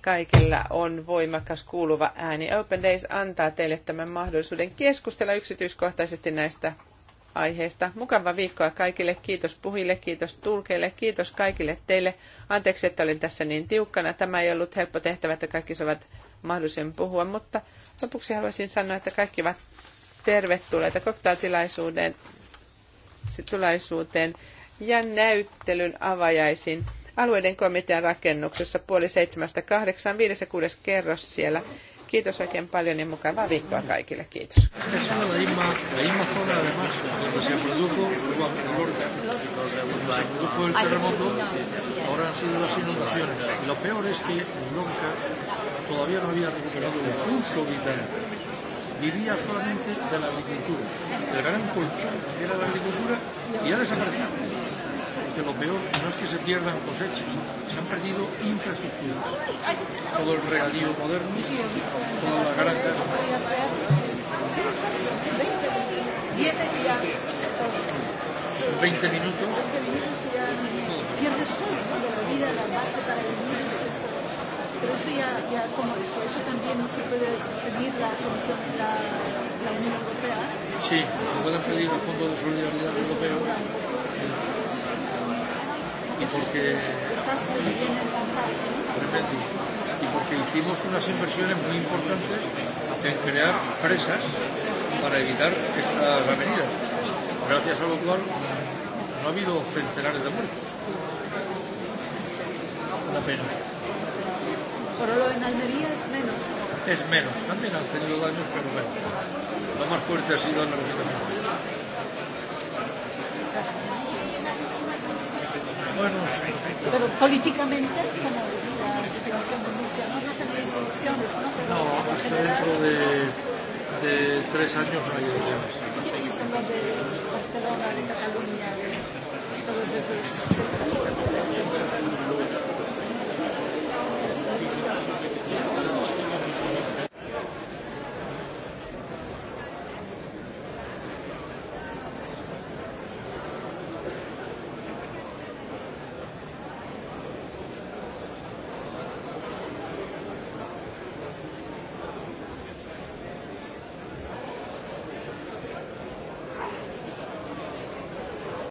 kaikilla on voimakas kuuluva ääni. Open Days antaa teille tämän mahdollisuuden keskustella yksityiskohtaisesti näistä aiheesta. Mukavaa viikkoa kaikille. Kiitos puhille, kiitos tulkeille, kiitos kaikille teille. Anteeksi, että olin tässä niin tiukkana. Tämä ei ollut helppo tehtävä, että kaikki saavat mahdollisen puhua, mutta lopuksi haluaisin sanoa, että kaikki ovat tervetulleita koktailtilaisuuteen tilaisuuteen ja näyttelyn avajaisiin alueiden komitean rakennuksessa puoli seitsemästä kahdeksaan, viides ja kuudes kerros siellä. Kiitos oikein paljon ja mukavaa viikkoa kaikille. Kiitos. todavía no había recuperado el uso vital. Vivía solamente de la agricultura. El gran colchón era la agricultura y ha desaparecido que lo peor no es que se pierdan cosechas, se han perdido infraestructuras. Todo el regadío moderno, toda la granja. En 20 minutos. Pierdes todo, ¿no? De la vida, la base para vivir es eso. Pero eso ya, ya como es que eso también no se puede pedir la Comisión, de la, la Unión Europea. Sí, se puede pedir el Fondo de Solidaridad Europeo y porque desastres vienen tremendo y porque hicimos unas inversiones muy importantes en crear presas para evitar estas avenidas gracias a lo cual no ha habido centenares de muertos una pena pero lo en Almería es menos es menos también han tenido daños pero menos lo más fuerte ha sido en la región desastres Bueno, Pero políticamente, como es la situación de Rusia, No, no tenéis elecciones, ¿no? Pero no, hasta general... dentro de, de tres años no hay elecciones. ¿Qué piensan los de Barcelona, de Cataluña, de todos esos sectores?